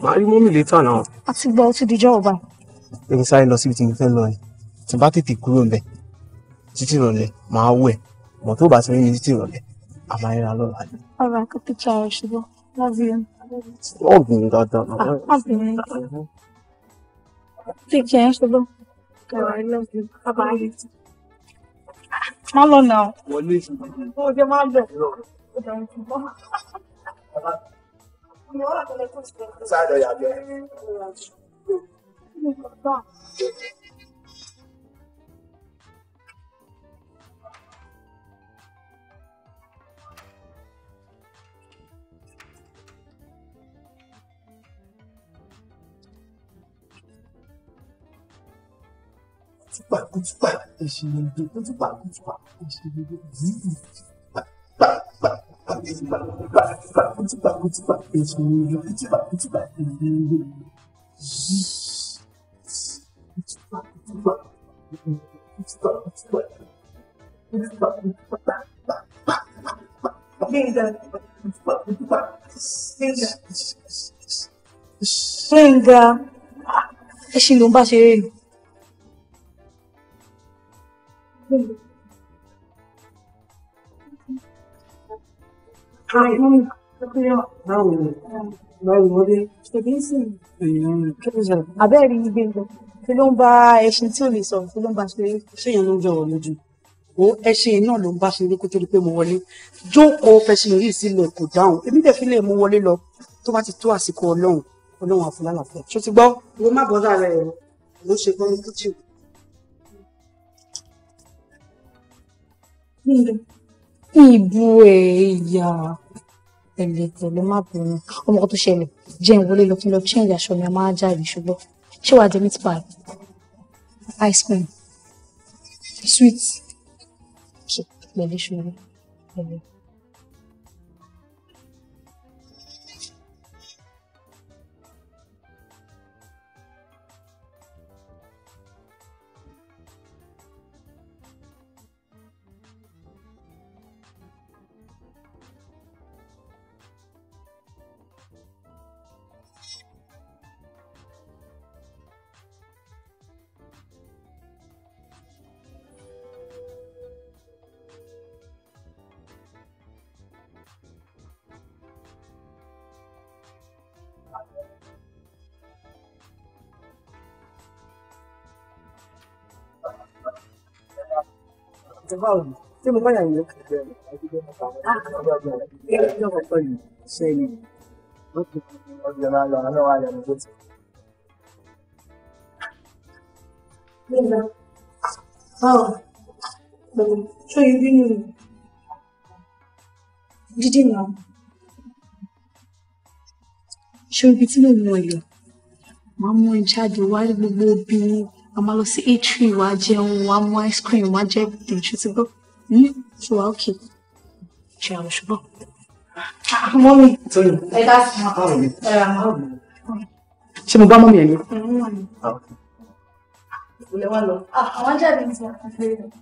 màá rí mọ́ mi létà náà. a ti gbọ́ ó ti dijọ́ ọba. ẹ ń sáré lọ síbi tí mo fẹ́ lọ yìí tí bá tètè kúrò ń bẹ̀ títí ìrọ̀lẹ́ màá wẹ̀ mọ̀ tó bá ti rí mi títí ìrọ̀lẹ́ àmàlẹ́ra lọ́la ọ̀rọ̀ àkọ́kọ́ tí a ò ṣubú love Obìnrin dáadáa náà. Obìnrin dáadáa. Take care, ṣùgbọ́n. I ah, love kutuba kutuba eṣinlẹgbẹ kutuba kutuba eṣinlẹgbẹ zizi pa pa pa kutuba pa pa kutuba kutuba eṣinlẹgbẹ kutuba kutuba eṣinlẹgbẹ zi kutuba kutuba kutuba kutuba kutuba abẹ́rẹ́ yìí gbẹ̀ngà kí ló ń bá o ẹṣin náà ló ń bá ṣeré kó tó di pé mo wọlé jókòó fẹṣin yìí sílẹ̀ kò dáhùn èmi dẹ̀ fi lè mú wọlé lọ tó bá ti tó àsìkò ọlọ́run ọlọ́run àfúlàlàfẹ́ ṣó ti gbọ́. ìwé má bọ́dà rẹ̀ ló ṣe gbọ́ ní kíchìn. ibu ẹ̀yà tẹ̀lé tẹ̀lé má bínú ọmọ kan tó ṣẹlẹ̀ jẹ́ ìwọlé lọ kí n lọ change aṣọ mi a máa jáde ṣùgbọ́n ṣé wàá jẹ meat pie ice cream sweet pẹ̀lú ṣùgbọ́n pẹ̀lú. tí mo báyà yẹn kẹ̀kẹ́ rẹ̀ ẹjọ́ kọ̀ọ̀kan yìí ṣe ni. ọjọ́ máa lọ àánú a máa lọ sí eatery wa jẹun wa mú ice cream wa jẹ everything ṣe ti gbọ́ ṣe hmm, wa ok ṣe àwọn ṣùgbọ́n. Ah, mọ́mí ẹ dá sí i ah, ẹ ra mọ́mí. Ah, ṣé mo bá mọ́mí ẹ ní.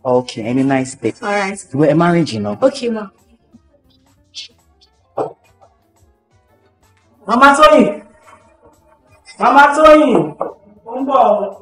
Okay, any nice day. All right. We're married, you know. Okay, ma. Mama Tóyìn. Mama Tóyìn. Ó ń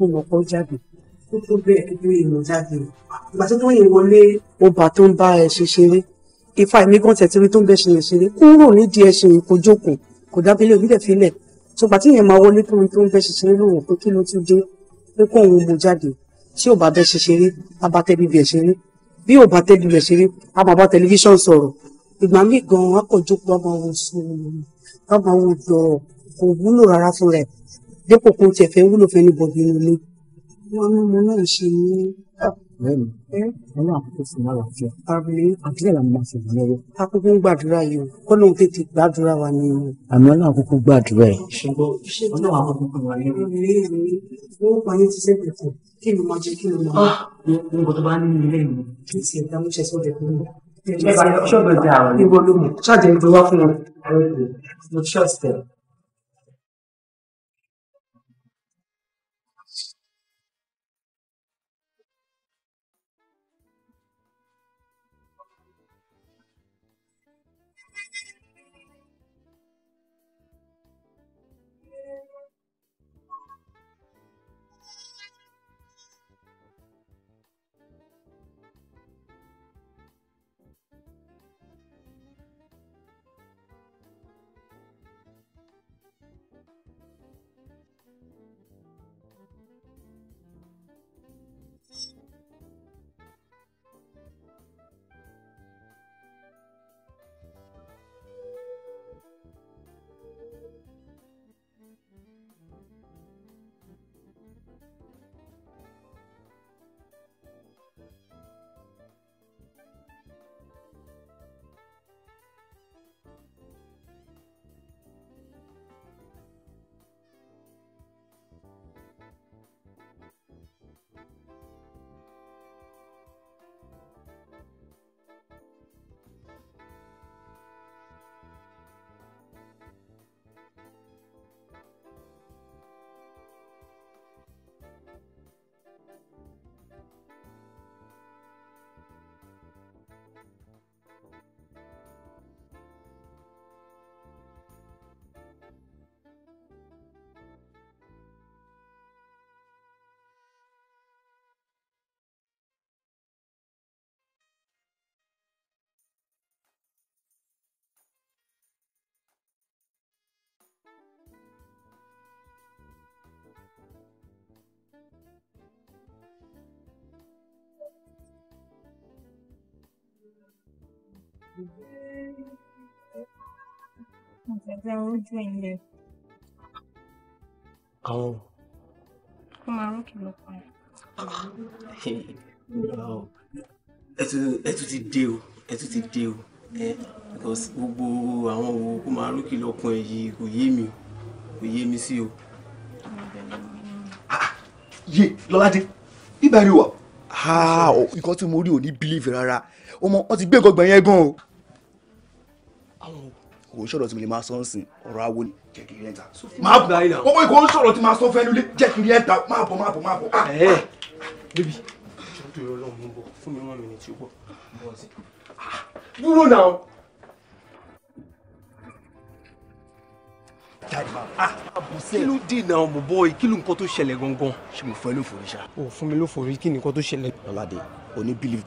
mo mọ̀ pé ó jáde ó tó bẹ́ẹ̀ kí tó yẹ mo jáde ìgbà tó tó yẹ wọlé mo bà tó ń bá ẹ ṣe ṣeré ìfà èmi gan tẹ̀tìrì tó ń bẹ ṣe ṣeré kúrò nídìí ẹ ṣe kò jókòó kò dábìlẹ̀ òbílẹ̀ fílẹ̀ tó gbà tí yẹn máa wọlé tó ń tó ń bẹ ṣe ṣeré lòun pé kí ló tún dé pé kó òun mo jáde tí ò bá ṣe ṣeré abatẹbi bẹ ṣeré bí a máa bá tẹlifíṣàn sọ̀rọ̀ ìgbà míì gan akọ̀jókòó a máa wo sùn a máa wo dọ̀rọ̀ kò dípò kó tiẹ̀ fẹ́ wúlò fẹ́ ní bọ̀bí inú ilé. wọn ní mo náà ṣe ní. bẹ́ẹ̀ni wọn náà àkókò fún wa láti ọ. àbúlé àbúlé làwọn máa ṣèlú lọ́wọ́. àkókò ń gbàdúrà yìí o kọ́ lóun tètè gbàdúrà wa ni. àmì ọlọ́run àkókò gbàdúrà ẹ̀. ṣùgbọ́n ọlọ́run àkókò gbàdúrà yìí. wọ́n pa yín ti sẹ́kẹ̀ kù kí ló máa jẹ kí ló máa. nǹkan ah, tó bá ní ilé mi kí n sì ẹ̀dá mú ṣe sọ́dẹ̀ fún mi. ṣọ́ọ̀bù ẹ̀dá àwọn ìwọ ló mọ̀ ṣáàjẹ́ ìgbéwá fún wọn. mo ṣọ́ọ̀ṣì tẹ̀. Ọ̀gágá ojú ilẹ̀. Oh. Ó máa rókè lọ́pàá. Ẹ tún ti dé o, ẹ tún ti dé o. gbogbo àwọn wo kó máa rókè lọ́kàn ẹ̀ yìí kò yé mi o, kò yé mi sí o. Ah, yé Lọ́ládé, bíbá rí wà. Ah, nǹkan tí mo rí ò ní bílíìfì rárá. Ọmọ, wọ́n ti gbé gbọ̀ngbọ̀n yẹn gan o kò sọ̀rọ̀ tí mo lè máa sọ nsìn ọ̀rọ̀ awo ni jẹ́ kí n yẹn ta. máa bọ̀ ọmọ ìkó sọ̀rọ̀ tí máa sọ fẹ́ lulẹ̀ jẹ́ kí n yẹn ta máa bọ̀ máa bọ̀ máa bọ̀. ẹ bíbí ìjọba ìrọ̀lọ́ mi ń bọ̀ fún mi wọ́n mi ní tí ó bọ̀ ah. dúró náà. Ah. kí ló dé náà mo bọ́ yìí kí ló nǹkan tó ṣẹlẹ̀ gangan. ṣé mo fẹ́ ló forí ṣá. o fún mi ló forí kí ni nǹkan tó ṣẹlẹ̀. ọládé oní bílíf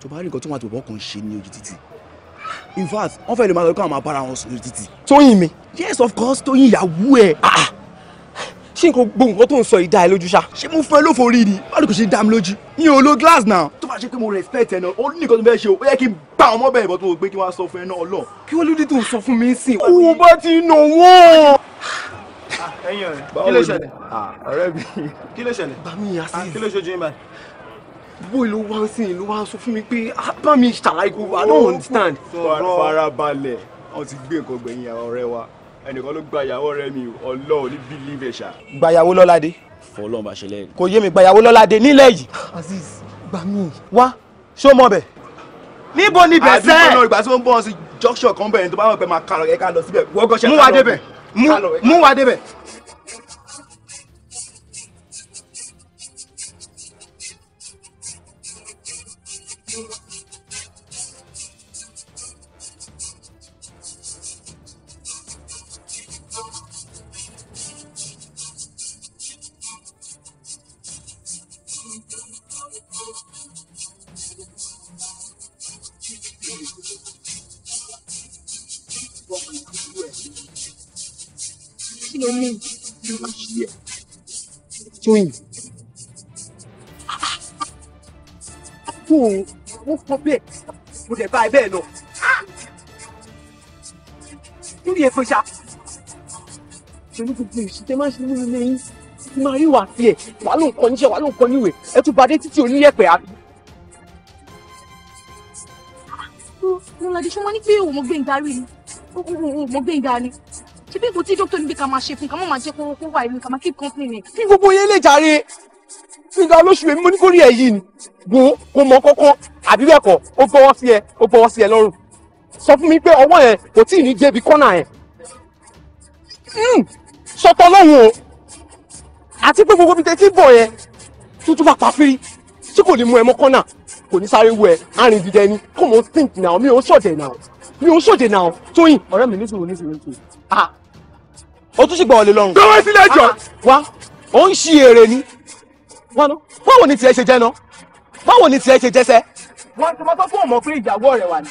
tó bá rí nǹkan tó máa tòbọ̀ kan ṣe ní ojú títì in fact wọ́n fẹ́ lè máa lọ kí àwọn máa bára wọn sùn lójú títì. tóyìn mi. yes of course tóyìn ìyàwó ẹ. Ah, ah. ṣé nǹkan gbogbo nǹkan tó ń sọ yìí dá ẹ lójú ṣá. ṣé mo fún ẹ lófo orí ni báwo kò ṣe dá mi lójú mi ò lo glass náà. tó bá ṣe pé mo respect ẹ náà ó ní nǹkan tó fẹ́ ṣe o ó yẹ kí n bá ọmọ bẹ̀rẹ̀ bọ́ tó gbé kí wọ́n á sọ fún ẹ náà lọ. kí wọ́n lóde tó ń sọ fún mi sí. owó bá ti Boy, ló wá sí ló wá sọ fún mi pé ah, bá mi ṣàlàyé kó I don't understand. farabalẹ̀ wọ́n ti gbé nǹkan gbẹ̀yìn ọ̀rẹ́ wa ẹnìkan ló gba ìyàwó rẹ mi ọlọ́ọ̀ ní bílíìfù ẹ̀ṣà. gbayàwó lọ́ládé. fọlọ́n bá ṣe lẹ́yìn. kò yé mi gbayàwó lọ́ládé nílẹ̀ yìí. Azeez gbà mí. wá ṣó mọ bẹ. níbo ni bẹ sẹ. àdúgbò náà ìgbà tí wọ́n ń bọ́ ọ sí junction kan bẹ́ẹ̀ ni tó bá wọn pẹ́ máa kà lọ ẹ̀ ká lọ síbẹ̀. mú wa débẹ̀ mú wa débẹ̀. Omi twin. Fún o kọ bẹ́ẹ̀, mo dẹ̀ bá ẹ bẹ́ẹ̀ lọ. Kí ni èèfọ̀ ṣá? Pẹ̀lú gbogbo ìṣiṣẹ́ máa ń ṣe nínú ilé yín. Ti máa rí wà tiẹ̀, wà ló ń kọ níṣẹ́, wà ló ń kọ níwèé. Ẹ tún bàdé títí oníyẹ̀pẹ̀ àbí. Mo lọ di ṣé wọ́n ní pé òun mo gbé ń darí ni. Mo gbé ń ga ni ṣe bí nǹkan tí dókítà níbi ká máa ṣe fún ká má máa jẹ́ kó wà ní ká máa keep company ni. kí gbogbo yẹn lè jàre fíńgà olóṣù èmi mo ní kó rí ẹ yìí ni gbò kó mọ kọ́kọ́ àbí bẹ́ẹ̀ kọ́ ó gbọ́wọ́ sí ẹ ó gbọ́wọ́ sí ẹ lọ́rùn sọ fún mi pé ọwọ́ yẹn kò tí ì ní débi kọ́nà yẹn hmm, sọtọ lọ́hùn o àti pé gbogbo bíi kí bọ̀ yẹn tuntun bá pa firi tí kò ní mú ẹ mọ́ kọ́nà kò ní sáré wú ẹ arìn dídẹ ni kò mọ̀ think now mi ò sọ̀dẹ̀ now mi ò sọ̀dẹ̀ now Tóyìn ọ̀rẹ́ mi nísìnyí nísìnyí nísìnyí ah, o tún sì gbọ́ ọ̀lẹ́ lọ́rùn. gbọ́wọ́ sílẹ̀ jọ. Ah, wa ò ń ṣí èrè ni báwo ni tiẹ̀ ṣe jẹ́ náà báwo ni tiẹ̀ ṣe jẹ́sẹ́. wọ́n ti mọ́tò fún ọmọ pé ìyàwó rẹ̀ wà ní.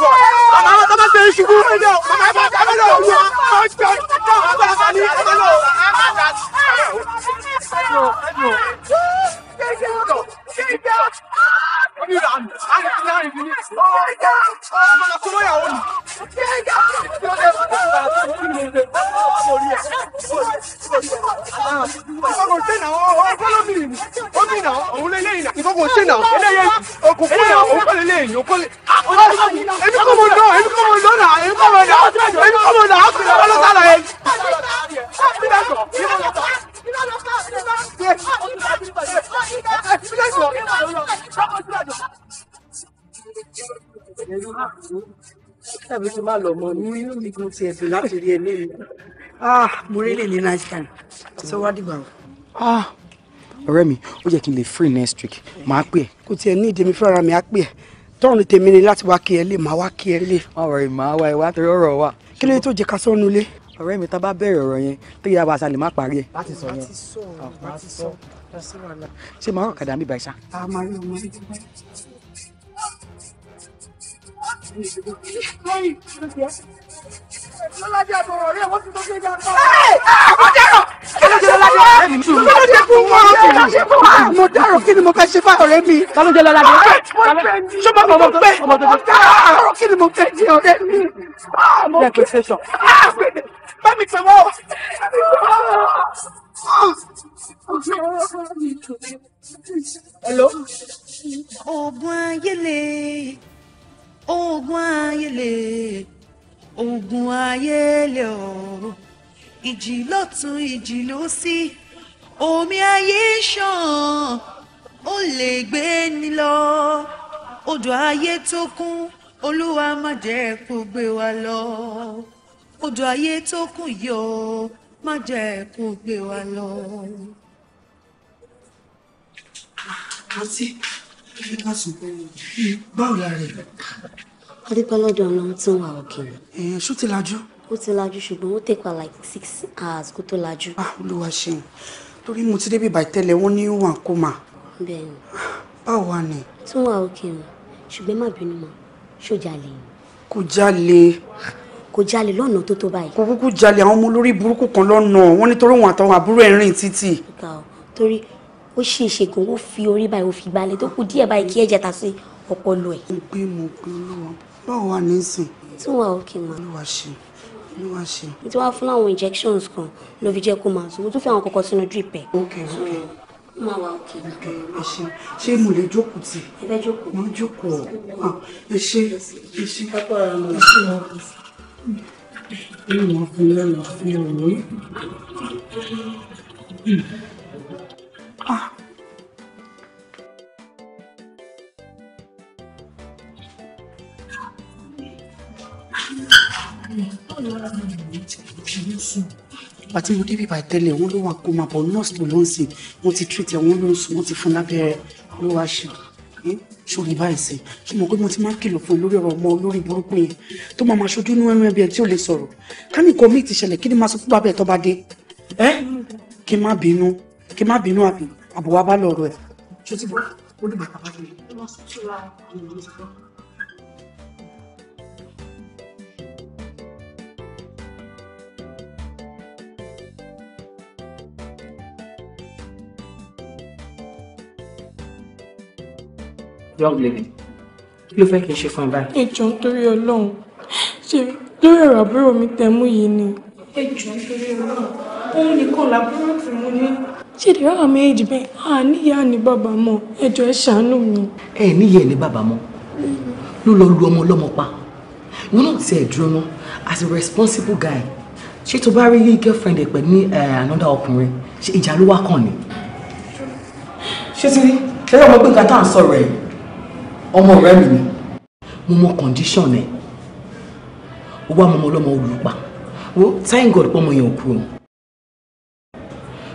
mama tó bá ṣe é ṣubú mama bá bá lọ wù ọ ọ jọ tó bá bá ní ọ lọ. Shake out! Shake out! Oníra àná, àná ti láàrin mi ní. Shake out! Ọmọ náà kúrò yàwó ni. Shake out! Ṣé o lè wọ́n náà bá a tó ní ìlú orí ẹ̀? Ìkọ̀kọ̀ ṣé nà ọ́ ọ́ fọ́lọ́ mi nì. Ó bì nà òun lé léyìn nà. Ìkọ̀kọ̀ ṣé nà eléyé okùn fún nà òun kọ́lé léyìn òun kọ́lé. Èmi kọ́ mo nọ, èmi kọ́ mo nọ nà, èmi kọ́ mo nà, èmi kọ́ mo nà, á kìlọ̀ ọlọ́tà là yẹn tàbí tí máa lọ mọ ní inú mi kò tiẹ̀ dùn láti rí eléyìí. mo rí lè ní nice time so wá dìgbà o. ọ̀rẹ́ mi ó yẹ kí n lè free next week máa pè ẹ́. kò tiẹ̀ ní ìdèmí fúnra mi á pè ẹ́ tọ́run tèmi ni láti wá kí ẹ lè máa wá kí ẹ lè. ọ̀rẹ́ mi máa wá ẹ wá torí ọ̀rọ̀ wa. kí ló dé tó jẹ ká sọ́nulé ọ̀rẹ́ mi tá bá bẹ̀rẹ̀ ọ̀rọ̀ yẹn tó yẹ abasa lè má parí ẹ̀. láti sọ yẹn láti sọ ah, láti sọ láti sọ wàhálà. ṣé màá ọ̀kadà mi bàṣà. a máa rí ọmọ ní kíkọ́. lọ́lájì àtọ̀rọ̀ rẹ̀ wọ́n ti tó ṣe jàǹbá. mo dárò kí ló jẹ́ lọ́lájì ọ̀rẹ́ mi. kí ló jẹ́ fún wọn ọ̀rọ̀ mi. mo dárò kí ni mo fẹ́ ṣe fún ọ̀rẹ́ mi. kí ló jẹ́ lọ́lájì ọ̀rẹ́ ah, mi. ṣé mo mọ̀ mo pẹ́. Ah, mo dárò kí ni mo fẹ́ ṣe ọ̀rẹ́ mi. mo dárò kí ni mo fẹ́ ṣe ọ̀rẹ́ mi bá mi tẹ̀ wọ́n. Hello. Oògùn ayélè, oògùn ayélè, oògùn ayélè o. Ìjì lọ́tún ìjì lósì, omi ayé ṣàn, ó lè gbé ni lọ. Odò ayé tó kún, Olúwa má jẹ́ kó gbé wa lọ odò ayé tó kùn yìí o má jẹ́ kó gbé wa lọ. àǹtí kí ká sunkún báwo la rẹ̀. adékọ́ lọ́dọ̀ ọ̀nà tí ń wà òkèèrè. ẹ̀ẹ́n ṣó ti lajú. ó ti lajú ṣùgbọ́n ó tẹ̀pa like six hours kó tó lajú. ah olúwa ṣeun torí mo ti débi ìbàtẹ́lẹ̀ wọn ní wà kó mà. bẹ́ẹ̀ni. báwo wà ni. tún wà òkèèrè ṣùgbọ́n má bínú mọ́ ṣó jalè. kò jalè kò jalè lọ́nà tó tó báyìí. kò kúkú jalè àwọn ọmọ olórí burúkú kan lọ́nà wọn nítorí wọn àtàwọn àbúrò ẹ̀ rìn títì. torí ó ṣe ìṣègùn ó fi orí báyìí ó fi gbalẹ̀ tó kù díẹ̀ báyìí kí ẹ̀jẹ̀ ta sí ọpọlọ ẹ̀. mo gbé mo gbé olúwa báwo wà nísìn. tí wọn ò kì í mọ. olúwa ṣe olúwa ṣe. mo ti wá fún àwọn injections kan ló fi jẹ́ kó máa sùn mo tún fẹ́ àwọn kọ̀ọ̀kan sínú drip ẹ̀. ok ok máa wà òkè. ẹ ṣe ṣé mo lè jókòó tì. ẹ bẹ jókòó. mo jókòó ẹ ṣe ẹ ṣe ẹ ṣe. Ìwọ̀n fún lọ́lọ́ fún òwe. Ah. pàtí mo débi bá tẹ́lẹ̀ wọ́n ló wà kó máa bọ̀ nọ́ọ̀sì ló ń sìn wọ́n ti tírìtì wọ́n ló ń sùn wọ́n ti fún lábẹ́rẹ́ ló wá ṣùgbọ́n sórí báyìí sí ṣé mo pé mo ti máa ń kìlọ̀ fún lórí ọ̀rọ̀ ọmọ olórí burúkú yẹn tó máa máa ṣojú inú ẹnu ẹbí ẹ tí ò lè sọ̀rọ̀ ká ní nǹkan míì ti ṣẹlẹ̀ kí ni máa sọ fún bàbá ẹ̀ tó bá dé ẹ́ kí má bínú kí má bínú àbí àbúwá bá lọ̀rọ̀ ẹ̀ ṣó ti bọ́ ó dìgbà tàbá dé. don't blame me kí ló fẹ́ kí n ṣe fún ẹ báyìí. ẹjọ nítorí Ọlọ́run ṣe lórí ọ̀rọ̀ àbúrò mi tẹmú yìí ni. ẹjọ nítorí Ọlọ́run òun nìkan làbúrò tí mo ní. ṣé ìdíwọ́ àwọn méjì bẹ́ẹ̀ á níyà ní bàbá mọ́ ẹjọ ẹ ṣàánú mi. ẹ níyà ní bàbá mọ́ ló lọ lu ọmọ ọlọ́mọ pa wọn náà ti ẹ̀ dúró ná as a responsible guy ṣé tó bá rí girlfriend ẹ pẹ̀ ní another ọkùnrin ṣé ìjà ló wá kàn ni. ṣé ti rí ṣé ọmọ gbẹ̀ngàn tá à ń sọ̀rọ̀ ẹ̀ ọmọ ọ̀rẹ́ mi ni mo mọ condition ẹ̀ ó wá mọmọ ọlọ́mọ olùpa ó thank God pé ọmọ yẹn ò kú o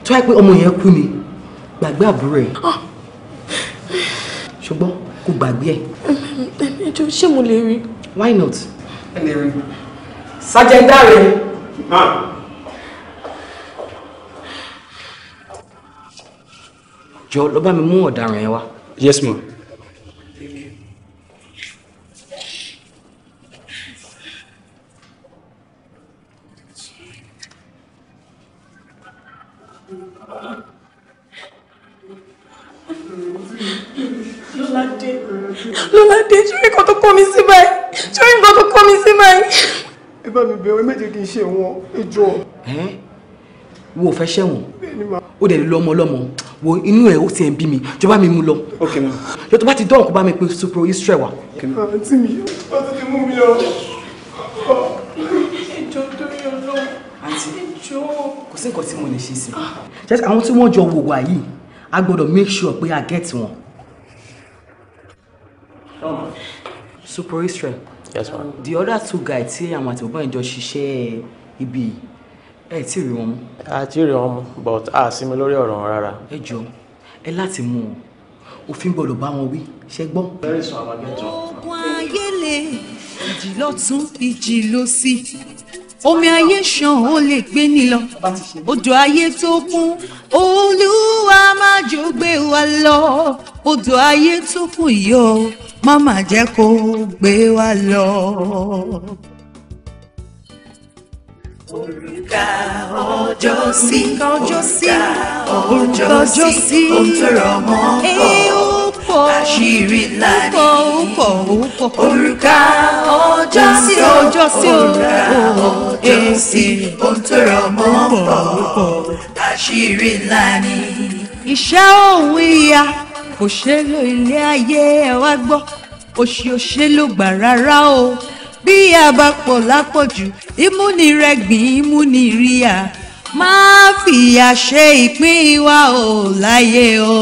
tó wáyé pé ọmọ yẹn kú ni gbàgbé àbúrò ẹ̀ ah! ṣùgbọ́n kò gbàgbé ẹ̀. ẹjọ ṣé mo lè rí. why not. ẹ lè rí sergeant Dare. Ah! jọ lọ bá mi mú ọ̀daràn yẹn wá. yes ma'am. Lolade, Lọ́ládé ṣé nǹkan tó kọ́ mi sí báyìí ṣé nǹkan tó kọ́ mi sí báyìí. ẹ bá mi bẹ̀rẹ̀ méje kì í ṣe wọn ìjọ. wo fẹ́ ṣẹ̀wọ̀n ó dẹ̀ lè lọ ọmọ lọ́mọ wo inú ẹ̀ ó ti ẹ̀ ń bí mi jọba mi ma. lọ jọ tó bá ti dọ́rùn kó bá mi pe supro israel wa. àǹtí mi ó ti ti mú mi lọ. ìjọ tó yọ lọ. àǹtí kò sí nǹkan tí mo i. àwọn tí wọ́n jọ wò wá yìí a gbọ́dọ̀ make sure we a get one. Um, super Israel. Yes, ma'am. Um, the other two guys tí àwọn àti ọgbọ́n ìjọ ṣiṣẹ́ ibi ẹ̀ tí rí wọn mú. A but ah, sí mi lórí ọ̀rọ̀ wọn rárá. Ẹ jọ ẹ láti mú o òfin gbọ́dọ̀ bá wọn wí ṣe gbọ́. Bẹ́rẹ̀ sọ àwọn akẹ́kọ̀ọ́. Ogun ayé le ìjì ni lọ odò ayé tó kún Olúwa má jò wa lọ odò ayé tó kù yìí o má má jẹ́ kó gbé wa lọ. Òrùka ọjọ́ sí ọjọ́ sí òrùka ọjọ́ sí òtòrò ọmọ pọ̀ àṣírí ńlá ni òrùka ọjọ́ sí ọjọ́ sí òrùka ọjọ́ sí òtòrò ọmọ pọ̀ àṣírí ńlá ni. Iṣẹ́ òun ìyá òṣèlú ilé ayé ẹ wá gbọ́ òṣì òṣèlú gbà rárá o bí a bá pọ̀ lápọ̀jù ìmúnirẹ́gbìn ìmúniríà máa fìyà ṣe ìpín wa ò láyé o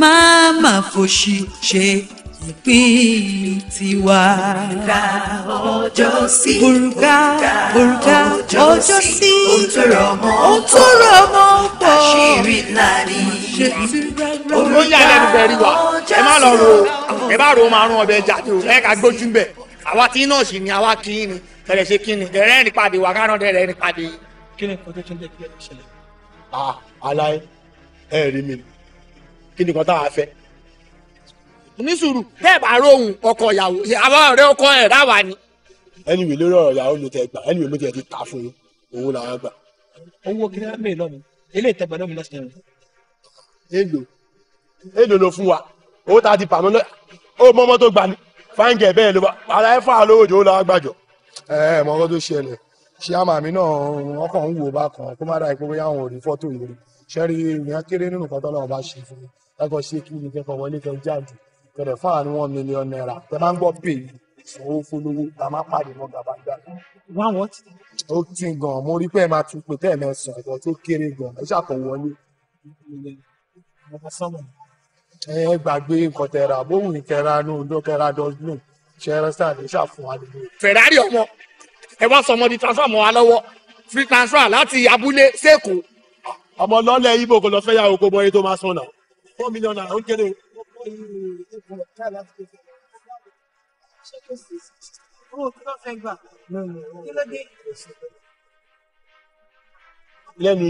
máa máa fòṣì ṣe ìpín tiwa. Òrùka ọjọ́ sí. Òrùka òrùka ọjọ́ sí. Òtúrọ̀ ọmọ òtúrọ̀ ọmọ pọ̀. Àṣírí ńlá ni. Olóyè alẹ́nu bẹ̀rẹ̀ rí wa, ẹ má lọ ro, ẹ bá ro máa rún ọbẹ̀ jáde o, ẹ ká gbójú mbẹ̀. Àwa tí náà sì ni àwa kí í ni, tẹ̀lẹ̀ ṣe kí ni, dẹ̀rẹ́ ní pàdé wa káná dẹ̀rẹ́ ní pàdé. Kí ni kọ́tẹ́ tó ń dẹ́kun ẹ̀ ṣẹlẹ̀? Àlàyé, ah, ẹ rí mi, kí ni kọ́tà wàá fẹ́? ní sùúrù tẹ́ ẹ̀ bá róhùn ọkọ ìyàwó àbá ọ̀rẹ́ ọkọ ẹ̀ ráwa ni. ẹniwèé lórí ọ̀rọ̀ ìyàwó mi tẹ gbà ẹniwèé mi tẹ ti ta fún yín owó làwọn gbà. owó kí wọ́n mèé lọ́nu ilé ìtẹ̀gbọ́n náà mi lọ́sẹ̀ rẹ̀. èlò èlò ló fún wa owó tá a ti pàmò náà ó mọ́mọ́ tó gbà ní fáńgẹ̀ bẹ́ẹ̀ ló bá ara ẹ̀ fà lówó jòó làwọn gbàjọ. ẹ ẹ mọ tó ṣẹlẹ̀ ṣé àmà mi náà ọkàn ń wò bá kan kó má dáa bẹ̀rẹ̀ fún àwọn one million naira tẹ máa ń gbọ́ pay ìsanwó fólówó la máa pàdé mọ́ gàbàgbà. wá wọ́n ti. ó ti gan mo rí pé ẹ máa tún pé tẹ́ ẹ mẹ́sàn-án ìbọn tó kéré gan ẹ ṣàtọ̀ wọlé. ẹ gbàgbé nǹkan tẹ̀ra bóun ní kẹra ní odò kẹra dọ́gbìn ṣẹlẹ sáà ní ṣàfùn àdúgbò. Ferrari ọmọ ẹ wá sọmọ di transfer mọ́ wa lọ́wọ́ free transfer láti abúlé sẹ́kọ̀ọ́. ọmọ lọ́lẹ̀ ibo kò lọ fẹ́ yà oko bọ́ iye tó máa sọ̀nà four million naira ìgbìmọ̀ ká láti pèsè ṣé kò sí owó tí wọ́n fẹ́ gbà kí ló dé. lẹ́ni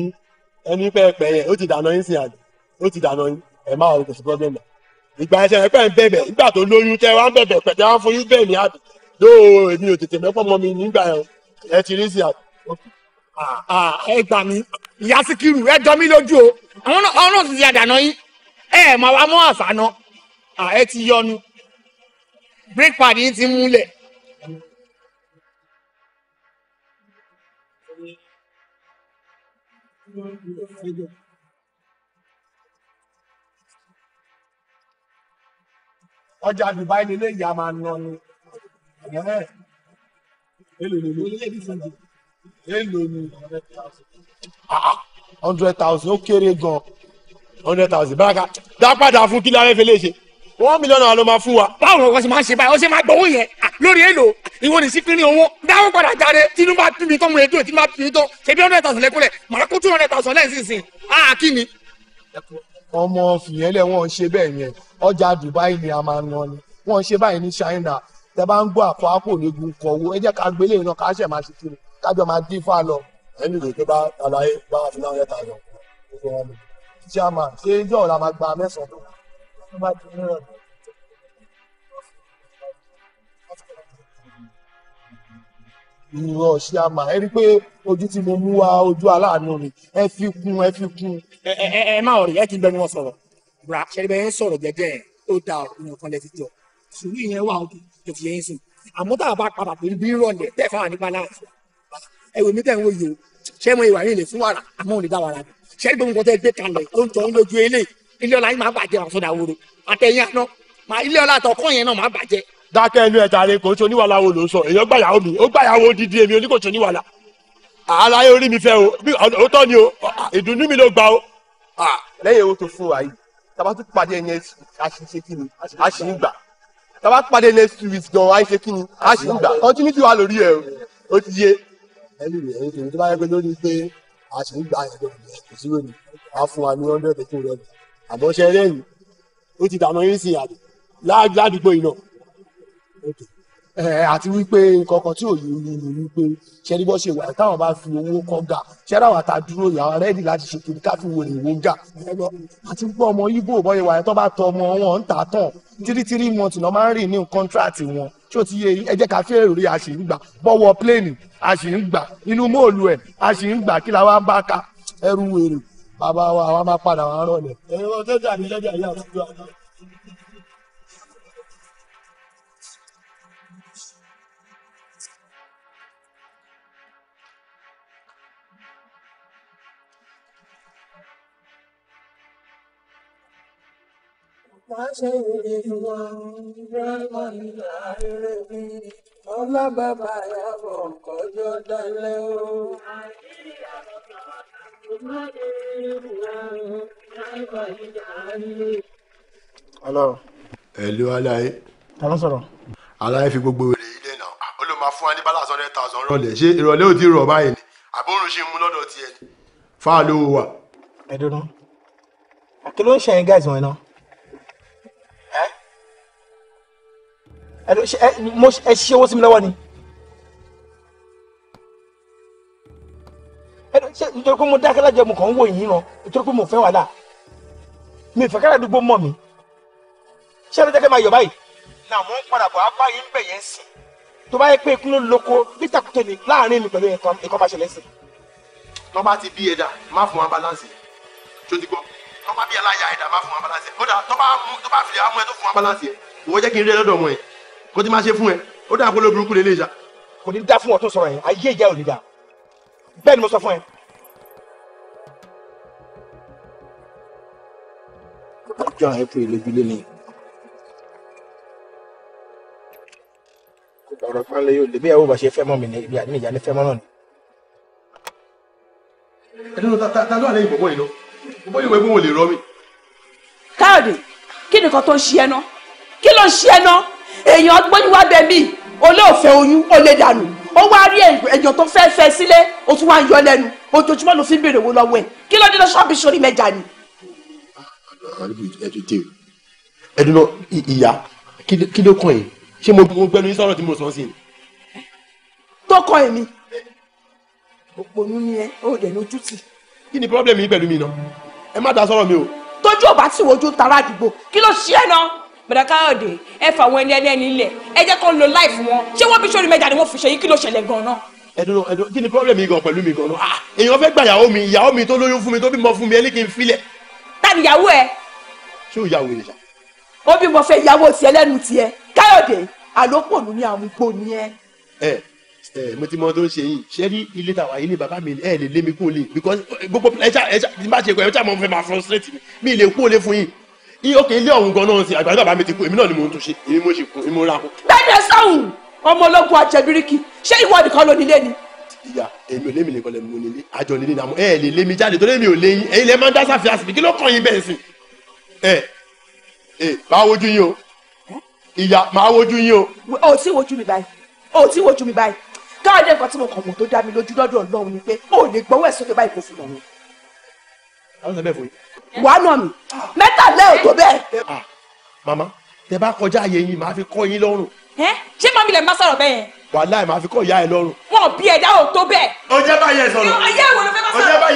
ẹni pẹ́ẹ́pẹ́ yẹn ó ti dáná yín sí àná ó ti dáná yín ẹ̀ máa rò kò sí pọ́blẹ́mù ìgbà ẹsẹ̀ rẹ̀ pẹ́ ń bẹ̀bẹ̀ nígbà tó lóyún tẹ́ wá ń bẹ̀bẹ̀ pẹ̀tẹ́ wá fún yín bẹ́ẹ̀ ni àbí lóò èmi ò tètè mẹ́pọ̀ mọ́ mi nígbà yẹn ẹ ti rí sí àbí. ẹ gbà mí ìyá síkírù ẹ jọ mí lójú o àwọn náà sì ti àdànà yín ẹ mọ àṣà náà ààrẹ ah, ti yọnu brake pad yìí ti múlẹ̀. ọjà Dubai nílé ìyá máa ń nọ ni èlò ni èlò ni ah, ah. hundred thousand ó kéré gan-an hundred thousand báyìí ká dá padà fún kí lára ẹ fi lè ṣe one million naira ló máa fún wa. báwo ni wọ́n ṣe máa ṣe báyìí wọ́n ṣe máa gbowó yẹn ah, lórí èlò ìwọ ní sífìrí owó dáhùn padà jáde tinubu bá pín mi tán mo lè dúró tinubu bá pín mi tán ṣebí hundred thousand lẹ́kúnlẹ̀ màá kó two hundred thousand lẹ́sìnsìn áà ah, kí ni. ọmọ fìyẹ́lẹ̀ wọn ṣe bẹ́ẹ̀ yẹn ọjà Dubai ni a máa ń ná ni wọn ṣe báyìí ní China tẹ bá ń gbọ́ àpò àpò onígun kọ̀wó ẹ jẹ́ ká gbélé iná ká ṣẹ̀ máa ṣe kiri kájọ máa dín fà lọ. ẹni tó bá ti ní ọ̀dọ̀ ìrọ̀ ṣe àmà ẹ rí i pé ojú tí mo mú wá ojú aláàánú ni ẹ fi kún ẹ fi kún. ẹ ẹ ẹ má ọ̀rẹ́ ẹ kì í bẹnu wọn sọ̀rọ̀ bra ṣẹlẹbẹ yẹn sọ̀rọ̀ jẹ́jẹ́ ẹ tó da ọ̀rọ̀ kan lẹ́sí jọ sùúrù yẹn wà ó tó fi yẹn sùn àmọ́ tá a bá padà pẹ̀lú bí rọ̀lẹ́ tẹ̀ fáwọn nípa náà ẹ wò mí tẹ̀ ń wò yìí o ṣé mo ìwà yìí lè fún wàrà àmọ́ ò dá wàrà ṣé ilé ọlá yín máa bàjẹ́ máa sọdà wòrò àtẹ̀yìn àná máa ilé ọlá àtọkọ yẹn náà máa bàjẹ́. dákẹ́ ẹnu ẹ̀ tààrẹ kò tó níwàlá wo ló sọ èèyàn gbàyàwó mi ó gbàyàwó dídí èmi oníkò tó níwàlá aláyé orí mi fẹ́ o ó tọ́ ni o ìdùnnú mi ló gba o. lẹ́yìn owó tó fún wa yìí tàbá tún pàdé ẹni àṣìṣe kí ni a ń gbà tàbá pàdé next week gan a kí ni a ń gbà continuity wà lórí ẹ o ti yé. ẹni ní hundred àbọ̀ṣẹ rẹ́yìn ó ti dànù yín sí àbí ládùúgbò iná. àti wípé nǹkan kan tí òye yìí ni wípé ṣẹ́ni bọ́ ṣe wà táwọn bá fi owó kọ́ gà ṣẹ́ni àwọn àtà dúró ìyàwó rẹ́ẹ̀dì láti ṣe kiri káfí wo ìwò gà. àti pé ọmọ ibo bọ́ ìwà ẹ̀tọ́ bá tọ ọmọ wọn ń tà tán tírítírí wọn tì lọ́ máa ń rìn ní kọ́ńtíráàtì wọn tí ó ti yé ẹ jẹ́ ká fẹ́ èrò rí a sì ń gbà bọ́wọ́ pléènì a sì ń gbà inú móòlù ẹ̀ a sì ń gbà kí la wá ń bá ka ẹrù wèrè bàbá wa àwa máa padà wà rọlẹ̀ ẹ̀rọ jẹ́jà ní jẹ́jà yìí àtúntò àná. Ọlá bàbá yà bọ̀ kọjọ́ dalẹ́ o hello. hello aláyé. ta ló sọ̀rọ̀. aláyé fi gbogbo wèrè yìí dènà ah, ó ló máa fún wa ní balance hundred thousand rọlẹ̀ ṣé ìrọ̀lẹ́ ò ti rọ̀ báyìí ni àbúrò ṣe ń mú lọ́dọ̀ tiẹ̀ ni fáà ló wà. ẹ dúró kí ló ń ṣe ẹyin guys wọn náà. ẹ ẹ ṣe ẹ ṣe owó sí mi lọ́wọ́ ni. ṣe nítorí pé mo dákẹ́ lájẹ mo kàn ń wò yín ràn nítorí pé mo fẹ́ wàhálà mi ìfẹ́ kára àdúgbò mọ̀ mi ṣé ẹni jẹ́kẹ́ máa yọ̀ báyìí. nà mo ń padà bọ̀ abá yín bẹ̀ yẹn sí. tó bá yẹ pé ikú ló lóko bí takùtò ní láàrin mi pẹ̀lú ẹ̀kọ́ máa ṣẹlẹ̀ sí. tó bá ti bí ẹ̀dà má fún wa balance tó ti gbọ́ tó bá bí aláya ẹ̀dà má fún wa balance ó dà tó bá mú tó bá fi àmú ẹ tó fún wa balance ẹ̀ wọ́n jẹ́ kí n rí ẹ lọ́dọ̀ ọmọ ẹ̀ kó ti má ṣe fún ẹ ó dà kó burúkú lè lè ṣá. kò ní dá fún ọ tó yẹn ayé ìjà ò ní dáa bẹ́ẹ̀ ni mo sọ fún ẹ. ọjọ́ àìpé ìlébílé ni kò gbàgbọ́ pálí yóò lè bí ìyàwó bá ṣe fẹ́ mọ́ mi ní ibi àdínìjà ní fẹ́ mọ́ náà ni. ẹni ló ta ló àlẹ́ ìbọ̀bọ̀ yìí lọ ìbọ̀bọ̀ yìí wọ ẹgbẹ́ wọn lè rọ mi. káyọ̀dé kí nìkan tó ń ṣe ẹ ná kí ló ń ṣe ẹ ná èèyàn gbóyún wá bẹ mí olóòfẹ́ oyún ó lè dànù ó wá rí ẹ̀yàn tó fẹ́ fẹ́ sílé ó tún wá ń yọ lẹ́nu ojoojúmọ́ ló fi ń béèrè owó lọ́wọ́ ẹ̀ kí ló dé lọ ṣọ́ọ̀bì sórí mẹ́ja ni. ẹdùnà ìyá kí ló kàn yín ṣé mo gbẹnu yín sọ̀rọ̀ tí mo sọ sí i. tó kọ èmi òpònú ni ẹ ó dẹ̀ lójú tì. kí ni pọ́blẹ́mù yín pẹ̀lú mi náà ẹ má da sọ̀rọ̀ mi o. tójú ò bá tì wojú tara àdúgbò kí ló ṣe é náà bàdà káyọ̀dé ẹ fà wọn ẹni ẹni ẹni ilẹ̀ ẹ jẹ́ kó lo láìfù wọn ṣé wọ́n fi ṣòro mẹ́ta ni wọ́n fi ṣe yìí kí ló ṣẹlẹ̀ gan-an ẹdun ẹdun kí ni problem yìí gan pẹ̀lú mi gan ah èèyàn fẹ́ gba ìyàwó mi ìyàwó mi tó lóyún fún mi tó bímọ fún mi ẹ ní kí n filẹ̀. tàbí ìyàwó ẹ. ṣé o yàwó ìrìnsà. ó bímọ fẹ́ ìyàwó tiẹ̀ lẹ́nu tiẹ̀ káyọ̀dé àlòpọ̀ ló ní àmúgbò ni ẹ. ẹ ẹ mo ti mọ tó ń ṣe yìí ṣé rí ilé tàwa yìí ni bàbá mi ẹ lè lé mi kó because eh, gbogbo ẹ ṣá ẹ ṣá ti má ṣe kọ ẹ ṣá mo fẹ́ máa frustrate mi mi lè kó ókè ilé ọ̀hún gan náà sí àgbàdo bàbá mi ti kú èmi náà ni mo ń tún ṣe èmi mo ṣe kún èmi mo ra kún. bẹ́ẹ̀ sọ́hùn ọmọ ológun àjẹbíríkì ṣé ìwọ nìkan ló nílé ni. ìyá èmi ò lémi nìkan lẹ́nu mo nílé àjọ nílé nàmú ẹ lè lémi jáde torí èmi ò léyìn èyí lè máa ń dá sáfì àsìkò kí ló kàn yín bẹ́ẹ̀ sìn. ẹ ẹ máa wojú yín o ìyá máa wojú yín o. o ti wojú mi báyìí o ti wojú mi báyìí káàdé nǹkan tí mo kàn mọ̀ tó dá mi lójú lọ́dọ̀ Ọlọ́run ni pé o ò lè gbọ́wọ́ báyìí kò wàá nà mí mẹ́tàlẹ́ ò tó bẹ́ẹ̀. Ah, màmá tẹ bá kọjá àyè yín màá fi kọ́ yín lọ́rùn. ẹ ṣé màmí lè má sọ̀rọ̀ bẹ́ẹ̀ yẹn. wàláì màá fi kọ́ ìyá ẹ lọ́rùn. wọn bí ẹ̀dá ò tó bẹ́ẹ̀. ọjọ́ bá yẹ ah, sọ̀rọ̀ ọjọ́ bá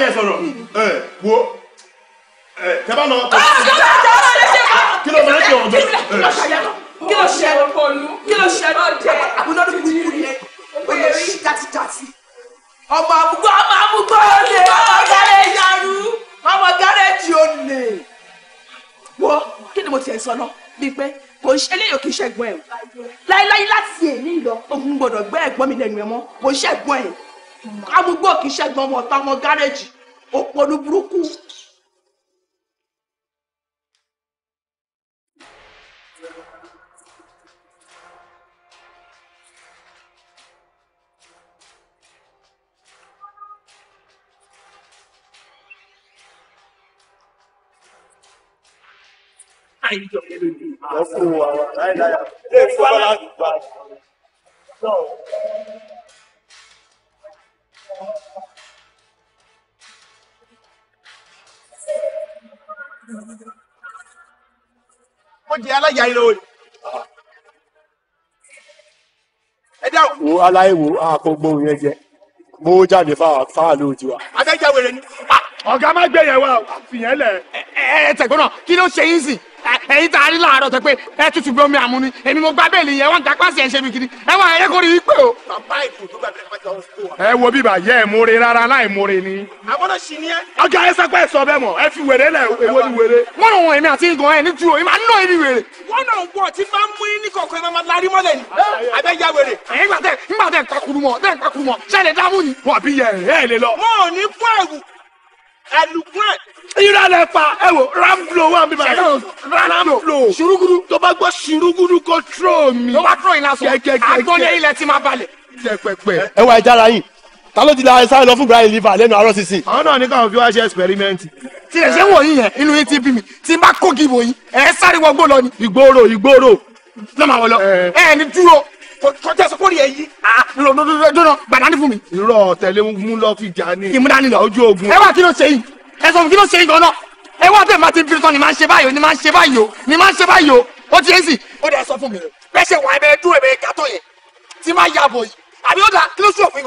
yẹ sọ̀rọ̀ ẹ wo tẹ bá lọ. kí ló máa ń ṣe ọjọ́ kí ló ṣe ọ̀nù kí ló ṣe ọ̀dẹ. àbúrò ló fi wúwo yẹn ọmọ àbúgbọ́ ọmọ àbúgbọ́ ọ̀lẹ́. ni mo tiẹ̀ sọ náà bíi pé kò ṣe eléyìí kì í ṣẹ̀gbọ́n ẹ̀ láíláí láti èmi lọ ogun gbọ́dọ̀ gbẹ́ ẹ̀gbọ́n mi lẹ́nu ẹ̀ mọ́ kò ṣẹ̀gbọ́n ẹ̀ amúgbó kì í ṣẹ̀gbọ́n ọmọ ọ̀tá ọmọ gáréèjì òpònú burúkú Mo jẹ́ aláya ilé oyè. Ẹ dáhùn. Wo aláìwo àkọ́gbọ́n yẹn jẹ. Mo jáde fáàlú tiwa. Abẹ́jáwèrè ni. Ah, ọ̀gá má gbẹ̀yẹ̀ wa, fìyẹn lẹ̀. Ẹ ẹ tẹ̀gbọ́n náà, kí ló ṣe yín sìn? ẹ̀yin tá a rí láàárọ̀ tẹ pé ẹ tútù bí omi àmú ni èmi mo gbá bẹ́ẹ̀lì yẹn wọ́n ń ta pàṣẹ ẹ̀ṣẹ̀ mi kiri ẹ wọ́n ẹ̀yẹ́ kórìí yìí pé o. ẹ wo bíbà yẹ ẹ more rárá láì more ni. àbọ̀dọ̀ sì ni ẹ. ọjà ẹ sẹpẹ sọ bẹ́ẹ̀ mọ ẹ fi wèrè lẹ ewo ni wèrè. wọn ò wọn èmi àti igun ẹ ní tu o èmi àná wèrè. wọn náà ń gbà ẹlùkún ẹ. irọ́ lẹ pa ẹ wo ramflo wà mí báyìí ramflo suruguru tó bá gbọ́ suruguru kó tró mi. ló bá tró yín lásán agbọ́nlé ilẹ̀ tí máa balẹ̀. ẹ wá ẹja ara yín ta ló ti la sáré lọ fún brian liver lẹ́nu àárọ̀ sísìn. àwọn náà ní káwọn fi wá ṣe experiment. tí ẹ ṣe wọ̀nyí yẹn inú yín ti bí mi tí n bá kó gìbò yín ẹ sáré wọgbó lọ ni. ìgboro ìgboro. lọ́mọ àwọn lọ ẹ ní dúró kọjá sọ kórìí èyí. dọ́nà banani fún mi. irọ́ tẹ̀lé mú lọ fi jà ní. ìmúdání lọ ojú ogun. ẹ wá kí ló ṣe yìí ẹ kí ló ṣe yìí gan ẹ wá bẹ́ẹ̀ máa ti fi tán ni máa ń ṣe báyìí ni máa ń ṣe báyìí o ni máa ń ṣe báyìí o ó ti yẹn sì. ó dẹ sọ fún mi bẹ́ẹ̀ ṣe wà ẹ̀bẹ̀ dúró ẹ̀bẹ̀ kátó yẹn tí máa yà bọ̀ yìí àbí ó dà kí ló sọ fún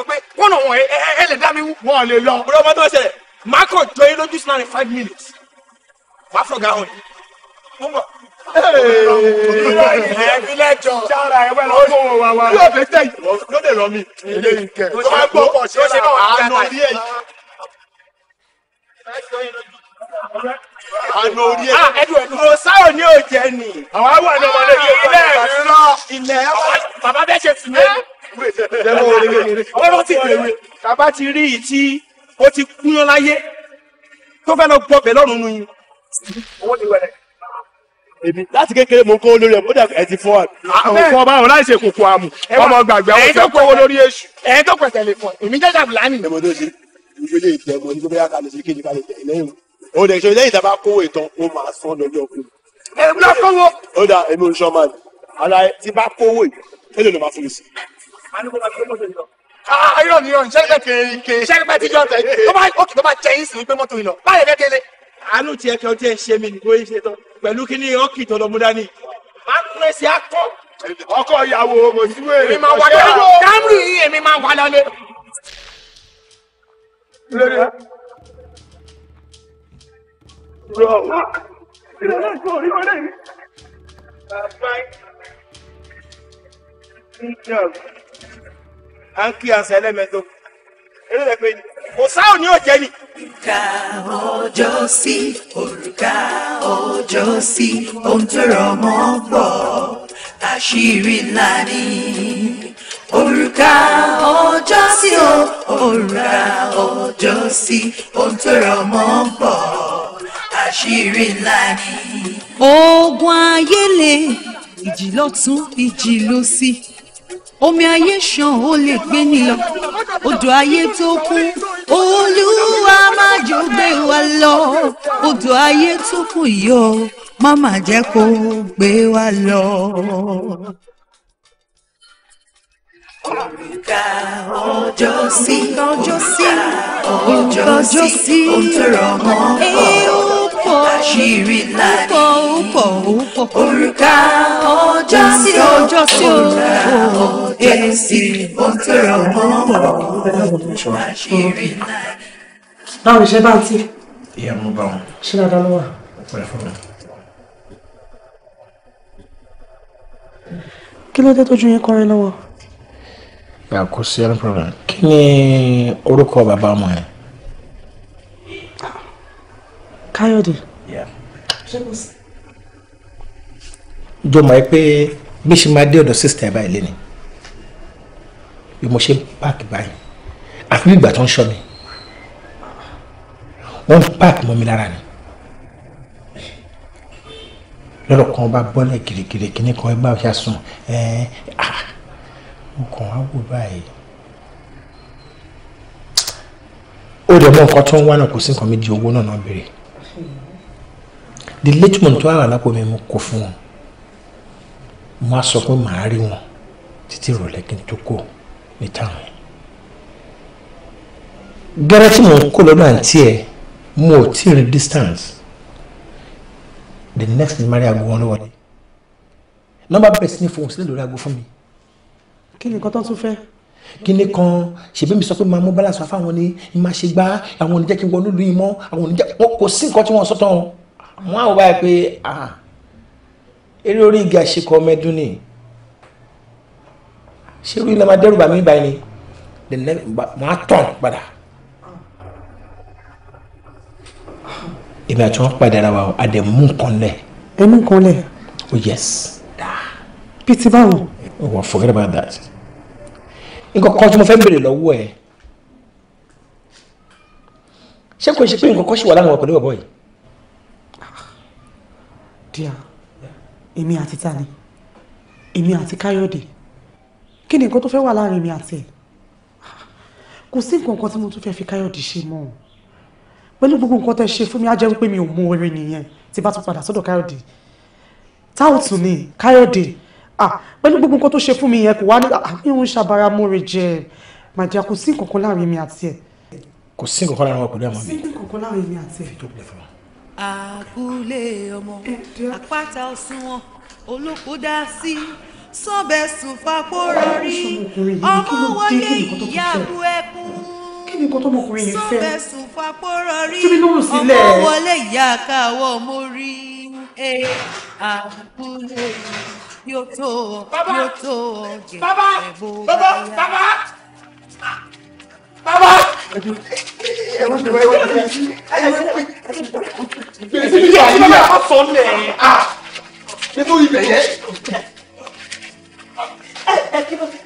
ìfilẹ̀ jọ sára ẹ wẹ́n lọ́wọ́ wọn wá wá yóò fẹ́ tẹ̀ ló dé lọ mi ilé ìkẹ́ tó bá gbọ́ pọ̀ ṣe ṣe náà àánú orí ẹ̀ àánú orí ẹ̀ kò sáyò ní òjẹ́ ni àwọn àwọn àna ọmọdé yìí ilé ẹ̀ lọ ilẹ̀ bàbá bẹ́ẹ̀ ṣe tì mí. ọlọ́run ti bèrè bàbá ti rí i tí ó ti kúnyán láyé tó fẹ́ lọ gbọ́ bẹ̀ lọ́rùn nu yín. owó ti wẹ̀rẹ̀ èmi láti kékeré mo kó lórí ẹ mo dà ẹ ti fún wa. àwọn ah, fún ọba àwọn láìsè kòkò àmù ọmọ gbàgbé àwọn fẹ́ kówó lórí èṣù. ẹ̀yin tó pẹ̀tẹ̀ lè fún èmi jẹ́jà bùlánì. ẹ̀mọ́ tó ṣe ìgbélé ìtẹ̀ mo ní kó bẹ́yà kálí sí kéde kálí tẹ̀ lẹ́yìn o. o dẹ̀ ṣe lẹ́yìn tàbá kówó ìtàn o máa sán lọ́jọ́ kú. èmi lọ kówó. ó dà èmi ò sọ́mà ni ara ti bá kówó yìí ó lè lọ́ máa fún mi sí. ayọ̀ ah, ni ọ̀ àánú tiẹ̀ kan tiẹ̀ ṣe mí nìkó yìí ṣe tán pẹ̀lú kí ni ọkì tó lọ́mú dání. má pín sí akọ. ọkọ ìyàwó kò sí wèrè. èmi máa wà lọ dámúrù yìí èmi máa wà lọ lé. lórí rọ wá ìrọ̀lẹ́ ìṣòro ìrọ̀lẹ́ mi. à ń kí àṣà ẹlẹ́mẹ̀ẹ́dọ́. eré rẹ̀ pé kò sáà ní òjẹ́ ni òrùka ọjọ́ sí òrùka ọjọ́ sí ohun tó rọ̀ mọ́ pọ̀ àṣírí ńlá ni òrùka ọjọ́ sí o òrùka ọjọ́ sí ohun tó rọ̀ mọ́ pọ̀ àṣírí ńlá ni. oògùn ayé le ìjì lọ́tún ìjì lósì omi ayé ṣàn ó lè gbé ni lọ odò ayé tó kún olúwa má jò gbé wa lọ odò ayé tó kún yọ má má jẹ́ kó gbé wa lọ. Òrùka ọjọ́ sí, òrùka ọjọ́ sí, òun tó rọ̀ mọ́ ọ̀ àṣírí láàyè òrùka ọjọ́ sí ọjọ́ sí òrùka ọdẹ sí òtúrọ̀ mọ́ àṣírí láàyè. báwo ṣe bá ti. ìyá mo bá wọn. ṣé dáadáa ló wà. ọpẹ́ fún mi. kí ló dé tójú yín kọrin lọ́wọ́. ìyá kò sí any problem kí ni orúkọ bàbá ọmọ yẹn káyọ̀dé. jọ mọ̀ ẹ́ pé bí ṣe máa dé ọ̀dọ̀ sísítà báyìí lé ni bí mo ṣe ń páàkì báyìí àfi bí ìgbà tó ń ṣọ́ mi wọ́n ń páàkì mọ́ mi lára ni lọ́dọ̀ kan bá bọ́lẹ̀ gírígírí kíní kan ẹgbẹ́ àṣà sùn ẹ̀ẹ́n ah mo kàn wá wò báyìí ó dẹ̀ mọ́ nǹkan tó ń wá náà kò sí nǹkan méjì owó náà náà béèrè the late month tó wà lápò mi mo kò fún wọn mo á sọ pé màá rí wọn títí ìrọ̀lẹ́ kí n tó kó ní táwọn. gẹ́rẹ́ tí mo ń kó lọ́dọ̀ àǹtí ẹ̀ mo ò tí ì rí distance the next ni mari aago wọn ló wọlé nọ́mbà bẹ̀rẹ̀ sí ní fohùn sílẹ̀ lórí aago fún mi. kí ni nǹkan tó tún fẹ́ kíní kan ṣèbí mi sọ pé máa mú balance wá fáwọn ni máa ṣe gbá àwọn oníjẹ́ kí n wọnú lu ìmọ̀ àwọn oníjẹ́ kò sí nǹkan tí wọ́n sọ tán o wọn àwọn báyìí pé eré orí igi àṣekọ mẹdún ni ṣé orí ilẹ̀ máa dẹ́rù bàmí báyìí ni màá tàn padà èmi àti wọn padà ara wa a dẹ̀ mú nǹkan lẹ̀. ẹ mú oh yes. bíi ti báwo. oh forget about that. nǹkan kan tí mo fẹ́ béèrè lọ́wọ́ ẹ̀ ṣé kò ṣe pé nǹkan kan ṣì wà láwọn ọ̀pọ̀lọpọ̀ yìí díà èmi àti tani èmi àti káyọ̀dé kí ni nǹkan tó fẹ́ wà láàrin èmi àti ẹ̀ kò sí nǹkan kan tí mo tún fẹ́ fi káyọ̀dé ṣe mọ́ ọ́ pẹ̀lú gbogbo nǹkan tẹ́ ṣe fún mi á jẹ́ wípé mi ò mú oore nìyẹn tí bá tún padà sọ́dọ̀ káyọ̀dé táwùtù ni káyọ̀dé pẹ̀lú gbogbo nǹkan tó ṣe fún mi yẹn kò wá ní àmì òun ṣàbára mọ́re jẹ màdìá kò sí nǹkan kan láàrin èmi àti ẹ̀. kò sí nǹkan kan láàrin ọkùnrin àmọ́ mi. kò sí kan láàrin èmi àti ẹ̀ àkúlé ọmọ àpáta òsùnwọ̀n olóko dá sí sọ́bẹ̀ sùn fapó rọrí ọmọ wọlé ìyàbú ẹkún sọ́bẹ̀ sùn fapó rọrí ọmọ wọlé ìyàkáwọ́ mórí àkúlé yóò tó yóò tó ọ̀gẹ̀ ẹ̀bọ̀ bàbá bàbá ẹ̀rọ ṣe wáyé wáyé gbèsè mi yà yíyà má sọ lẹ̀ à nínú ibẹ̀ yẹn. ẹ ẹ kí ló ṣe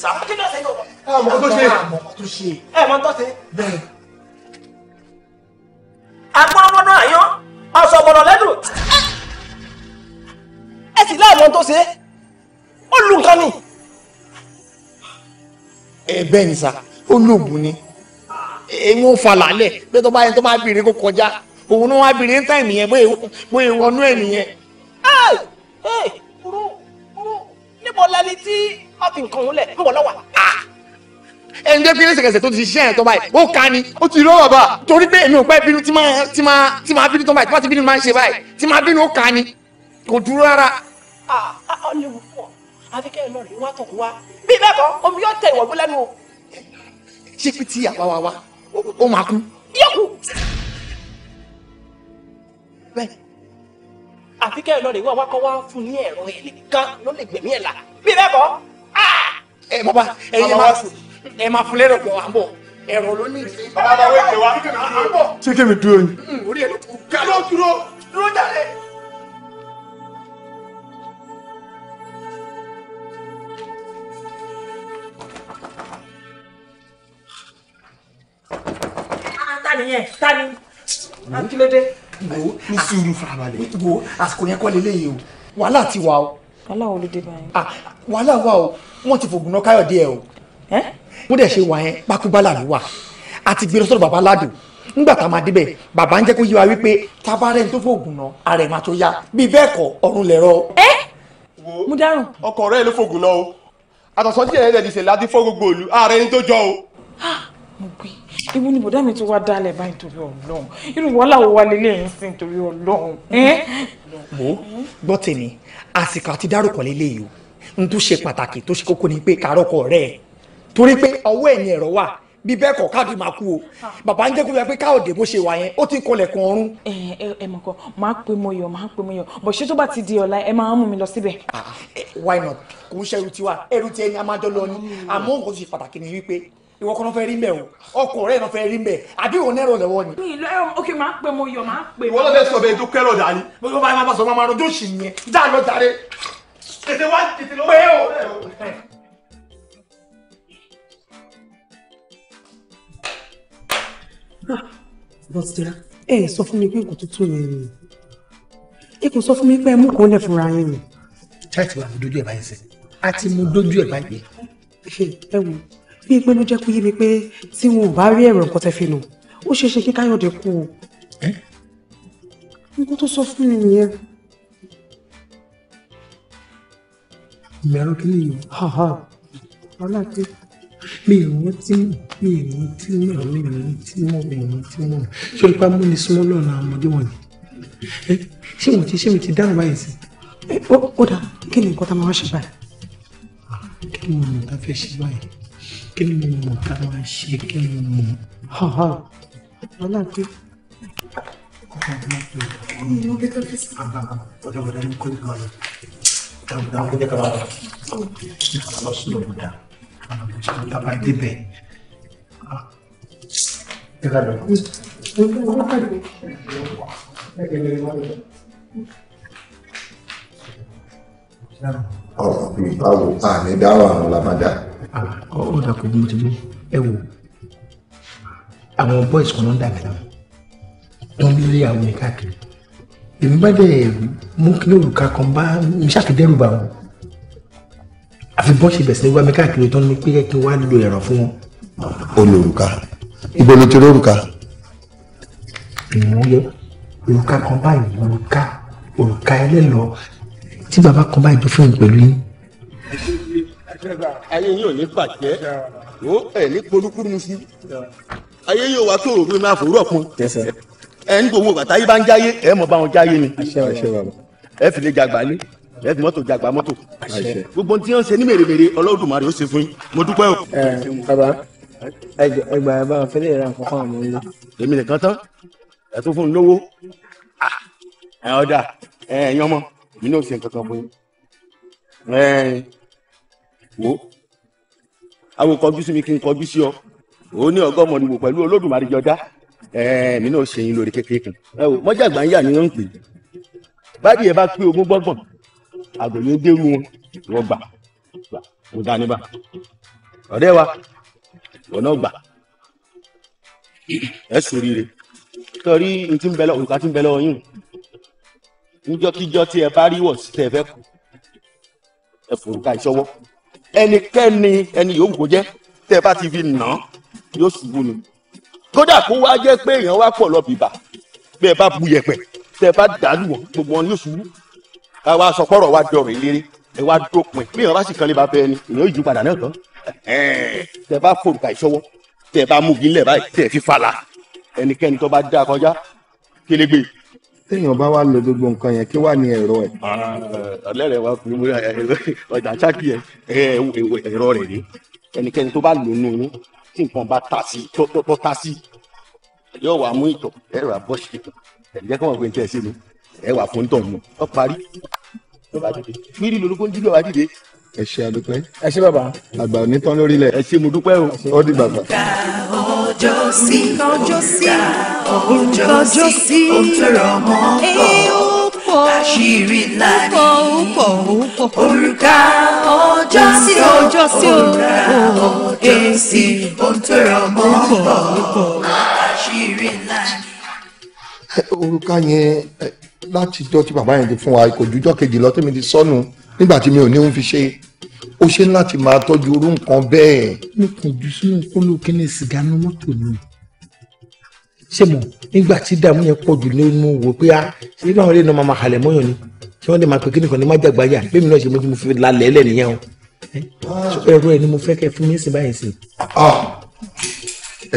sàmú kí ló ṣe yọ̀ wọ́n. ẹ mọ̀ tó ṣe ẹ mọ̀ tó ṣe ẹ mọ̀ tó ṣe. bẹ́ẹ̀. agbọ́nmọ́nà àyán ọ̀sọ̀ gbọ́dọ̀ lẹ́dùn ẹ sì láàmú tó ṣe ó lù nǹkan ni. ẹ bẹ́ẹ̀ ni sá ó lóògùn ni èmi ò fa làálẹ̀ pé tó bá yẹn tó bá bìrì kó kọjá òun náà wá bìrì ní táìmì yẹn bó ewu ọnú ẹ̀ nìyẹn. níbo lẹni tí wọ́n fi nǹkan òun lẹ̀ ń wọ̀ lọ́wọ́ ẹni tó bínú ṣẹ̀kẹ̀ṣẹ̀ tó ti ṣiṣẹ́ yẹn tó báyìí ó ká ni ó ti rọ́ bàbá torí pé èmi ò pẹ́ bínú tí máa tí máa tí máa bínú tó báyìí tí máa ti bínú máa ń ṣe báyìí tí máa bínú ó ká ni kò dúró rárá. ọ̀ọ́ ah, ah, ah, léwu pọ̀ àfikẹ́ ẹ̀ lọ ṣé pé tí àwa wa wa ó máa kú yẹ́kù. bẹ́ẹ̀ àfi kẹ́ ẹ lọ rè wá wákọ́ wá fún ní ẹ̀rọ ẹ̀ nìkan ló lè gbẹ̀mí ẹ̀ là bí bẹ́ẹ̀ kọ́ ẹ bàbá ẹ̀yin máa fún ẹ máa fún lẹ́rọ̀ pọ̀ à ń bọ̀ ẹ̀rọ ló ní ìsìn. bàbá bá wẹ̀ pé ṣé kí dúró yín. Hmm, orí ẹ̀ ló kú. kálọ̀ dúró dúró jáde. nìyẹn ta ni. kí ló dé. wo ní sùúrù farabalẹ̀ wo àsìkò yẹn kọ́ lélẹ́yìí o wàhálà ti wà o. wàhálà wo ló dé báyìí. Ah, wàhálà wà o wọ́n ti fògùn náà káyọ̀dé ẹ o. mo dẹ̀ ṣe wà yẹn pákúbálà ló wà àti gbèrò sọ̀rọ̀ bàbá aládùn nígbà tá a máa débẹ̀ bàbá ń jẹ́ kó yé wa wípé tó fògùn náà ààrẹ máa tó yá bí bẹ́ẹ̀ kọ́ ọ̀run lẹ̀rọ. ẹ mo dárùn. ọkọ rẹ ló fògùn náà o àtọ̀sọ́jì ẹ̀rẹ́ lè ṣe láti fọ́ gbogbo òlu ààrẹ ni tó jọ o. Ah, mo gbé ewu ni bọ̀dá mi tó wá dálẹ̀ báyìí torí ọlọ́run irú wàhálà wo wà lélẹ́yìn sí torí ọlọ́run. wo gbọ́ tèmi àsìkò àti dárúkọ lélẹ́yìí o n tó ṣe pàtàkì tó ṣe kókó ni pé kárọ́kọ rẹ̀ torí pé ọwọ́ ẹ̀yìn ẹ̀rọ wà bí bẹ́ẹ̀ kọ́ káàdì máa kú o bàbá ń jẹ́ kó fẹ́ pé káòdè bó ṣe wà yẹn ó ti ń kọlẹ̀ kan ọrún. ẹ ẹ ẹ mọ̀ kọ́ máa pe Mọ́yọ̀ máa pe Mọ́yọ̀ bọ̀ ṣé tó bá ti di ọ̀la ẹ máa mú mi lọ síbẹ̀. Ah, eh, why not kò ń ṣe ẹrù tiwa ẹrù tiẹ̀ ni a máa jọ lọ ni ah. àmọ́ nǹkan tó ṣe pàtàkì ni wípé ìwọ kan fẹ́ rí mbẹ o ọkọ rẹ náà fẹ́ rí mbẹ àbí òun ẹrọ lọ́wọ́ ni. mi ìlọ ẹrọ òkè máa ń pè mo yọ máa ń pè. ìwọ lọ́dẹ sọ bẹ́ẹ̀ tó kẹ́rọ̀ dání. mo yọ máa ma sọ máa rọjò sì yẹn já lọ jàre. tètè wá tètè lọ pé o. bọ́sì tẹ́lá ẹ ẹ sọ fún mi pé nǹkan tuntun yẹn ni ẹ kò sọ fún mi pé ẹ mú kàn lẹ̀ fúnra yẹn ni. ṣáà ti wà ní dojú ẹ̀ báyìí sẹ́ àti mo dojú ẹ̀ báyìí. ẹ wò ó Bímpé ló jẹ́ kó yé mi pé tí wọn ò bá rí ẹ̀rọ nǹkan tẹ́ fi nù ó ṣeé ṣe kí Káyọ̀dé kú o. nǹkan tó sọ fún mi nìyẹn. ìyàrá kílẹ̀ yìí. aláàtí. mi ò rántí mọ̀ mi ò rántí mọ̀ mi ò rántí mọ̀ mi ò rántí mọ̀ ṣé olùkọ́ amúni súnmọ́ lọ́nà ọmọdé wọ̀nyí. ṣé mo ti ṣé mo ti dáhùn báyìí sí. ó dà kí ni nǹkan tá a máa wá ṣe báyìí. kí ni nǹkan tá a fẹ́ ṣe báyìí kí ni mo mọ̀ ká máa ṣe kí ni mo mọ̀ ọlá pé ọ̀rọ̀ Ah, ni àmì dáwọ̀ àrùn làmàdá. Ah, ó dà kó bí mo ti wí ẹ wò àwọn boys kan ló ń dàgbà náà wọ́n ń lé àwọn yẹn káàkiri èmi bá dẹ̀ mú kí òrùka kan bá mi ṣàkídẹ́rù bá wọn àfi bọ́n ṣe bẹ̀sẹ̀ wá mi káàkiri tán ní pé kí n wá lo ẹ̀rọ fún wọn. olùrùka ibo ló ti rórùka. ìwọ̀n yẹ òrùka kan báyìí òrùka òrùka ẹlẹ́lọ tí bàbá kan báyìí tó fún mi pẹ̀lú yín ayé yóò ní bàjẹ́ ó ẹ̀ ní polúkúrú sí ayé yóò wá tó òru máa fòrú ọ̀pọ̀ ẹ̀ ń gbowó bàtà yìí bá ń jáyé ẹ̀ mọ̀ bá wọn jáyé ni ẹ̀ fi lè jàgbá lé ẹ fi mọ́tò jagba mọ́tò gbogbo tí wọ́n ṣe ní mèremère Olódùmarè ó ṣe fún yín mo dúpẹ́ o. bàbá ẹgbà ẹ bá wọn fẹlẹ ra nǹkan fún àwọn ilé. èmi nìkan tán ẹ tún fún un lówó ẹ ọ̀dà ẹ ẹ̀yin ọmọ mi ní o ṣe nǹkan kan fún yín wò ó àwọn kọjú sí mi kí n kọjú sí ọ òun ní ọgọ́mọ ni wò pẹ̀lú olódùmarè jọdá ẹ̀ẹ́ mi náà ṣe yín lórí kékeré kan ẹ wò mọ́jàgbá ń yà ni wọ́n ń pè é báyìí ẹ bá pé ogún gbọ́gbọ̀n àgòyé dérú wọn wọ́n gbà gbà kó dání bá ọ̀rẹ́ wa wọn náà gbà ẹ sòríire torí n ti ń bẹ lọ òrùka ti ń bẹ lọ yín níjọ́kíjọ́ tí ẹ bá rí wọ̀ sí tẹ̀ fẹ́ kù ẹ fòrùka ìṣọwọ́ ẹnikẹ́ni ẹni yòówù kó jẹ́ tẹ́ ẹ bá ti fi nà án yóò ṣubú ni kódà kó wá jẹ́ pé èèyàn wá pọ̀ lọ bìbà bẹ́ẹ̀ bá bu yẹ̀pẹ̀ tẹ́ ẹ bá dàlù wọn gbogbo wọn yóò ṣubú àwa sọpọ́rọ̀ wa dọ̀rọ̀ eléré ẹ wá dópin bí èèyàn bá sì kan lè ba bẹ ẹni èèyàn yìí padà náà tán tẹ́ ẹ bá forùkà ìṣọwọ́ tẹ́ ẹ bá mú gílẹ̀ báyìí tẹ́ ẹ fi fàlà ẹnikẹ́ni tó bá dá kọjá kélégbé téèyàn bá wà lọ gbogbo nǹkan yẹn kí wà ní ẹ̀rọ ẹ̀. Ah, eh, ọlẹ́rẹ̀ wa fún mi ọjà ṣáàkì eh, eh, ẹ̀rọ rẹ̀ rí ẹnikẹ́ni tó bá lò nù tí nǹkan bá ta sí tó ta sí yóò wá mú ìtọ̀ ẹ̀rọ àbọ̀ṣì ẹ̀jẹ̀ kọ́ pé n tẹ̀ sí mi ẹ̀ fún tọ̀ mu ọ parí tó bá dìde fírí lorúkọ ń dìde wá dìde. ẹ ṣe àdúpẹ́. ẹ ṣe bàbá. àgbà onítàn lórílẹ̀. ẹ ṣe mo dúpẹ́ o. ó di bàbá tọjọ́ sí tọjọ́ sí òǹtọjọ́ sí òǹtọrọ mọ́ pọ̀ àṣírí ńlá ni òrùka ọjọ́ sí ọjọ́ sí ọjọ́ sí òǹtọrọ mọ́ pọ̀ àṣírí ńlá ni. òrùka yẹn láti jọ tí bàbá yẹn ti fún wa kò jújọ́ kejì lọ tẹ́mi ti sọnù nígbà tí mi ò ní ń fi ṣe ó ṣe ń láti máa tọ́jú orú nǹkan bẹ́ẹ̀. mo kàn jù sínú kóló kíní sìgá ní mọ́tò ni ṣé mo nígbà tí dààmú yẹn pọ̀ jù nínú wò pé a ah, ṣé báwọn lè nà máa máa halẹ̀ mọ́yàn ni ṣé wọ́n lè máa pè kíní kan ní má jàgbá yà bẹ́ẹ̀ mi náà ṣe mo ti mo fi lálẹ́ ẹlẹ́ nìyẹn o ẹ̀rọ ẹ̀ ni mo fẹ́ kẹ́ fún mi sí báyìí sí. Ah,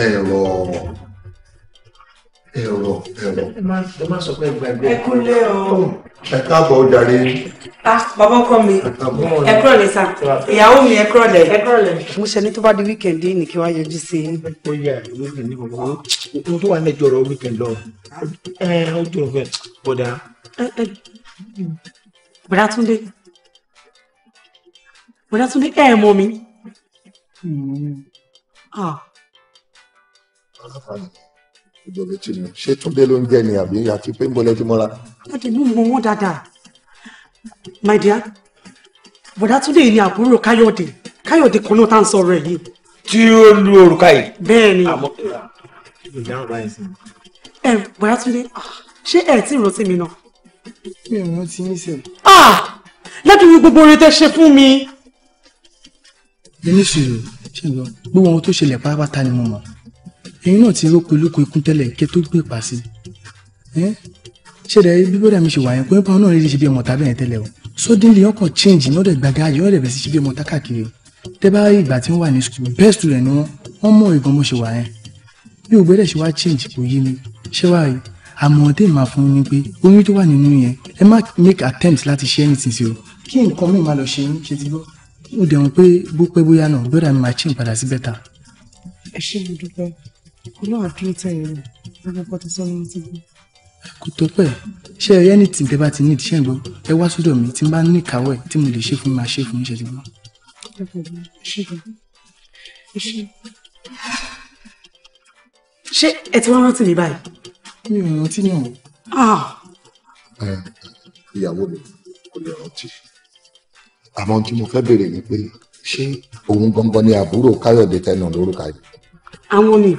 ẹ̀rọ ẹ̀rọ ẹ̀rọ ẹ má sọ pé gbàgbé ẹ kúnlẹ̀ o ẹ káàbọ̀ ó jàre. ah bàbá ọkọ mi ẹ kúrọ̀lẹ́ sà ìyàwó mi ẹ kúrọ̀lẹ́ ẹ kúrọ̀lẹ́. mo ṣe ní tó bá di weekend yìí ni kí wàá yọjú sí i. ó yà weekend ní bàbá wọn mo tó wà ní ẹjọ́ rẹ weekend lọ ẹ ó jọ fẹ bọdà. bọ̀dá Túndé bọ̀dá Túndé ẹ ẹ mọ mi. Mm-hmm. ah ìjọ létí ni ṣé túndé ló ń jẹ ni àbí àti pé ń bọ́lẹ̀ tí mo ra. mú mọ wọn dáadáa my dear bọ̀dá túndé ni àbúrò káyọ̀dé káyọ̀dé kan náà tá à ń sọ̀rọ̀ ẹ̀ yìí. tí ó lu òrùka yìí. bẹ́ẹ̀ ni ẹ bọ̀dá túndé ah, ṣé ẹ ti rántí mi náà. mi ò rántí yín sẹ́yìn. Ah, lẹ́dùn gbogbo orin tẹ́ ṣe fún mi. ẹ ní sùúrù ṣe lọ gbogbo ohun tó ṣẹlẹ̀ pátá ni mo mọ̀ ẹ̀yin náà ti ró polúkú ikún tẹ́lẹ̀ kẹ́ tó gbé pa sí i ṣé rẹ bí bọ́dà mi ṣe wà yẹn pé báwọn náà rí ṣe bí ọmọ tàbí ẹ̀ tẹ́lẹ̀ o sódìrì ọkàn change ní ọ̀dẹ̀ gbàgà ayọ̀ ọ̀dẹ̀ bẹ̀ sí ṣe bí ọmọ tákàkiri tẹ́ bá rí ìgbà tí wọ́n wà ní school best student ni wọ́n wọ́n mọ̀ ìgbọ́n mo ṣe wà yẹn bí o gbẹ́dẹ̀ ṣe wá change kò yé mi ṣé wàá rí àmọ̀ràn tẹ́ máa fún ni pé oyún tó wà nínú yẹn ẹ má make attempt láti ṣe anything sí o kí nǹkan mi máa lọ ṣe yín ṣe ti gbọ́ ó dẹ̀wọ̀n pé bó pẹ́ bóyá náà bọ́dà mi máa change padà sí better ẹ ṣé mo dúpẹ́ ọlọ́run àbíyí tẹ̀yìn rẹ̀ ọlọ́run kọ́ tó sọ́nà ti gbé. kò tó pẹ́ ṣé ẹ yẹ́nì tí ìjọba ti ní ìdíṣẹ́ gbọ́ ẹ wá sọ́dọ̀ mi tí n bá ní ìkáwọ́ ẹ̀ tí mo lè ṣe fún máa ṣe fún ìṣẹ̀lẹ̀ gbọ́. ṣé ẹ ti wá rántí mi báyìí. mi ò rántí náà. Ah. ìyàwó mi kò lè rántí àmọ́ ohun tí mo fẹ́ béèrè ni pé ṣé òun gangan ni àbúrò káyọ̀dé tẹnu lórúkọ yìí àwọn ni.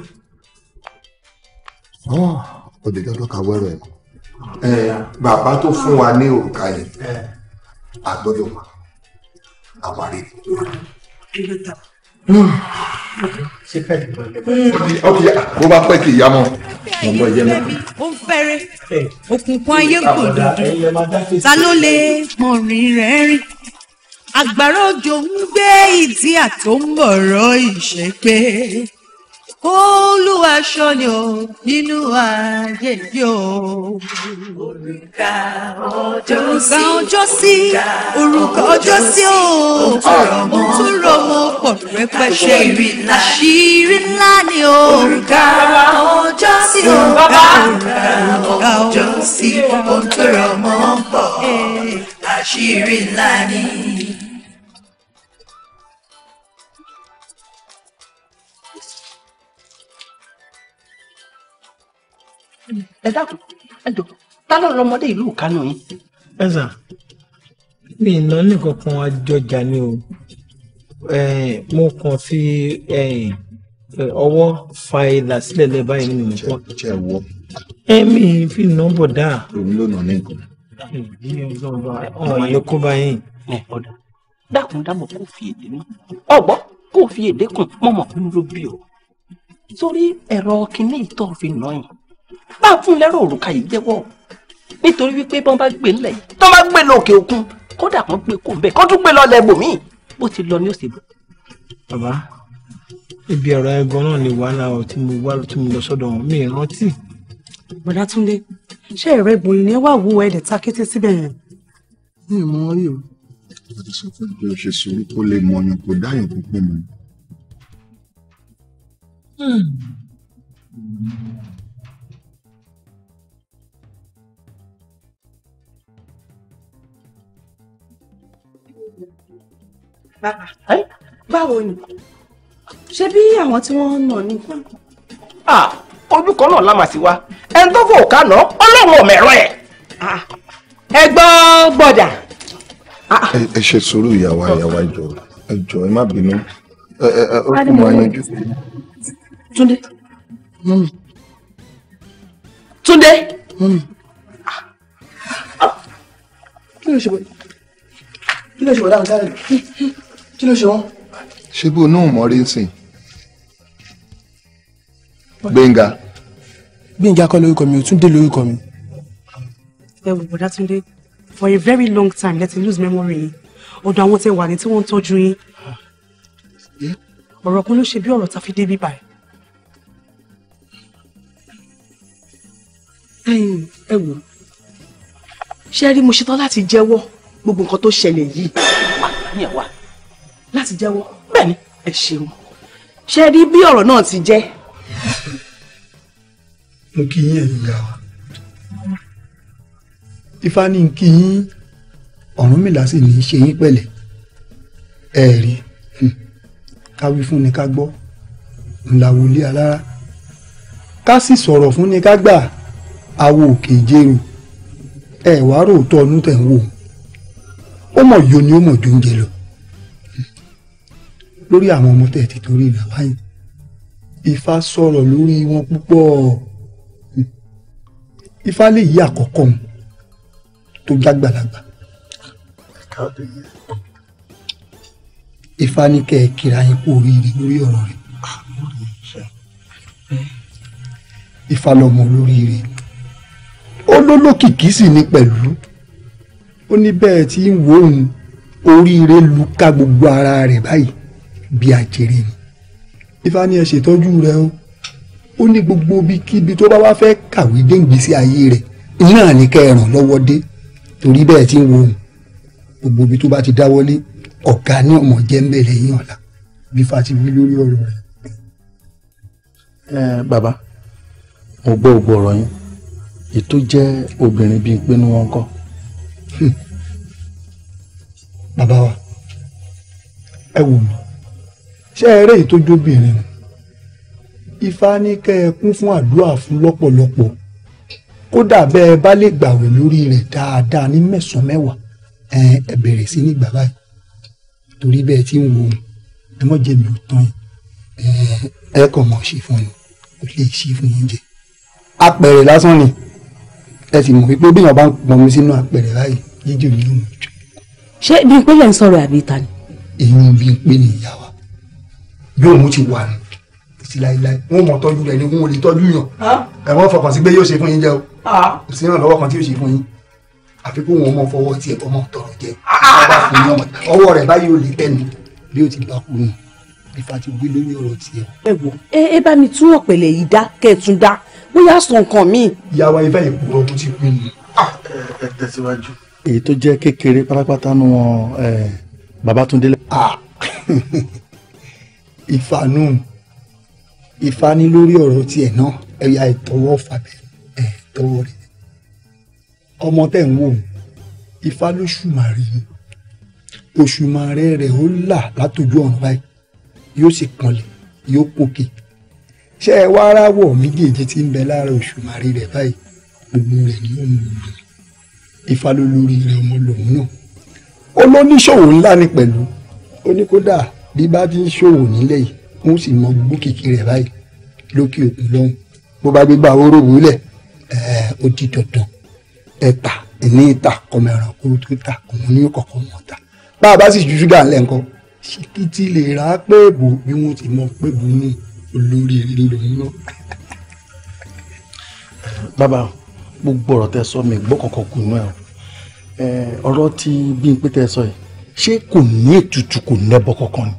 ó lè dọ́dọ̀ kàwé rẹ̀ bàbá tó fún wa ní òrùka yẹn àgbọ́dọ̀ wà àwárí. Hmm. ọkì bó bá pẹ́ kì í yá mọ́ mo bọ́ ìyẹn náà. ó ń fẹ́rẹ́ òkùnkùn ayé ń kò dòdò ta ló lè mọ̀rìn rẹ̀ rìn agbára òjò ń gbé ìdí àtòǹbọ̀rọ̀ ìṣẹ́pẹ́ olúwa ṣọ́ ni o nínú ayé yìí o. òrùka ọjọ́ sí òrùka ọjọ́ sí òrùka ọjọ́ sí o ọ̀rọ̀ mọ́ tún rọ mọ́ pọ̀ rẹpẹṣẹ àṣírí ńlá ni o. òrùka ọjọ́ sí o bàbá òrùka ọjọ́ sí òun tó rọ mọ́ pọ̀ àṣírí ńlá ni. ẹ dákun ẹ jọ ta ló lọmọdé ìlú kánò yín. ẹ sà mi ìná nìkan kan àjọjà ni o mo kàn fi ọwọ́ fa ìlà sílẹ̀ lẹ́ báyìí nínú nǹkan. ẹ mi fi nọ́mbọ̀ dá. èmi ló nà ní nǹkan. ọ̀hún ló kó báyìí. dákun dábọ̀ kó fi èdè mọ́ ọ̀gbọ́ kó fi èdè kùn mọ́mọ́ kún ló bí o sórí ẹ̀rọ kìnnìkan tó fi nà yìí bá a fún lẹ́rọ òrùka yìí jẹ́wọ́ nítorí wípé bọ́n bá gbé ńlẹ̀ tó bá gbé lọ òkè òkun kódà kan gbé kó bẹ́ẹ̀ kó tún gbé lọ lẹ́gbò míì bó ti lọ ní òsè bò. bàbá ibi ọ̀rọ̀ ẹ̀gbọ́n náà ni wàhálà ọ̀ tí mo wá tí mo lọ sọ́dọ̀ wọn mi rántí. bọ̀dá túndé ṣé ẹ̀rọ ìbò yìí ni ẹ wá wo ẹ̀dẹ̀ ta kété síbẹ̀ yẹn. mi ò mọ rí o. àti sọ fún bí o ṣe sọ kó lè mọ ọyàn kó dáyàn púpọ̀ mọ́. Hmm. báwo ni ṣé bí àwọn tí wọ́n ń nà ní. ojú kan náà lámàsí wa ẹni tó fò kánà ọlọ́run ọ̀mẹ̀rọ ẹ̀. ẹ gbọ́ gbọ́dà. ẹ ṣe sùúrù ìyàwó àyàwó ẹjọ ẹjọ ẹ má bínú ó kún mọ ẹyànjú. Túndé mọ́mì Túndé mọ́mì kí ló ṣe bọ́ kí ló ṣe bọ́ dáhùn sáré kí ló ṣe wọ́n. ṣé bó náà mọ̀ rí sìn. gbẹ̀ngà. gbẹ̀ngà kọ́ lórúkọ mi ò tún dé lórúkọ mi. ẹ wò bọ̀dá Túndé for a very long time let him lose memory yìí ọ̀dọ̀ àwọn tẹ wà ní tí wọ́n ń tọ́jú yín. ọ̀rọ̀ kan ló ṣe bí ọ̀rọ̀ ta fi dé bí báyìí. ẹ wò ṣé rí mo ṣetán láti jẹ́wọ́ gbogbo nǹkan tó ṣẹlẹ̀ yìí. àwa ni àwa láti jẹ́wọ́ bẹ́ẹ̀ ni ẹ ṣeun ṣe rí bí ọ̀rọ̀ náà ti jẹ́. mo kí yín ẹ̀yin ìyá wa ifá ní kí yín Ọ̀rúnmìlà sì ní í ṣe yín pẹ̀lẹ́ ẹ rí ká wí fún ni ká gbọ́ ńlá alára ká sì sọ̀rọ̀ fún ni ká gbà awo òkè ìjẹrù ẹ wàá rò tọ́ ọdún tẹ̀ ń wò ó mọ̀ yóò ni ó mọ̀ jó lọ lórí àwọn ọmọ tẹ̀ ti torí rẹ̀ báyìí Ifá sọ̀rọ̀ lórí wọn púpọ̀ Ifá lè yí àkọ́kọ́ wọn tó jágbàlagbà Ifá ní kẹ́ ẹ kíra yín kú oríire lórí ọ̀rọ̀ rẹ̀ Ifá lọ́mọ olóríire olólókìkí sì ní pẹ̀lú ó ní bẹ́ẹ̀ tí ń wò ó oríire lu ká gbogbo ara rẹ̀ báyìí bí ajere ni ifá ni ẹ ṣètọ́jú rẹ o ó ní gbogbo ibikíbi tó bá wá fẹ́ kàwé dé ìgbésí ayé rẹ náà ní kẹ́ ẹ ràn lọ́wọ́ dé torí bẹ́ẹ̀ tí ń wo òun gbogbo ibi tó bá ti dáwọ́lé ọ̀gá ní ọmọ jẹ́ ń bẹ̀rẹ̀ yín ọ̀la bí ifá ti wí lórí ọ̀rọ̀ rẹ. ẹ bàbá mo gbọ́ ògbó ọ̀rọ̀ yín ètò jẹ́ obìnrin bíi pinnu wọn kọ́. bàbá wa ẹ wò mí ṣé eré ìtójóbìnrin ifá ní kẹ́ ẹ kún fún àdúrà fún lọ́pọ̀lọpọ̀ kódà bẹ́ ẹ bá lè gbàwé lórí rẹ̀ dáadáa ní mẹ́sàn-án mẹ́wàá ẹ bẹ̀rẹ̀ sí ní gbàgbá yìí torí bẹ́ẹ̀ tí ń wo ẹ mọ̀ jẹ́ mi ò tán yìí ẹ kàn mọ̀ ṣe fún yín kò lè ṣe fún yín jẹ. apẹ̀rẹ̀ lásán ni ẹ sì mọ̀ wípé bí èèyàn bá ń pọnmi sínú apẹ̀rẹ̀ láyìí jíjò ní ìmọ̀ jù. ṣé bí n ń sọ̀rọ̀ àbí ta ni. èèyàn bí n pé nìyàwó bí òun ti wà ní títí láéláé wọn mọ tọ́jú rẹ ni wọn ò lè tọ́jú yàn ẹ wọn fọkàn sí pé yóò ṣe fún yín jẹ o kò sí ìrànlọ́wọ́ kan tí yóò ṣe fún yín àfi kó wọn mọ fọwọ́ tiẹ̀ kọ́ mọ tọrọ jẹ ọwọ́ rẹ báyìí ò lè tẹnu bí ó ti bá kú nù ìfà ti gbé lórí ọ̀rọ̀ tiẹ̀. ẹ wo ẹ ẹ bá mi tún ọ̀pẹ̀lẹ̀ yìí dá kẹ́ ẹ tún dá bóyá sọ nǹkan mi. ìyá wa ifá ìkúrọ ọdún ti pín ni. Ah, ẹ tẹ̀síwájú. èyí tó jẹ́ kékeré pátápátá nu wọn Babátúndé ìfànù ìfani lórí ọ̀rọ̀ tiẹ̀ náà ẹ̀yà ìtọ́wọ́ fàbẹ̀ ẹ̀ tọ́wọ́ rẹ̀ ọmọ tẹ̀ ń wò ó ifá ló ṣùmàrè ni òṣùmàrè rẹ̀ ó là látòjú ọ̀run báyìí yóò sì kanlẹ̀ yóò pòkè ṣé ẹ wá ráwọ̀ méjèèjì tí ń bẹ lára òṣùmàrè rẹ̀ báyìí òun rẹ̀ ni ó mú un ifá ló lórí rẹ̀ ọmọ lòun náà ó lóníṣòwò ńlá ni pẹ̀lú ó ní bí bá ti ń ṣòwò nílẹ̀ yìí wọ́n sì mọ gbogbo kìkì rẹ̀ báyìí lókè òkun lọ́hùn bó bá gbégbá oró wúlẹ̀ ó di dandan ẹ̀ta ní ìta kọmọ ẹranko tó ta òun ní kọ̀ọ̀kan mọ̀ ta bá a bá sì ju ṣúgà ńlẹ̀ nǹkan ṣìkìtì lè rà á pẹ́ẹ́bù bí wọ́n ti mọ pẹ́ẹ́bù nù olórí lòun náà. bàbá gbogbo ọ̀rọ̀ tẹ sọ mi gbọ́ kọ̀ọ̀kan kù náà ọ̀rọ̀ tí Bímpé tẹ sọ yìí ṣé kò ní ètùtù kò nẹ́bọ̀ kankan ni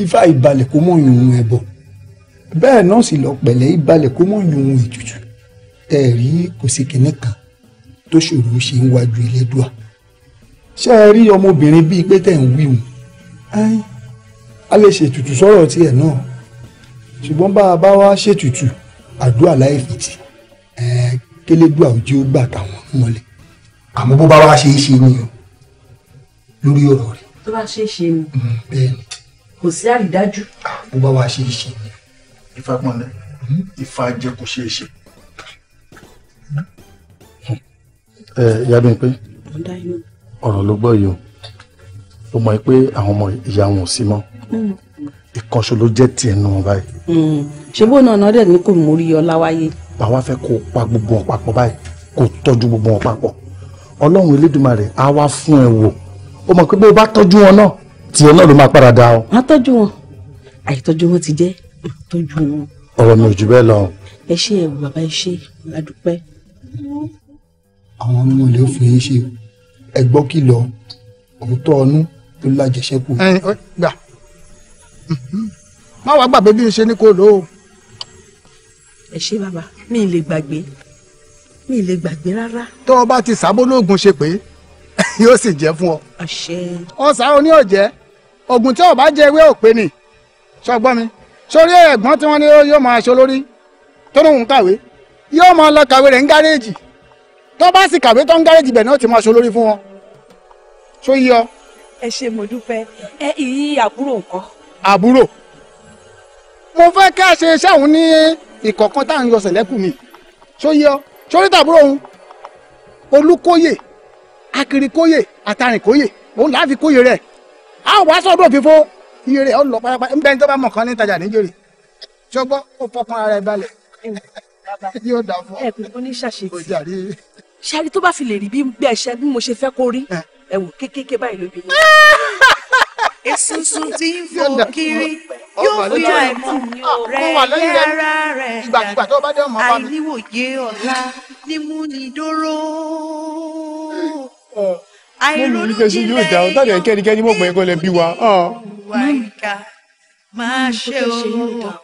ifá ìbalẹ̀ kó mọ̀ yòòhùn ẹ̀bọ bẹ́ẹ̀ náà sì lọ pẹ̀lẹ́ ìbalẹ̀ kó mọ̀ yòòhùn ètùtù ẹ̀rí kò sí kinní kan tó ṣòro ṣe ń wájú Elédùà ṣé ẹ rí ọmọbìnrin bíi pé tẹ̀ ń wíwùn a lè ṣètùtù sọ̀rọ̀ tiẹ̀ náà ṣùgbọ́n bá a bá wá ṣètùtù àdúrà láì fìtì kélédùà òjì ó gbà táwọn mọ́lẹ̀ àmọ́ bó bá wá ṣe é ṣe ni o lórí ọ̀rọ̀ rẹ̀. tó bá ṣe é ṣe ni. Mm, bẹ́ẹ̀ ni kò sí àrídájú. bó bá wàá ṣe é ṣe ni ifá pọnlẹ ifá hmm? jẹ kó ṣe é ṣe. ẹ yadun pé ọ̀rọ̀ ló gbọ́ yìí o ó mọ̀ pé àwọn ọmọ ìyá wọn ò sí mọ́ hmm. ìkànṣó ló jẹ́ tiẹ̀ nù wọn báyìí. Hmm. ṣé bó náà náà dẹ̀ ní kò mórí ọlá wáyé. bàwa fẹ́ kó pa gbogbo wọn papọ̀ báyìí kó tọ́jú gbogbo wọn papọ̀ ọlọ́run elédùnmarè á wá fún ẹ wò ó mọ̀ pé bó bá tọ́jú wọn náà tiẹ̀ náà ló máa padà dá o. wọ́n tọ́jú wọn àìtọ́jú wọn ti jẹ́ tọ́jú wọn. ọ̀rọ̀ mi ò jù bẹ́ẹ̀ lọ. ẹ ṣe ẹ̀wù bàbá ẹ ṣe ládùúpẹ́. àwọn ọmọ ilé òfin yìí ṣe ẹgbọ́ kìlọ̀ òótọ́ ọnú ló lájẹsẹ́kù. gbà mhm. má wàá gbàgbé bí n ṣe ní kó lò ó. ẹ ṣe bàbá mi lè gbàgbé mi lè gbàgbé rárá. tó o bá ti sábó lóògùn ṣe pé yóò sì jẹ́ fún ọ. ọ̀sẹ̀. ọ̀sà oní ọ̀jẹ́ ògùn tí ọba jẹ ewé òpè ni sọgbọ́n mi sórí ẹ̀gbọ́n tí wọ́n ní yóò máa ṣe olórí tó lóun kàwé yóò máa lọ kàwé rẹ̀ ń gáréèjì tó bá sì kàwé tó ń gáréèjì bẹ̀ náà ti máa ṣe olórí fún wọn tó yí ọ. ẹ ṣe mo dúpẹ́ ẹ ìyí àbúrò nǹkan. àbúrò mo fẹ́ kí a ṣe iṣẹ́ òun ní ìkọ̀kan tá à ń yọ sẹ̀lẹ́kùn mi tó yí ọ sórí tàbúrò òun olúkóyè akirikóyè àtàrìnkóyè òun láàfi kóyè rẹ̀ àwọn wàá sọdún òfin fún iye rẹ ọlọ parapara ń bẹ ní tó bá mọ kan ní ìtajà níjòrè ṣọgbọ ó fọkàn ara ẹ balẹ̀ yóò dà fún ẹ kò ní ṣàṣetì ṣáàrí tó bá fi lè rí bí gbẹ ṣẹ bí mo ṣe fẹ́ kó rí ẹwọ kékeré báyìí lóbi yín. esunsun tí ń fò kiri yóò fi àìmọ̀ rẹ̀ yára rẹ̀ dà àìníwòye ọ̀la ní múnidóró àìrònú jinlẹ̀ yóò tàbí ẹ̀kẹ́nikẹ́ni mọ̀ pé kò lè bí wa. wà ìka máa ṣe o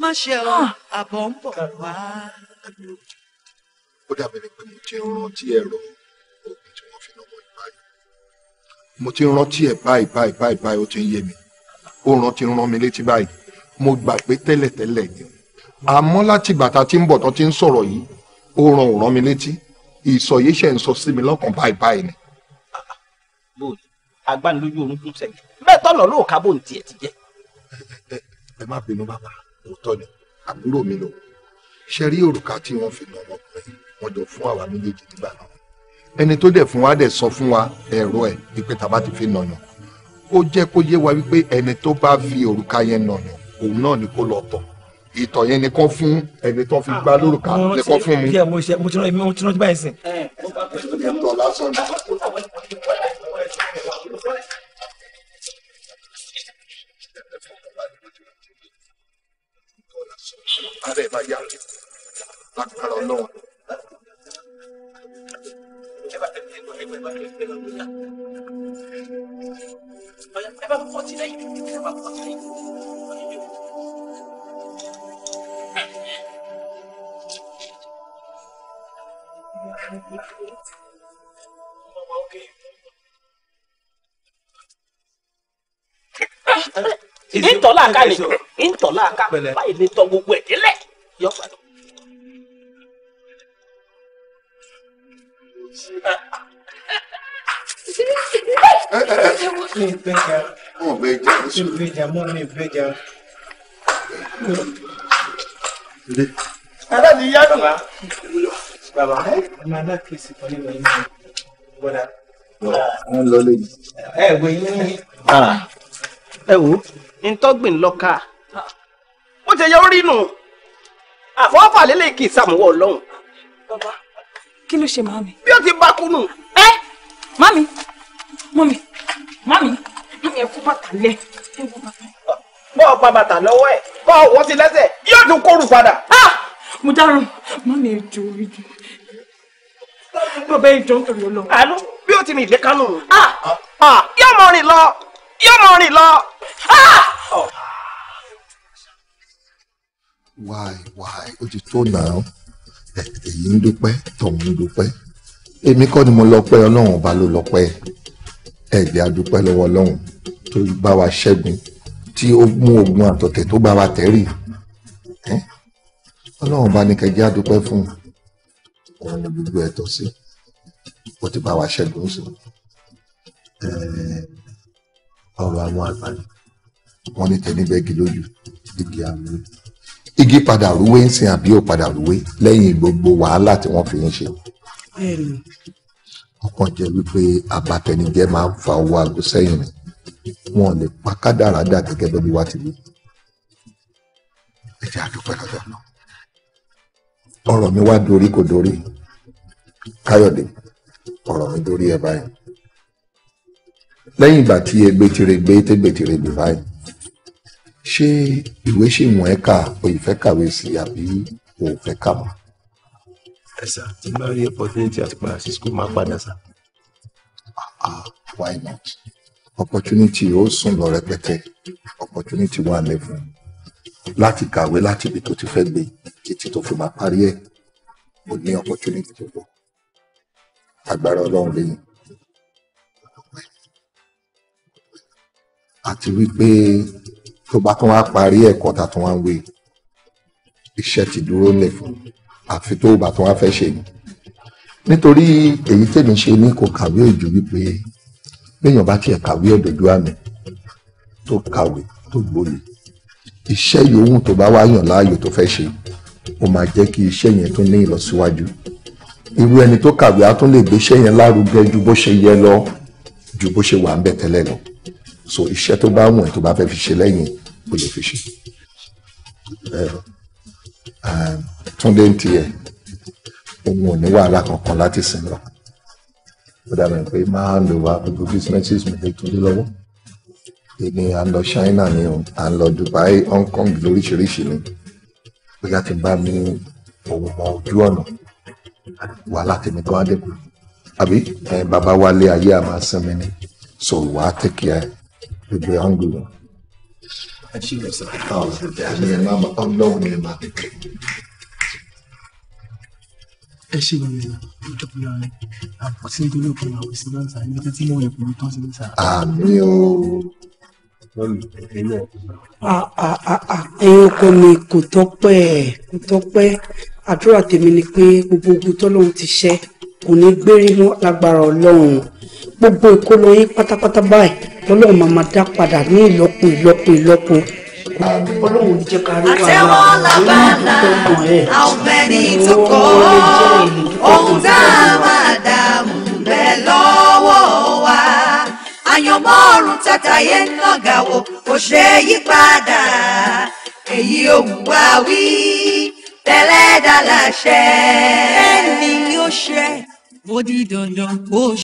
máa ṣe o àbọ̀ ń bọ̀ wá. ó dàbí ni pé mo ti ń rántí ẹ̀rọ oògùn tí wọ́n fi náwó ìbáyìí mo ti ń rántí ẹ̀ báyìí báyìí báyìí ó ti ń yé mi ó rántí rán mi létí báyìí mo gbà pé tẹ́lẹ̀tẹ́lẹ̀ ni àmọ́ láti bàtà tí ń bọ̀ tán ti ń sọ̀rọ̀ yìí ó ràn ò mi létí ìsọ̀yé ń sọ sí mi lọ́kàn báyìí báyìí ni agbanilójú orúnkún sẹ́yìn bẹ́ẹ̀ tọ́nà ló kábò ní tiẹ̀ ti jẹ́. ẹ má bínú bàbá òótọ́ ni àbúrò mi lò ṣe rí òrùka tí wọ́n fi nà ọmọkùnrin wọn jọ fún àwa méjèèjì nígbà náà ẹni tó dẹ̀ fún wa dẹ̀ sọ fún wa ẹ̀rọ ẹ̀ wípé tàbá ti fi nà yàn ó jẹ́ kó yé wa wípé ẹni tó bá fi òrùka yẹn nà yàn òun náà ni kó lọ tọ̀ ìtọ̀ yẹn nìkan fún ẹni tó fi gbá lórúkà nìkan fún mi. mo ti rántí báyìí sìn. ìtọ̀ lásán ni. ààrẹ bá yá lágbára ọlọ́run. ẹ bá ìtọ́lá ká lè ìtọ́lá ká báyìí lè tọ gbogbo ẹ̀ délẹ̀ yọ pẹ̀lú. mi ìbẹjà mi mọ mi ìbẹjà. ara ni yá dùn á. bàbá máa dá kìsì kan nínú ẹ̀yìn mi gbọ́dọ̀. wọ́n lọ lé ẹ ẹ ẹ wò ó ntọ́gbìn lọ́ka ó ti yẹ orí nù àfọwọ́fà lélẹ̀ kì í sàmúwọ̀ ọlọ́run. bàbá kí ló ṣe màmí. bí ó ti bá kú nù. ẹ màmí màmí màmí màmí ẹ kú bàtà lẹ ẹ wọ bàtà. bọ́ ọ pa bàtà lọ́wọ́ ẹ̀ bọ́ ọ wọ́ sí lẹ́sẹ̀ yóò tún kóru padà. mo dárò màmí ẹ jọ orí jù bàbá ẹ jọ ń torí ọlọ́run. àlọ́ bí ó ti rìn lé kánò. yóò mọ̀ rìn lọ yóò mọ rìn lọ. wáì ah! wáì ó ti tó náà èyí ń dúpẹ́ tọ̀hún ń dúpẹ́ èmi kọ́ ni mo lọ pẹ́ ọlọ́run ọba ló lọ pẹ́ ẹ̀gbẹ́ adúpẹ́ lọ́wọ́ ọlọ́run tó bá wa ṣẹ́gun tí ó mú ogun àtọ̀tẹ̀ tó bá wa tẹ̀rí ọlọ́run bá ní kẹjẹ́ adúpẹ́ fún òun ni gbogbo ẹ̀tọ́ sí ó ti bá wa ṣẹ́gun sí ọ̀rọ̀ àwọn àgbà ni wọ́n ní tẹ̀lébẹ́gi lójú igi àmì igi padà rúwé ń sin àbí ò padà rúwé lẹ́yìn gbogbo wàhálà tí wọ́n fi ń ṣe. ọ̀pọ̀ jẹ́ wípé abatẹnijẹ́ máa ń fa owó aago sẹ́yìn ni wọn ò lè pa kádàrá dà gẹ́gẹ́ bí wọ́n ti wí. ẹ jẹ́ àdúpẹ́ lọ́dọ̀ náà ọ̀rọ̀ mi wá dorí kò dorí káyọ̀dé ọ̀rọ̀ mi dorí ẹ báyìí lẹ́yìn ìgbà tí egbe ti regbe tégbe ti regbe báyìí ṣé ìwé ṣì wọ̀n ẹ́ kà òyì fẹ́ kàwé sí àbí òun fẹ́ kà mọ́. ẹ sà tí bá rí opportunity àti padà sí school máa padà sà. Ah, ah, why not opportunity ó sùn lọ rẹpẹtẹ opportunity wà lẹ́fún láti kàwé láti ibi tó ti fẹ́ gbé títí tó fi máa parí ẹ̀ ó ní opportunity tó pọ̀ agbára ọlọ́run lẹ́yìn. àti wípé tó bá tún wá parí ẹ̀kọ́ ta tún wá ń wé iṣẹ́ ti dúró lẹ̀ fún àfi tó bá tún wá fẹ́ ṣe ni nítorí èyí tèmi ṣe ní kò kàwé ìjù wípé béèyàn bá tiẹ̀ kàwé ẹ̀dọ̀dọ̀ àmì tó kàwé tó gbòòlì iṣẹ́ yòówù tó bá wá yàn láàyò tó fẹ́ ṣe ó máa jẹ́ kí iṣẹ́ yẹn tún ní ìlọsíwájú irú ẹni tó kàwé á tún lè gbéṣẹ́ yẹn lárugẹ ju bó ṣe yẹ lọ ju bó ṣe wà ń bẹ̀ tẹ́lẹ̀ lọ so iṣẹ́ tó bá wùn ẹ́ tó bá fẹ́ fi ṣe lẹ́yìn o lè fi ṣe túndé ń tiẹ̀ òun ò ní wàhálà kankan láti sìn lọ ó dàbí pé máa hand over gbogbo businesses mi lè túndé lọ́wọ́ èmi à ń lọ China ni o à ń lọ Dubai Hong Kong lóríṣiríṣi ni bóyá ti bá mi òun mọ ojú ọ̀nà wàhálà tèmi kan á dẹ̀kun àbí bàbá wálé ayé àmà sinmi ni so wàá tẹ̀kíà ẹ̀. You'll be hungry. And she lives in a house with dad. Me and mama, I'm lonely in my ẹ ṣe wọn ní ìjọba àpótí nítorí òpin àwọn ìsinmi ọ̀sà ní ọkọ mi kò tọ́pẹ́ kò tọ́pẹ́ àdúrà tèmi ni pé gbogbo ogun tọ́lọ́run ti ṣẹ́ kò ní gbérinú lágbára ọlọ́run gbogbo ìkólọ yín pátápátá báyìí ọlọ́run máa máa dá padà ní ìlọ́po ìlọ́po ìlọ́po ọlọ́run jẹ́ ká rí wàhálà àwọn olùdókòwò ọmọ ẹ̀ wọ́n lè jẹ́ ìlú tó kàn àyànmọ́ ọ̀run tàtàyé nàgà wò kò ṣe é yí padà èyí òun wá wí tẹ́lẹ̀ dá láṣẹ. ẹni ni ó ṣe ó di dandan